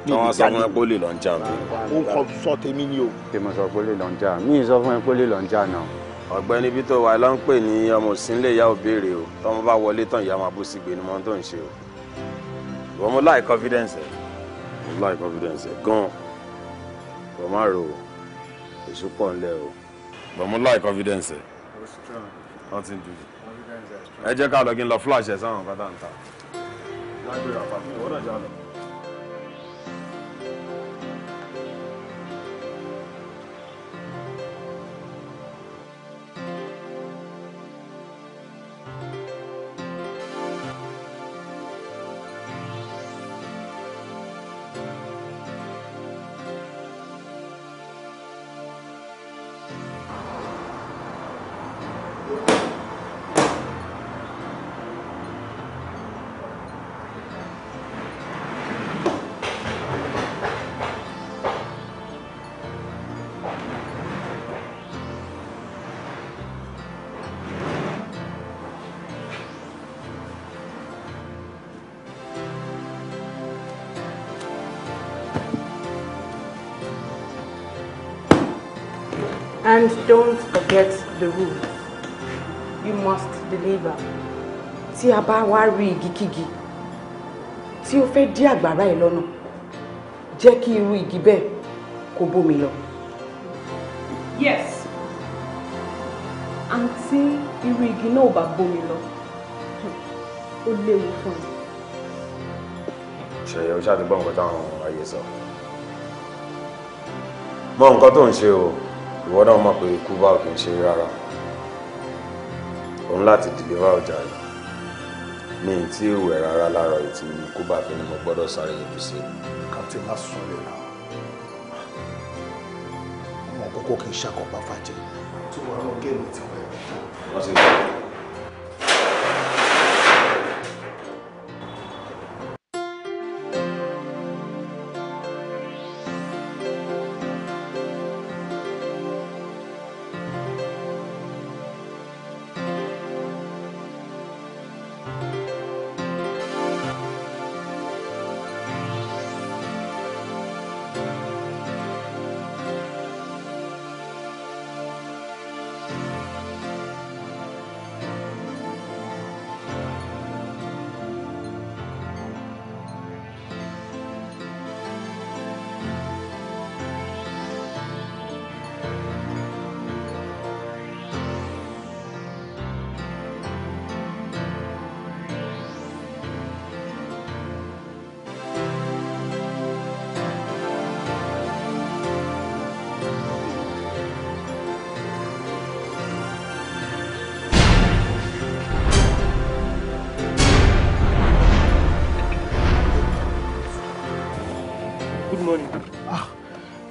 mi sọ fún ẹ pé ó lè lọ ń jà mí. ó ń kọ sọ tèmi ni o. èmi sọ pé ó lè lọ ń jà mí sọ fún ẹ pé ó lè lọ ń jà náà. ọ̀gbẹ́ni bí tó wà ló ń pè ní ọmọ òsínlẹ̀ ìyá òbéèrè o tọ́mọ bá wọlé tán ìyá máa bó sí gbé ni mo tó ń ṣe o ìwọ mo láì confidence ẹ̀ mo láì confidence ẹ̀ gan-an bọ̀ má rò ó èso pọ̀ ńlẹ̀ o bọ̀ mo láì confidence ẹ̀ wọ́n ti ń dùn ẹ jẹ́ ká lọ kí n lọ flash ẹ̀ sáwọn kátà ń ta lágbèrè àpapọ̀ ìwọ́n náà lọ. And don't forget the rules. You must deliver. Tí a bá wá rí igikígi tí ó fẹ́ dí àgbàrá ẹ̀ lọ́nà, jẹ́ kí irú igi bẹ́ẹ̀ kó bómi lọ. Yes. Àǹtí irú igi náà ò bá bómi lọ. Ó léwu fún mi. Ṣèyẹ o ṣáà ti gbọ́ nǹkan táwọn ayé sọ. Mọ nǹkan tó ń ṣe o ìwọ náà mọ̀ pé ikú bá òkè ń ṣe rárá òun láti dìlíwá ọjà rẹ̀ ní tí ìwẹ̀ rárá láàárọ̀ ètí ikú bá fi ni mo gbọ́dọ̀ sáré yẹjú sí. kàtí má sọlẹ̀ náà ọmọ kókó kì í ṣàkóbá fàjẹ́ tí wọ́n rán géèmù tiwọn. wọ́n ti sọ.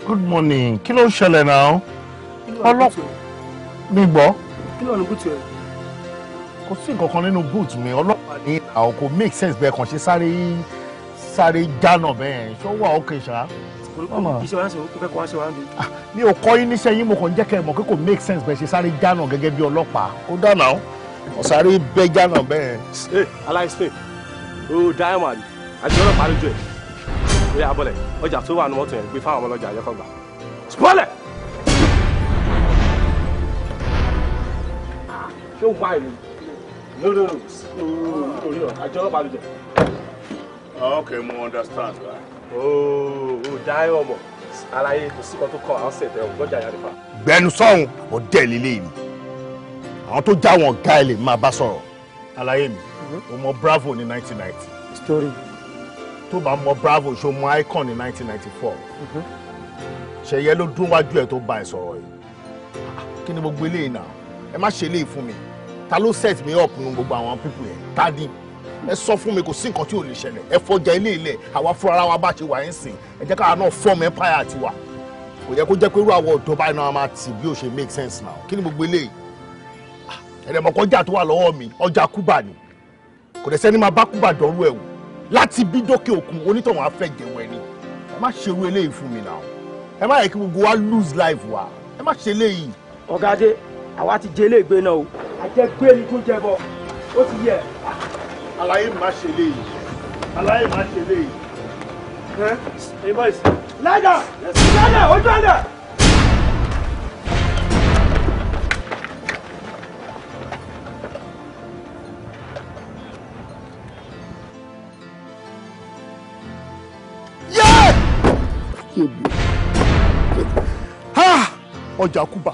good morning kí ló ń ṣẹlẹ̀ náà ọlọ́pàá mi gbọ́. kí ló ń bùtù ẹ̀. kò sí nǹkan kan nínú bùtù mi ọlọ́pàá ní àwọn kò make sense bẹ́ẹ̀ kàn ṣe sáré sáré jánà bẹ́ẹ̀ ṣọ́wọ́ àwọn kè ṣá. Ah, mi ò kọ́ yín níṣẹ́ yín mo kàn jẹ́ kẹ́ ẹ mọ̀ pé kò make sense bẹ́ẹ̀ ṣe sáré jánà gẹ́gẹ́ bí ọlọ́pàá ó dáná ọ̀sáré bẹ́ẹ̀ jánà bẹ́ẹ̀. aláìsí ó dáhùn àdì àti ọlọ́pàá lójú ẹ̀ ó yà ọjà tó wà ní mọ́tò yẹn gbé fáwọn ọmọlọ́jà ayọ́kọ́ gbà ṣé o wá ìlú lórí orí ọ̀ àjọ ọlọ́pàá ló jẹ. okay mo understand. ooo dáhẹ́ ọmọ aláyé kò sí kan tó kọ àwọn ṣẹ̀tẹ̀ ọ̀hún lọ́jà yàrá ìfà. gbẹnu sọ̀hún ọ̀dẹ́ lélẹ́yìn àwọn tó já wọn ọ̀gá máa bá sọ̀rọ̀ aláyé mi ọmọ mhm. bravo ní 1990. story tó bá mọ bravo ṣó mọ icon ní 1994 mhm. ṣẹyẹ ló dún wájú ẹ tó bá ẹ sọ̀rọ̀ yìí kí ni gbogbo eléyìí náà ẹ má ṣe eléyìí fún mi ta ló set me up nu gbogbo àwọn pípù yẹn ta ni ẹ sọ fún mi kò sí nǹkan tí ò lè ṣẹlẹ̀ ẹ fọjá ilé ilẹ̀ àwa fúnra ara wa bá ṣe wà ẹ̀ ń sìn ẹ jẹ́ káwa náà fọ́ọ̀mù empire tiwa kò yẹ kó jẹ́ pé irú àwọn ọ̀dọ́ báyìí náà máa tì bí ó ṣe make sense now kí ni gbogbo eléyìí ah, ẹ̀rẹ̀mọ̀kọ́jà tó wà lọ́wọ́ mi ọjà kúbà ni kò dẹ̀ sẹ́ni máa bá kúbà dọ́rú ẹ̀ wò láti bí dókè òkun onítọ̀hún á fẹ́ jẹun ẹni ẹ má ṣerú eléyìí fún mi náà ẹ má yẹ kí gbogbo wa lose life wa ẹ má ṣe eléyìí. ọ̀gá dé àwa ti jẹ eléègbé náà o àjẹgbé ni tó jẹ bọ ó ti yẹ. àlàyé má ṣe eléyìí àlàyé má ṣe eléyìí. ẹ ẹ báyìí. ládà ládà ojú àdà. kí ebi ọjà kúbà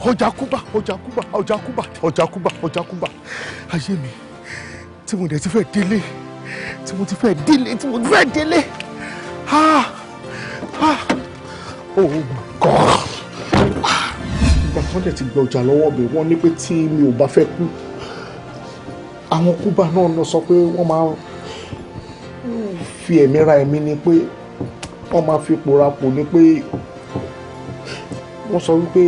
ọjà kúbà ọjà kúbà ọjà kúbà ọjà kúbà ọjà kúbà ayé mi tí mo dẹ̀ ti fẹ́ délé tí mo ti fẹ́ délé tí mo ti fẹ́ délé ah ah oh god ìgbà kan dẹ̀ ti gbẹ ọjà lọ́wọ́ mi wọ́n ní pé tí mi ò bá fẹ́ kú àwọn kúbà náà sọ pé wọ́n máa fi ẹ̀mí ra ẹ̀mí ni pé wọ́n máa fi pòrapò ni pé wọ́n sọ wípé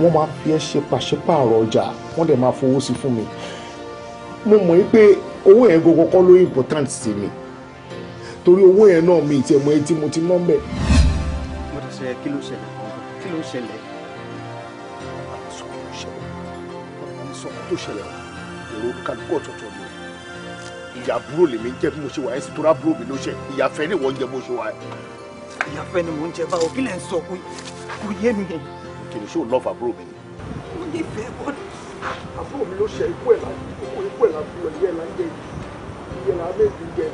wọ́n máa fi ẹ́ pàṣípààrọ̀ ọjà wọ́n dẹ̀ máa fowó sí fún mi mo mọ̀ pé owó yẹn gbogbo kọ́ ló important sí mi torí owó yẹn náà mi ìtì ẹ̀mọ́ etí mo ti ná mbẹ́. mo ti ṣe kí kí ló ṣẹlẹ̀. kí ló ṣẹlẹ̀ sọ kí ṣẹlẹ̀ èrò kálukú ọ̀tọ̀ọ̀tọ̀ ni ìyá àbúrò lèmi jẹ́ bí mo ṣe wà ẹ́ sí torá àbúrò mi ló ṣe ìyá fẹ́ ni wọ́n jẹ́ bó ṣe wà ẹ́ àyànfẹ́ ni mò ń jẹ báwo kí lẹ̀ ń sọ kò yé mi. kìlì ṣó lọ́ọ̀fù àbúrò mi ó nífẹ̀ẹ́ bọ́ ni. àbúrò mi ló ṣe ikú ẹ̀ la ikú ẹ̀ la fi lọ la jẹ ìyẹ́ la méjì jẹ.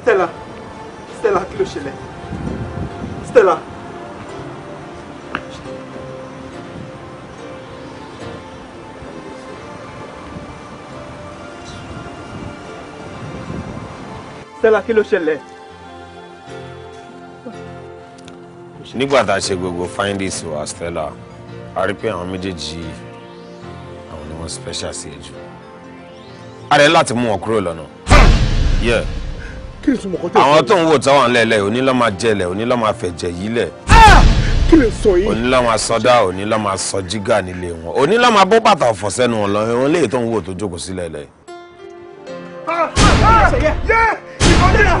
Stella Stella kí ló ṣẹlẹ̀ Stella. Stella kí ló ṣẹlẹ̀. nígbà tá a ṣe gbogbo findings wa Stella a rí pé àwọn méjèèjì àwọn ni wọ́n special sí ẹ jù a rẹ láti mú wọn kúrò lọ́nà àwọn tó ń wò táwọn lẹ́lẹ̀ onílọ́mà jẹlẹ̀ onílọ́mà fẹ̀jẹ̀ yílẹ̀ onílọ́mà sọdá onílọ́mà sọ jígà nílé wọn onílọ́mà bó bàtà ọ̀fọ̀ sẹ́nu wọn lọ́yìn wọn léyìí tó ń wò tó jókòó sílẹ̀ lẹ̀. Ah, ah, ah,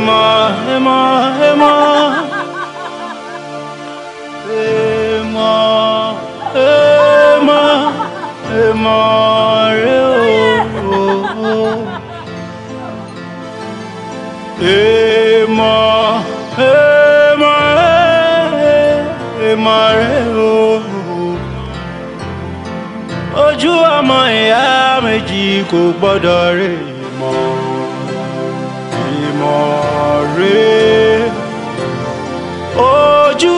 Emma, Emma, Emma. Emma, Emma, Emma, oh, oh. Emma, Emma, Emma, oh. Ojú ọmọ ìyá méjì kò gbọ́dọ̀ rèé àmọ̀re. ojú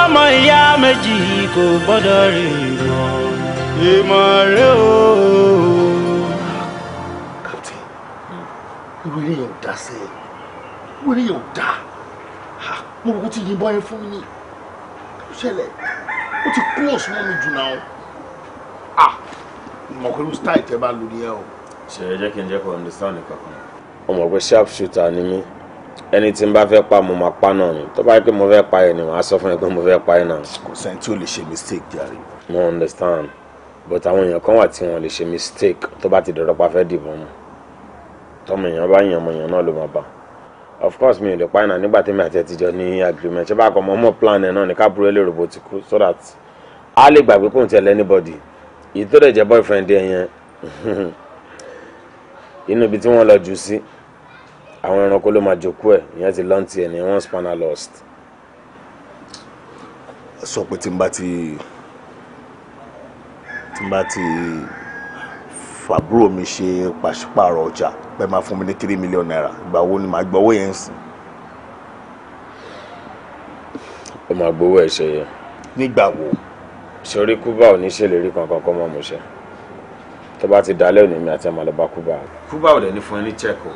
ọmọ ìyá méjì kò gbọ́dọ̀ rí mọ́ ìmọ̀re o. kàtí wíwí yẹn ò dá sí ẹ wíwí yẹn ò dá mo kò ti yìnbọn yẹn fún mi ní ó ṣẹlẹ̀ ó ti close mọ́ mi jù náà ah mọ̀kúrú style tẹ́ bá lò ní ẹ o. ṣe é jẹ́ kí n jẹ́ kó understand nǹkan kan ọmọ pé sharp shooter ni mí ẹni tí n bá fẹ́ pa mo máa pa náà ni tó bá yẹ pé mo fẹ́ pa yẹn ni màá sọ fún ẹ pé mo fẹ́ pa yẹn náà. kò sẹ́ni tí ò lè ṣe mistake jàre. mo understand but àwọn èèyàn kan wà tí wọn lè ṣe mistake tó bá ti dọ̀rọ̀ pa fẹ́ dìbò mu tọmọ èèyàn bá yàn ọmọ èèyàn náà ló máa bá of course mi ò lè pa yẹn náà nígbà tí mi àti ẹ ti jọ ní agreement ṣé bá kọ mọ mọ plan ẹ náà ní káàbùrú ẹ lè rògbò ti kú so that a lè gbàgbé kóhùn tẹ̀lé anybody ìtọ́dẹ̀jẹ̀ boyfriend ẹ yẹn inú ibi tí wọ́n lọ jù sí àwọn ẹranko ló máa jókòó ẹ̀ ìyẹn ti lọ́ǹtì ẹ̀ ní wọ́n spinal lost. sọ pé tí n bá ti tí n bá ti fàbúrò mi ṣe pàṣípààrọ̀ ọjà pé máa fún mi ní three million naira ìgbà ni màá gbọ́wọ́ yẹn sìn. ó máa gbowó ẹ̀ ṣe yẹ. nígbà wo. sori kúbà ò ní ṣèlérí kankan kọ́ mọ́ mo ṣe tó bá ti dalẹ́ òní mi àti àmọ́ kúbà. kúbà ò dẹ̀ ní fún ẹ ní check o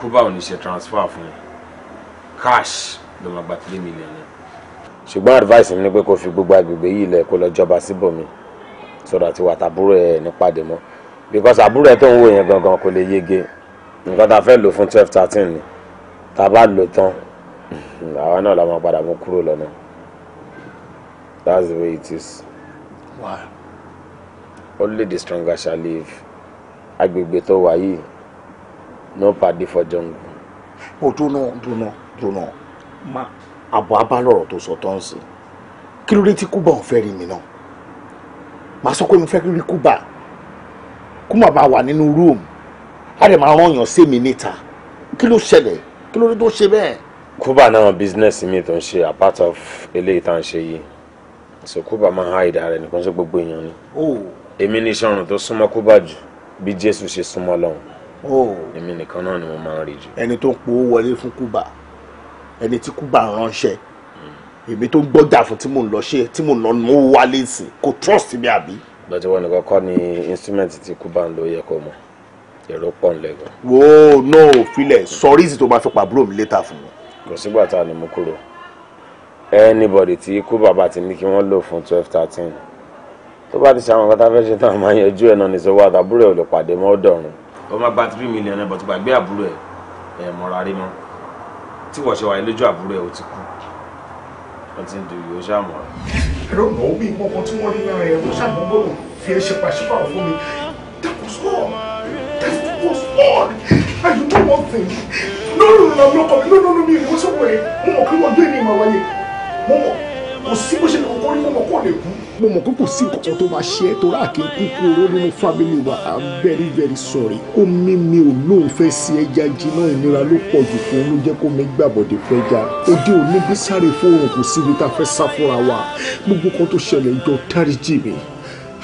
kúbà ò ní ṣe transfer fún ẹ cash ló máa gba three million yẹn. ṣùgbọ́n advice mi ni pé kó fi gbogbo agbègbè yìí lẹ̀ kó lọ jọba síbòmí sọ̀rọ̀ àti wàtàbúrò ẹ̀ nípàdé mọ́ because àbúrò ẹ̀ tó ń wò yẹn gangan kò lè yege nǹkan tá a fẹ́ lò fún twelve thirteen ni tá a bá lò tán àwa náà la máa padà mú kúrò lọ́nà that's the way it is. Wow only the stronger shall live agbègbè tó wà yìí no padi for jungle. ó dúnà dúnà dúnà má àbọ̀ abálọ̀rọ̀ tó sọ tó ń sìn kí ló dé tí kúbà ò fẹ́ rí mi náà màá sọ pé mo fẹ́ rí kúbà kúmọ̀ máa wà nínú rúùmù á dẹ̀ máa rán yàn sí mi níta kí ló ṣẹlẹ̀ kí ló dé tó ṣe bẹ́ẹ̀. kúbà náà business mi tó ń ṣe a part of eléyìí tá à ń ṣe yìí so kúbà máa ń há ìdá rẹ̀ nìkan sí gbogbo èèyàn ni. Oh èmi ní iṣẹ́ ọ̀run tó súnmọ́ kó bà jù bí jésù ṣe súnmọ́ lọ́hùn èmi nìkan náà ni mo máa ń rí jù. ẹni tó ń powó wọlé fún kúbà ẹni tí kúbà ránṣẹ́ èmi tó ń gbọ́jà fún tí mò ń lọ ṣe tí mò ń lọ mú wálé sí kò trust mi àbí. lọ́jọ́ wọn nìkan kọ́ ni instrument tí kúbà ń lò yẹ kó mọ̀ èrò pọ̀ ń lẹ́gàn. wo no filẹ̀ sọrí ìsì tó bá fi pàbúrò mi létà fún mi. kò sígbà tá a ní mú kúrò anybody tí kúbà bá ti ní kí wọ́n lò fún twelve thirteen tó bá ti ṣe àwọn kátà fẹ́ ṣe tán máa yanjú ẹ̀ náà nìṣòwò àtàbúrò ẹ̀ ò lè pàdé mọ́ ọ̀dọ̀run. ọmọ gba three million ẹ̀ bọ̀ tó gbàgbé àbúrò ẹ̀ ẹ̀ mọ̀ra rí mọ́ tí wọ́n ṣe wáyé lójú àbúrò ẹ̀ ò ti kú wọ́n ti ń du ìwé ṣàmọ̀ rẹ̀. ẹ̀rọ mọ̀ ó bí ìmọ̀kan tí wọ́n rí lára ẹ̀ ló ṣàmọ̀ gbọ́dọ̀ fi ẹ ṣe pàṣípàrọ̀ fún mi that was all that was all and you know one thing lórí ìlànà ọkọ̀ mi lónìí mi ìwọ́sọ̀kọ̀ yẹn mo mọ̀ pé wọ́n gbé ní ìmọ̀ wáyé mo mọ̀ kò sí bó ṣe lè rí mọ́mọ́ kò lè mo mọ̀ pé kò sí nǹkan tó máa ṣe é torí àkín kúkú nínú fábílì wa i'm very very sorry. ó mí mi ò lóun fẹ́ sí ẹja jiná ìnira ló pọ̀ jù fún un ló jẹ́ kó mi gbàbọ̀dé fẹ́ já. òde òní bí sáré fóònù kò síbi tá a fẹ́ sá fúnra wa gbogbo kan tó ṣẹlẹ̀ jọ dáríjì mi.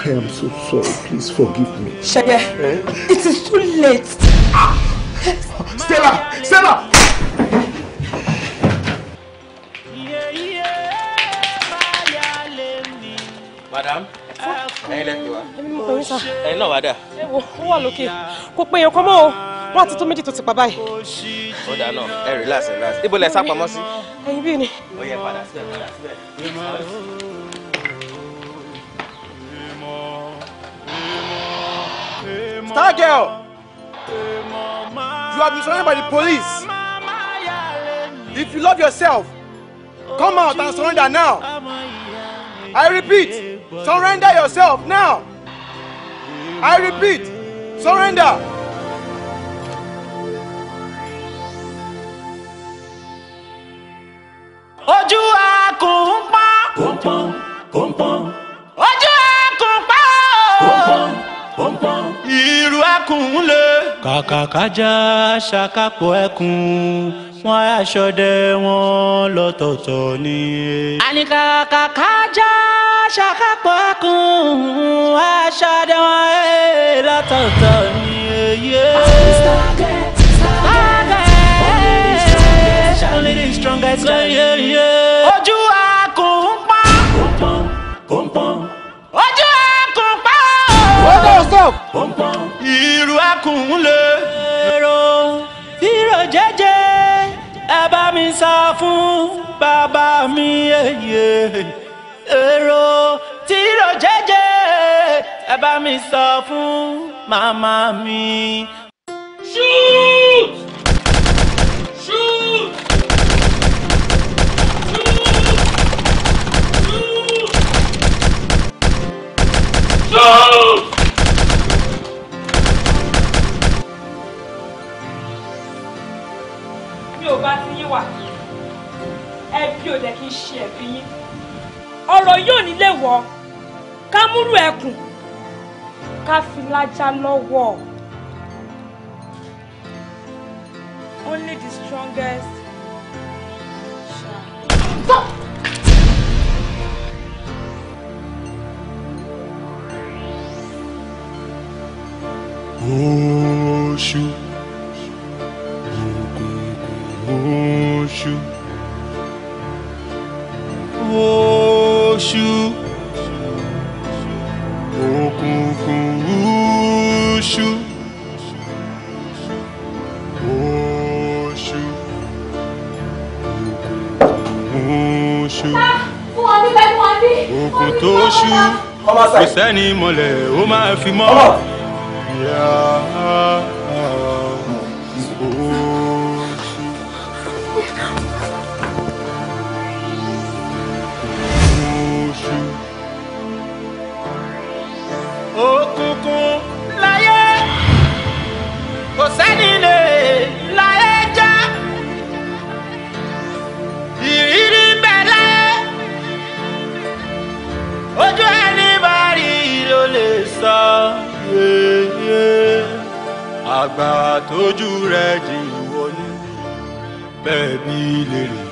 I am so sorry. Please forgive me. Sheye, eh? it is too late. Ah! Stella! Stella! madam ẹ̀yin lẹ́pẹ̀ wá. ẹ wo ó wà lókè kò pé ọkọ mọ́ o wọ́n àti tó méjì tó ti pa báyìí. ó dáa náà ẹ relax relax ibo lẹ sá pamọ́ sí. ẹ̀yin bí ni. ó yẹ padà síbẹ̀ padà síbẹ̀. Star girl, you have been surrounded by the police. If you love yourself, come out and surrender now. I repeat. Surrender yourself now. I repeat, surrender. Ojú akùn ń pọ́n. Kò ń pọ́n, kò ń pọ́n. Ojú akùn pọ́n. Kò ń pọ́n, kò ń pọ́n. Ìrù akùn ń le. Kàkàkájà ṣàkàpọ̀ ẹkùn wọn aṣọdẹ wọn lọ́tọ̀ọ̀tọ̀ ni. àní kàkàkà ṣàkàpọ̀kùn aṣàdéwọ̀n ẹ̀ eh, látọ̀tọ̀ ni èyí. Eh, Only the strongest girl, yeah, yeah. Ojú akùn ń pa. Pọ̀npọ̀n, pọ̀npọ̀n. Ojú akùn pa. Hold on, stop. Pọ̀npọ̀n. Ìrù akùn ń lè. Èrò ìrò jẹ́jẹ́ ẹ bá mi sá fún bàbá mi, eh, yeah, yeah èrò tìrò jẹ́jẹ́ ẹ bá mi sọ fún màmá mi. shoot shoot. Shoot! Mi ò bá ti yín wà, ẹbí ò dẹ̀ kí n ṣe ẹ̀bí yín ọ̀rọ̀ yóò nílé wọ ká ẹkùn ká fi lájà lọ́wọ́. Only the strongest shall. Stop! oṣù òkùnkùn ṣú òkùnkùn ṣú oṣù òkùnkùn ṣú. fún wa níbẹ̀ fún wa ní. òkùn tó ṣú kò sẹ́ni mọ̀lẹ́ ó máa fi mọ́. Yeah. àgbà tójú rẹ̀ jìn wọlé bẹ́ẹ̀ bí lèrè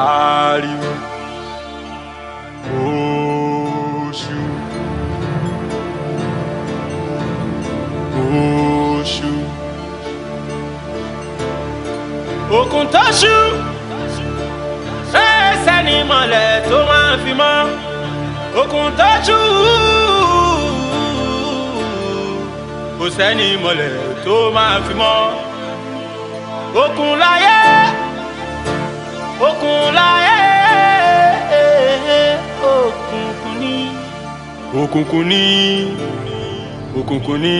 ariwo oṣù oṣù òkun tóṣù fẹsẹ̀ ní mọ̀lẹ̀ tó máa fi mọ́ òkun tóṣù kò sẹ́ni mọ̀lẹ̀ tó máa fi mọ́. Okùn láyé, okùn láyé, òkùnkùn ni. Òkùnkùn ni, òkùnkùn ni.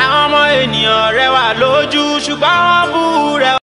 Àwọn ọmọ ènìyàn rẹwà lójú ṣùgbọ́n wọ́n bú rẹwà.